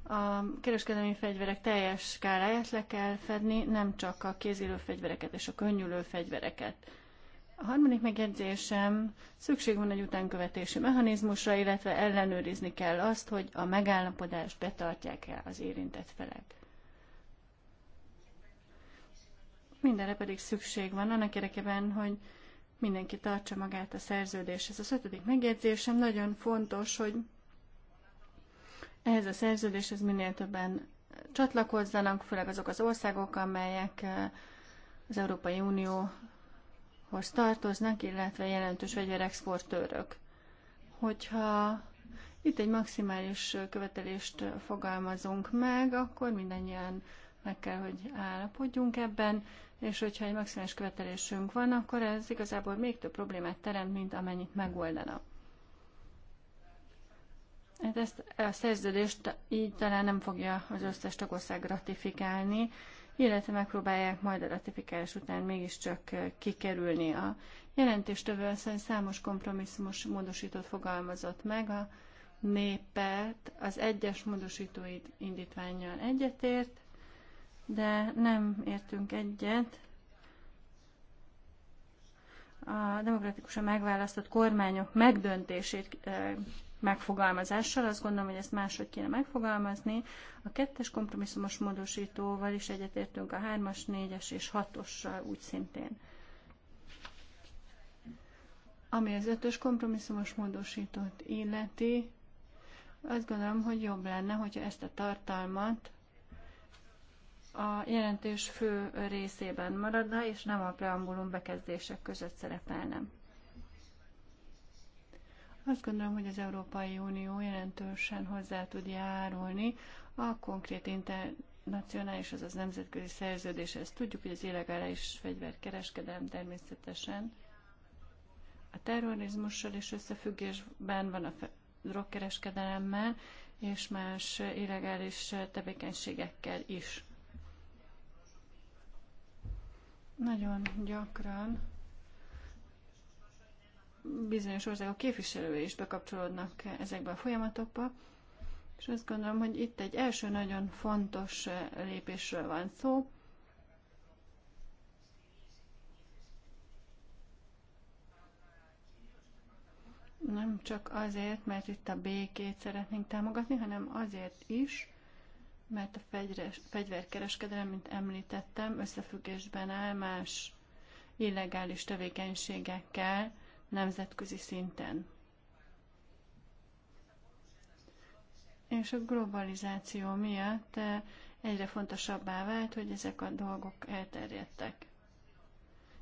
A kereskedelmi fegyverek teljes skáláját le kell fedni, nem csak a kézilő fegyvereket és a könnyülő fegyvereket. A harmadik megjegyzésem, szükség van egy utánkövetési mechanizmusra, illetve ellenőrizni kell azt, hogy a megállapodást betartják-e az érintett felek. Mindenre pedig szükség van annak érdekében, hogy mindenki tartsa magát a szerződéshez. Az ötödik megjegyzésem nagyon fontos, hogy ehhez a szerződéshez minél többen csatlakozzanak, főleg azok az országok, amelyek eh, az Európai Unióhoz tartoznak, illetve jelentős vegyverexportőrök. Hogyha itt egy maximális követelést fogalmazunk meg, akkor mindannyian meg kell, hogy állapodjunk ebben, és hogyha egy maximális követelésünk van, akkor ez igazából még több problémát teremt, mint amennyit megoldana. Hát ezt a szerződést így talán nem fogja az összes tagország ratifikálni, illetve megpróbálják majd a ratifikálás után mégiscsak kikerülni. A jelentéstövő asszony számos kompromisszumos módosítót fogalmazott meg, a népet az egyes módosítóid indítványjal egyetért, de nem értünk egyet a demokratikusan megválasztott kormányok megdöntését megfogalmazással. Azt gondolom, hogy ezt máshogy kéne megfogalmazni. A kettes kompromisszumos módosítóval is egyetértünk a hármas, négyes és hatossal úgy szintén. Ami az ötös kompromisszumos módosítót illeti, azt gondolom, hogy jobb lenne, hogyha ezt a tartalmat a jelentés fő részében maradna, és nem a preambulum bekezdések között szerepelne. Azt gondolom, hogy az Európai Unió jelentősen hozzá tud járulni a konkrét internacionális, azaz nemzetközi szerződéshez. Tudjuk, hogy az illegális fegyverkereskedelem természetesen a terrorizmussal is összefüggésben van a drogkereskedelemmel, és más illegális tevékenységekkel is. Nagyon gyakran bizonyos országok képviselői is bekapcsolódnak ezekbe a folyamatokba, és azt gondolom, hogy itt egy első nagyon fontos lépésről van szó. Nem csak azért, mert itt a békét szeretnénk támogatni, hanem azért is, mert a fegyverkereskedelem, mint említettem, összefüggésben áll más illegális tevékenységekkel nemzetközi szinten. És a globalizáció miatt eh, egyre fontosabbá vált, hogy ezek a dolgok elterjedtek.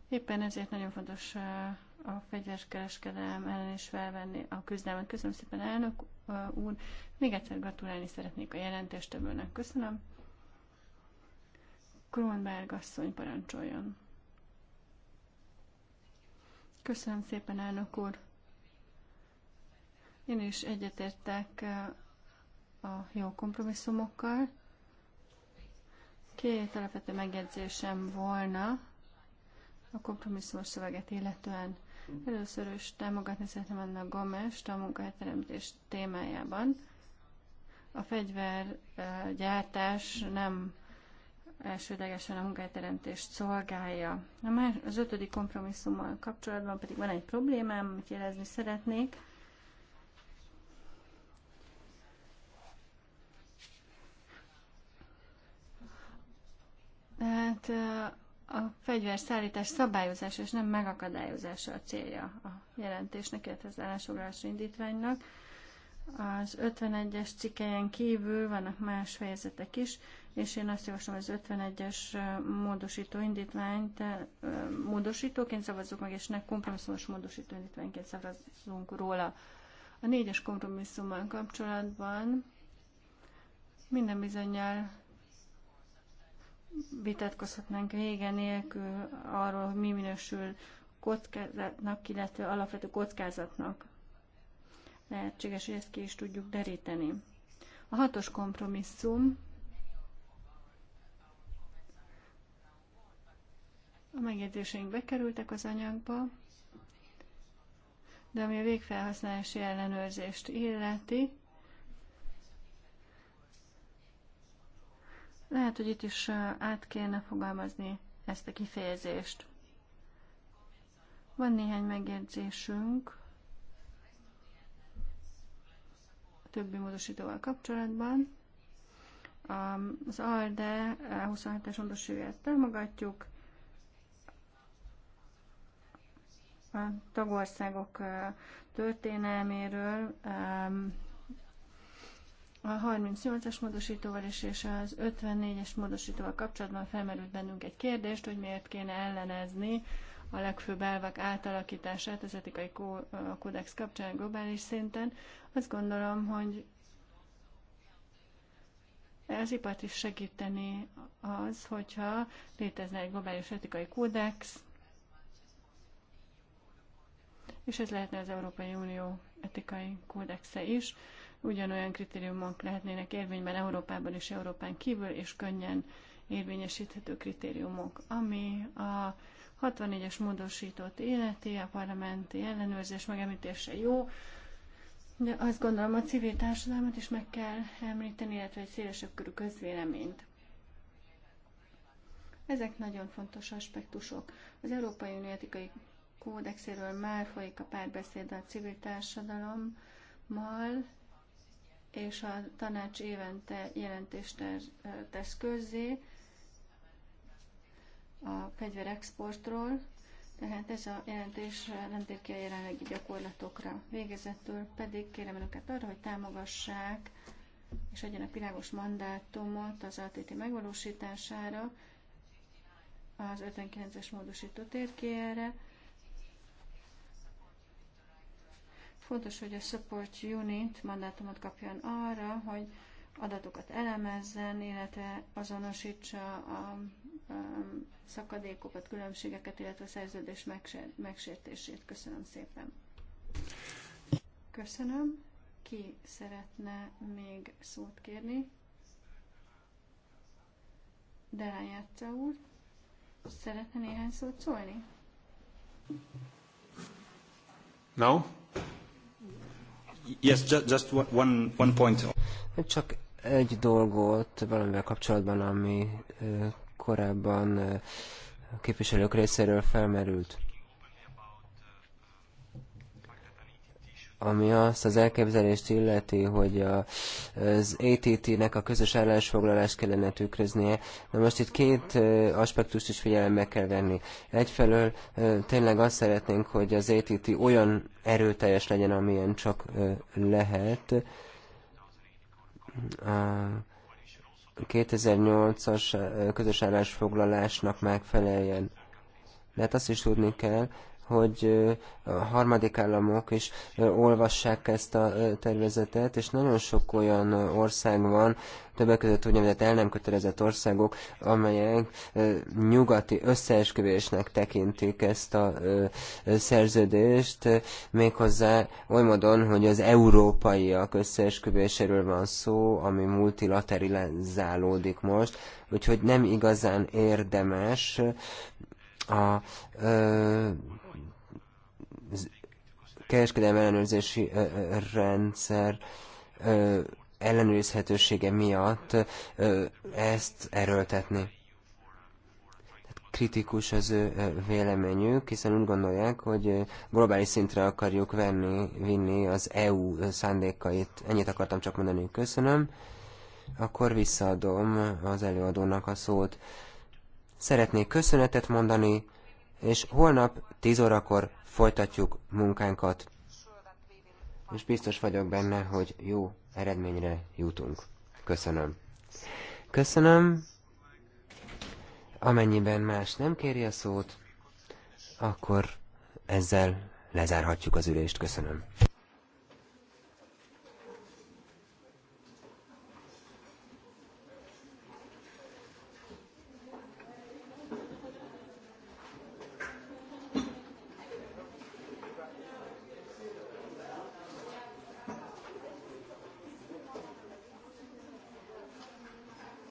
Éppen ezért nagyon fontos eh, a fegyverskereskedelem ellen is felvenni a küzdelmet. Köszönöm szépen, elnök uh, úr. Még egyszer gratulálni szeretnék a önnek Köszönöm. Kronberg asszony parancsoljon. Köszönöm szépen, elnök úr. Én is egyetértek uh, a jó kompromisszumokkal. Két alapvető megjegyzésem volna a kompromisszumos szöveget illetően. Először is támogatni szeretném Anna Gomest a munkahelyteremtés témájában. A fegyvergyártás nem elsődlegesen a munkahelyteremtést szolgálja. A más, az ötödik kompromisszummal kapcsolatban pedig van egy problémám, amit jelezni szeretnék. Tehát a fegyverszállítás szabályozása és nem megakadályozása a célja a jelentésnek, illetve az állásfoglalási indítványnak. Az 51-es cikkelyen kívül vannak más fejezetek is, és én azt javaslom, az 51-es módosító indítványt módosítóként szavazzuk meg, és ne kompromisszumos módosító indítványként szavazzunk róla. A négyes kompromisszummal kapcsolatban minden bizonyal vitatkozhatnánk vége nélkül arról, hogy mi minősül kockázatnak, illetve alapvető kockázatnak. Lehetséges, hogy ezt ki is tudjuk deríteni. A hatos kompromisszum a megjegyzéseink bekerültek az anyagba, de ami a végfelhasználási ellenőrzést illeti, Lehet, hogy itt is át kéne fogalmazni ezt a kifejezést. Van néhány megjegyzésünk a többi módosítóval kapcsolatban. Az ALDE 27-es módosítóját támogatjuk. A tagországok történelméről a 38-as módosítóval is és az 54-es módosítóval kapcsolatban felmerült bennünk egy kérdést, hogy miért kéne ellenezni a legfőbb elvek átalakítását az etikai kódex kapcsán globális szinten. Azt gondolom, hogy az ipart is segíteni az, hogyha létezne egy globális etikai kódex, és ez lehetne az Európai Unió etikai kódexe is ugyanolyan kritériumok lehetnének érvényben Európában és Európán kívül, és könnyen érvényesíthető kritériumok, ami a 64-es módosított életi, a parlamenti ellenőrzés megemlítése jó, de azt gondolom a civil társadalmat is meg kell említeni, illetve egy szélesebb körű közvéleményt. Ezek nagyon fontos aspektusok. Az Európai Unió etikai kódexéről már folyik a párbeszéd a civil társadalommal, és a tanács évente jelentést tesz közzé a fegyverexportról, tehát ez a jelentés nem tér ki a jelenlegi gyakorlatokra. Végezetül pedig kérem önöket arra, hogy támogassák és adjanak világos mandátumot az ATT megvalósítására, az 59-es módosító térkére. Fontos, hogy a support unit mandátumot kapjon arra, hogy adatokat elemezzen, illetve azonosítsa a, a szakadékokat, különbségeket, illetve a szerződés megsértését. Köszönöm szépen. Köszönöm. Ki szeretne még szót kérni? Delán Játca úr, szeretne néhány szót szólni? No? Yes, just, just one, one point. Csak egy dolgot valamivel kapcsolatban, ami korábban a képviselők részéről felmerült. ami azt az elképzelést illeti, hogy a, az ATT-nek a közös állásfoglalást kellene tükröznie. Na most itt két aspektust is figyelembe kell venni. Egyfelől tényleg azt szeretnénk, hogy az ATT olyan erőteljes legyen, amilyen csak lehet. A 2008-as közös állásfoglalásnak megfeleljen. De hát azt is tudni kell, hogy a harmadik államok is olvassák ezt a tervezetet, és nagyon sok olyan ország van, többek között úgynevezett el nem kötelezett országok, amelyek nyugati összeesküvésnek tekintik ezt a szerződést, méghozzá oly módon, hogy az európaiak összeesküvéséről van szó, ami multilaterilizálódik most, úgyhogy nem igazán érdemes a ö, kereskedelmi ellenőrzési rendszer ellenőrizhetősége miatt ezt erőltetni. Kritikus az ő véleményük, hiszen úgy gondolják, hogy globális szintre akarjuk venni, vinni az EU szándékait. Ennyit akartam csak mondani, köszönöm. Akkor visszaadom az előadónak a szót. Szeretnék köszönetet mondani, és holnap 10 órakor Folytatjuk munkánkat, és biztos vagyok benne, hogy jó eredményre jutunk. Köszönöm. Köszönöm. Amennyiben más nem kéri a szót, akkor ezzel lezárhatjuk az ülést. Köszönöm.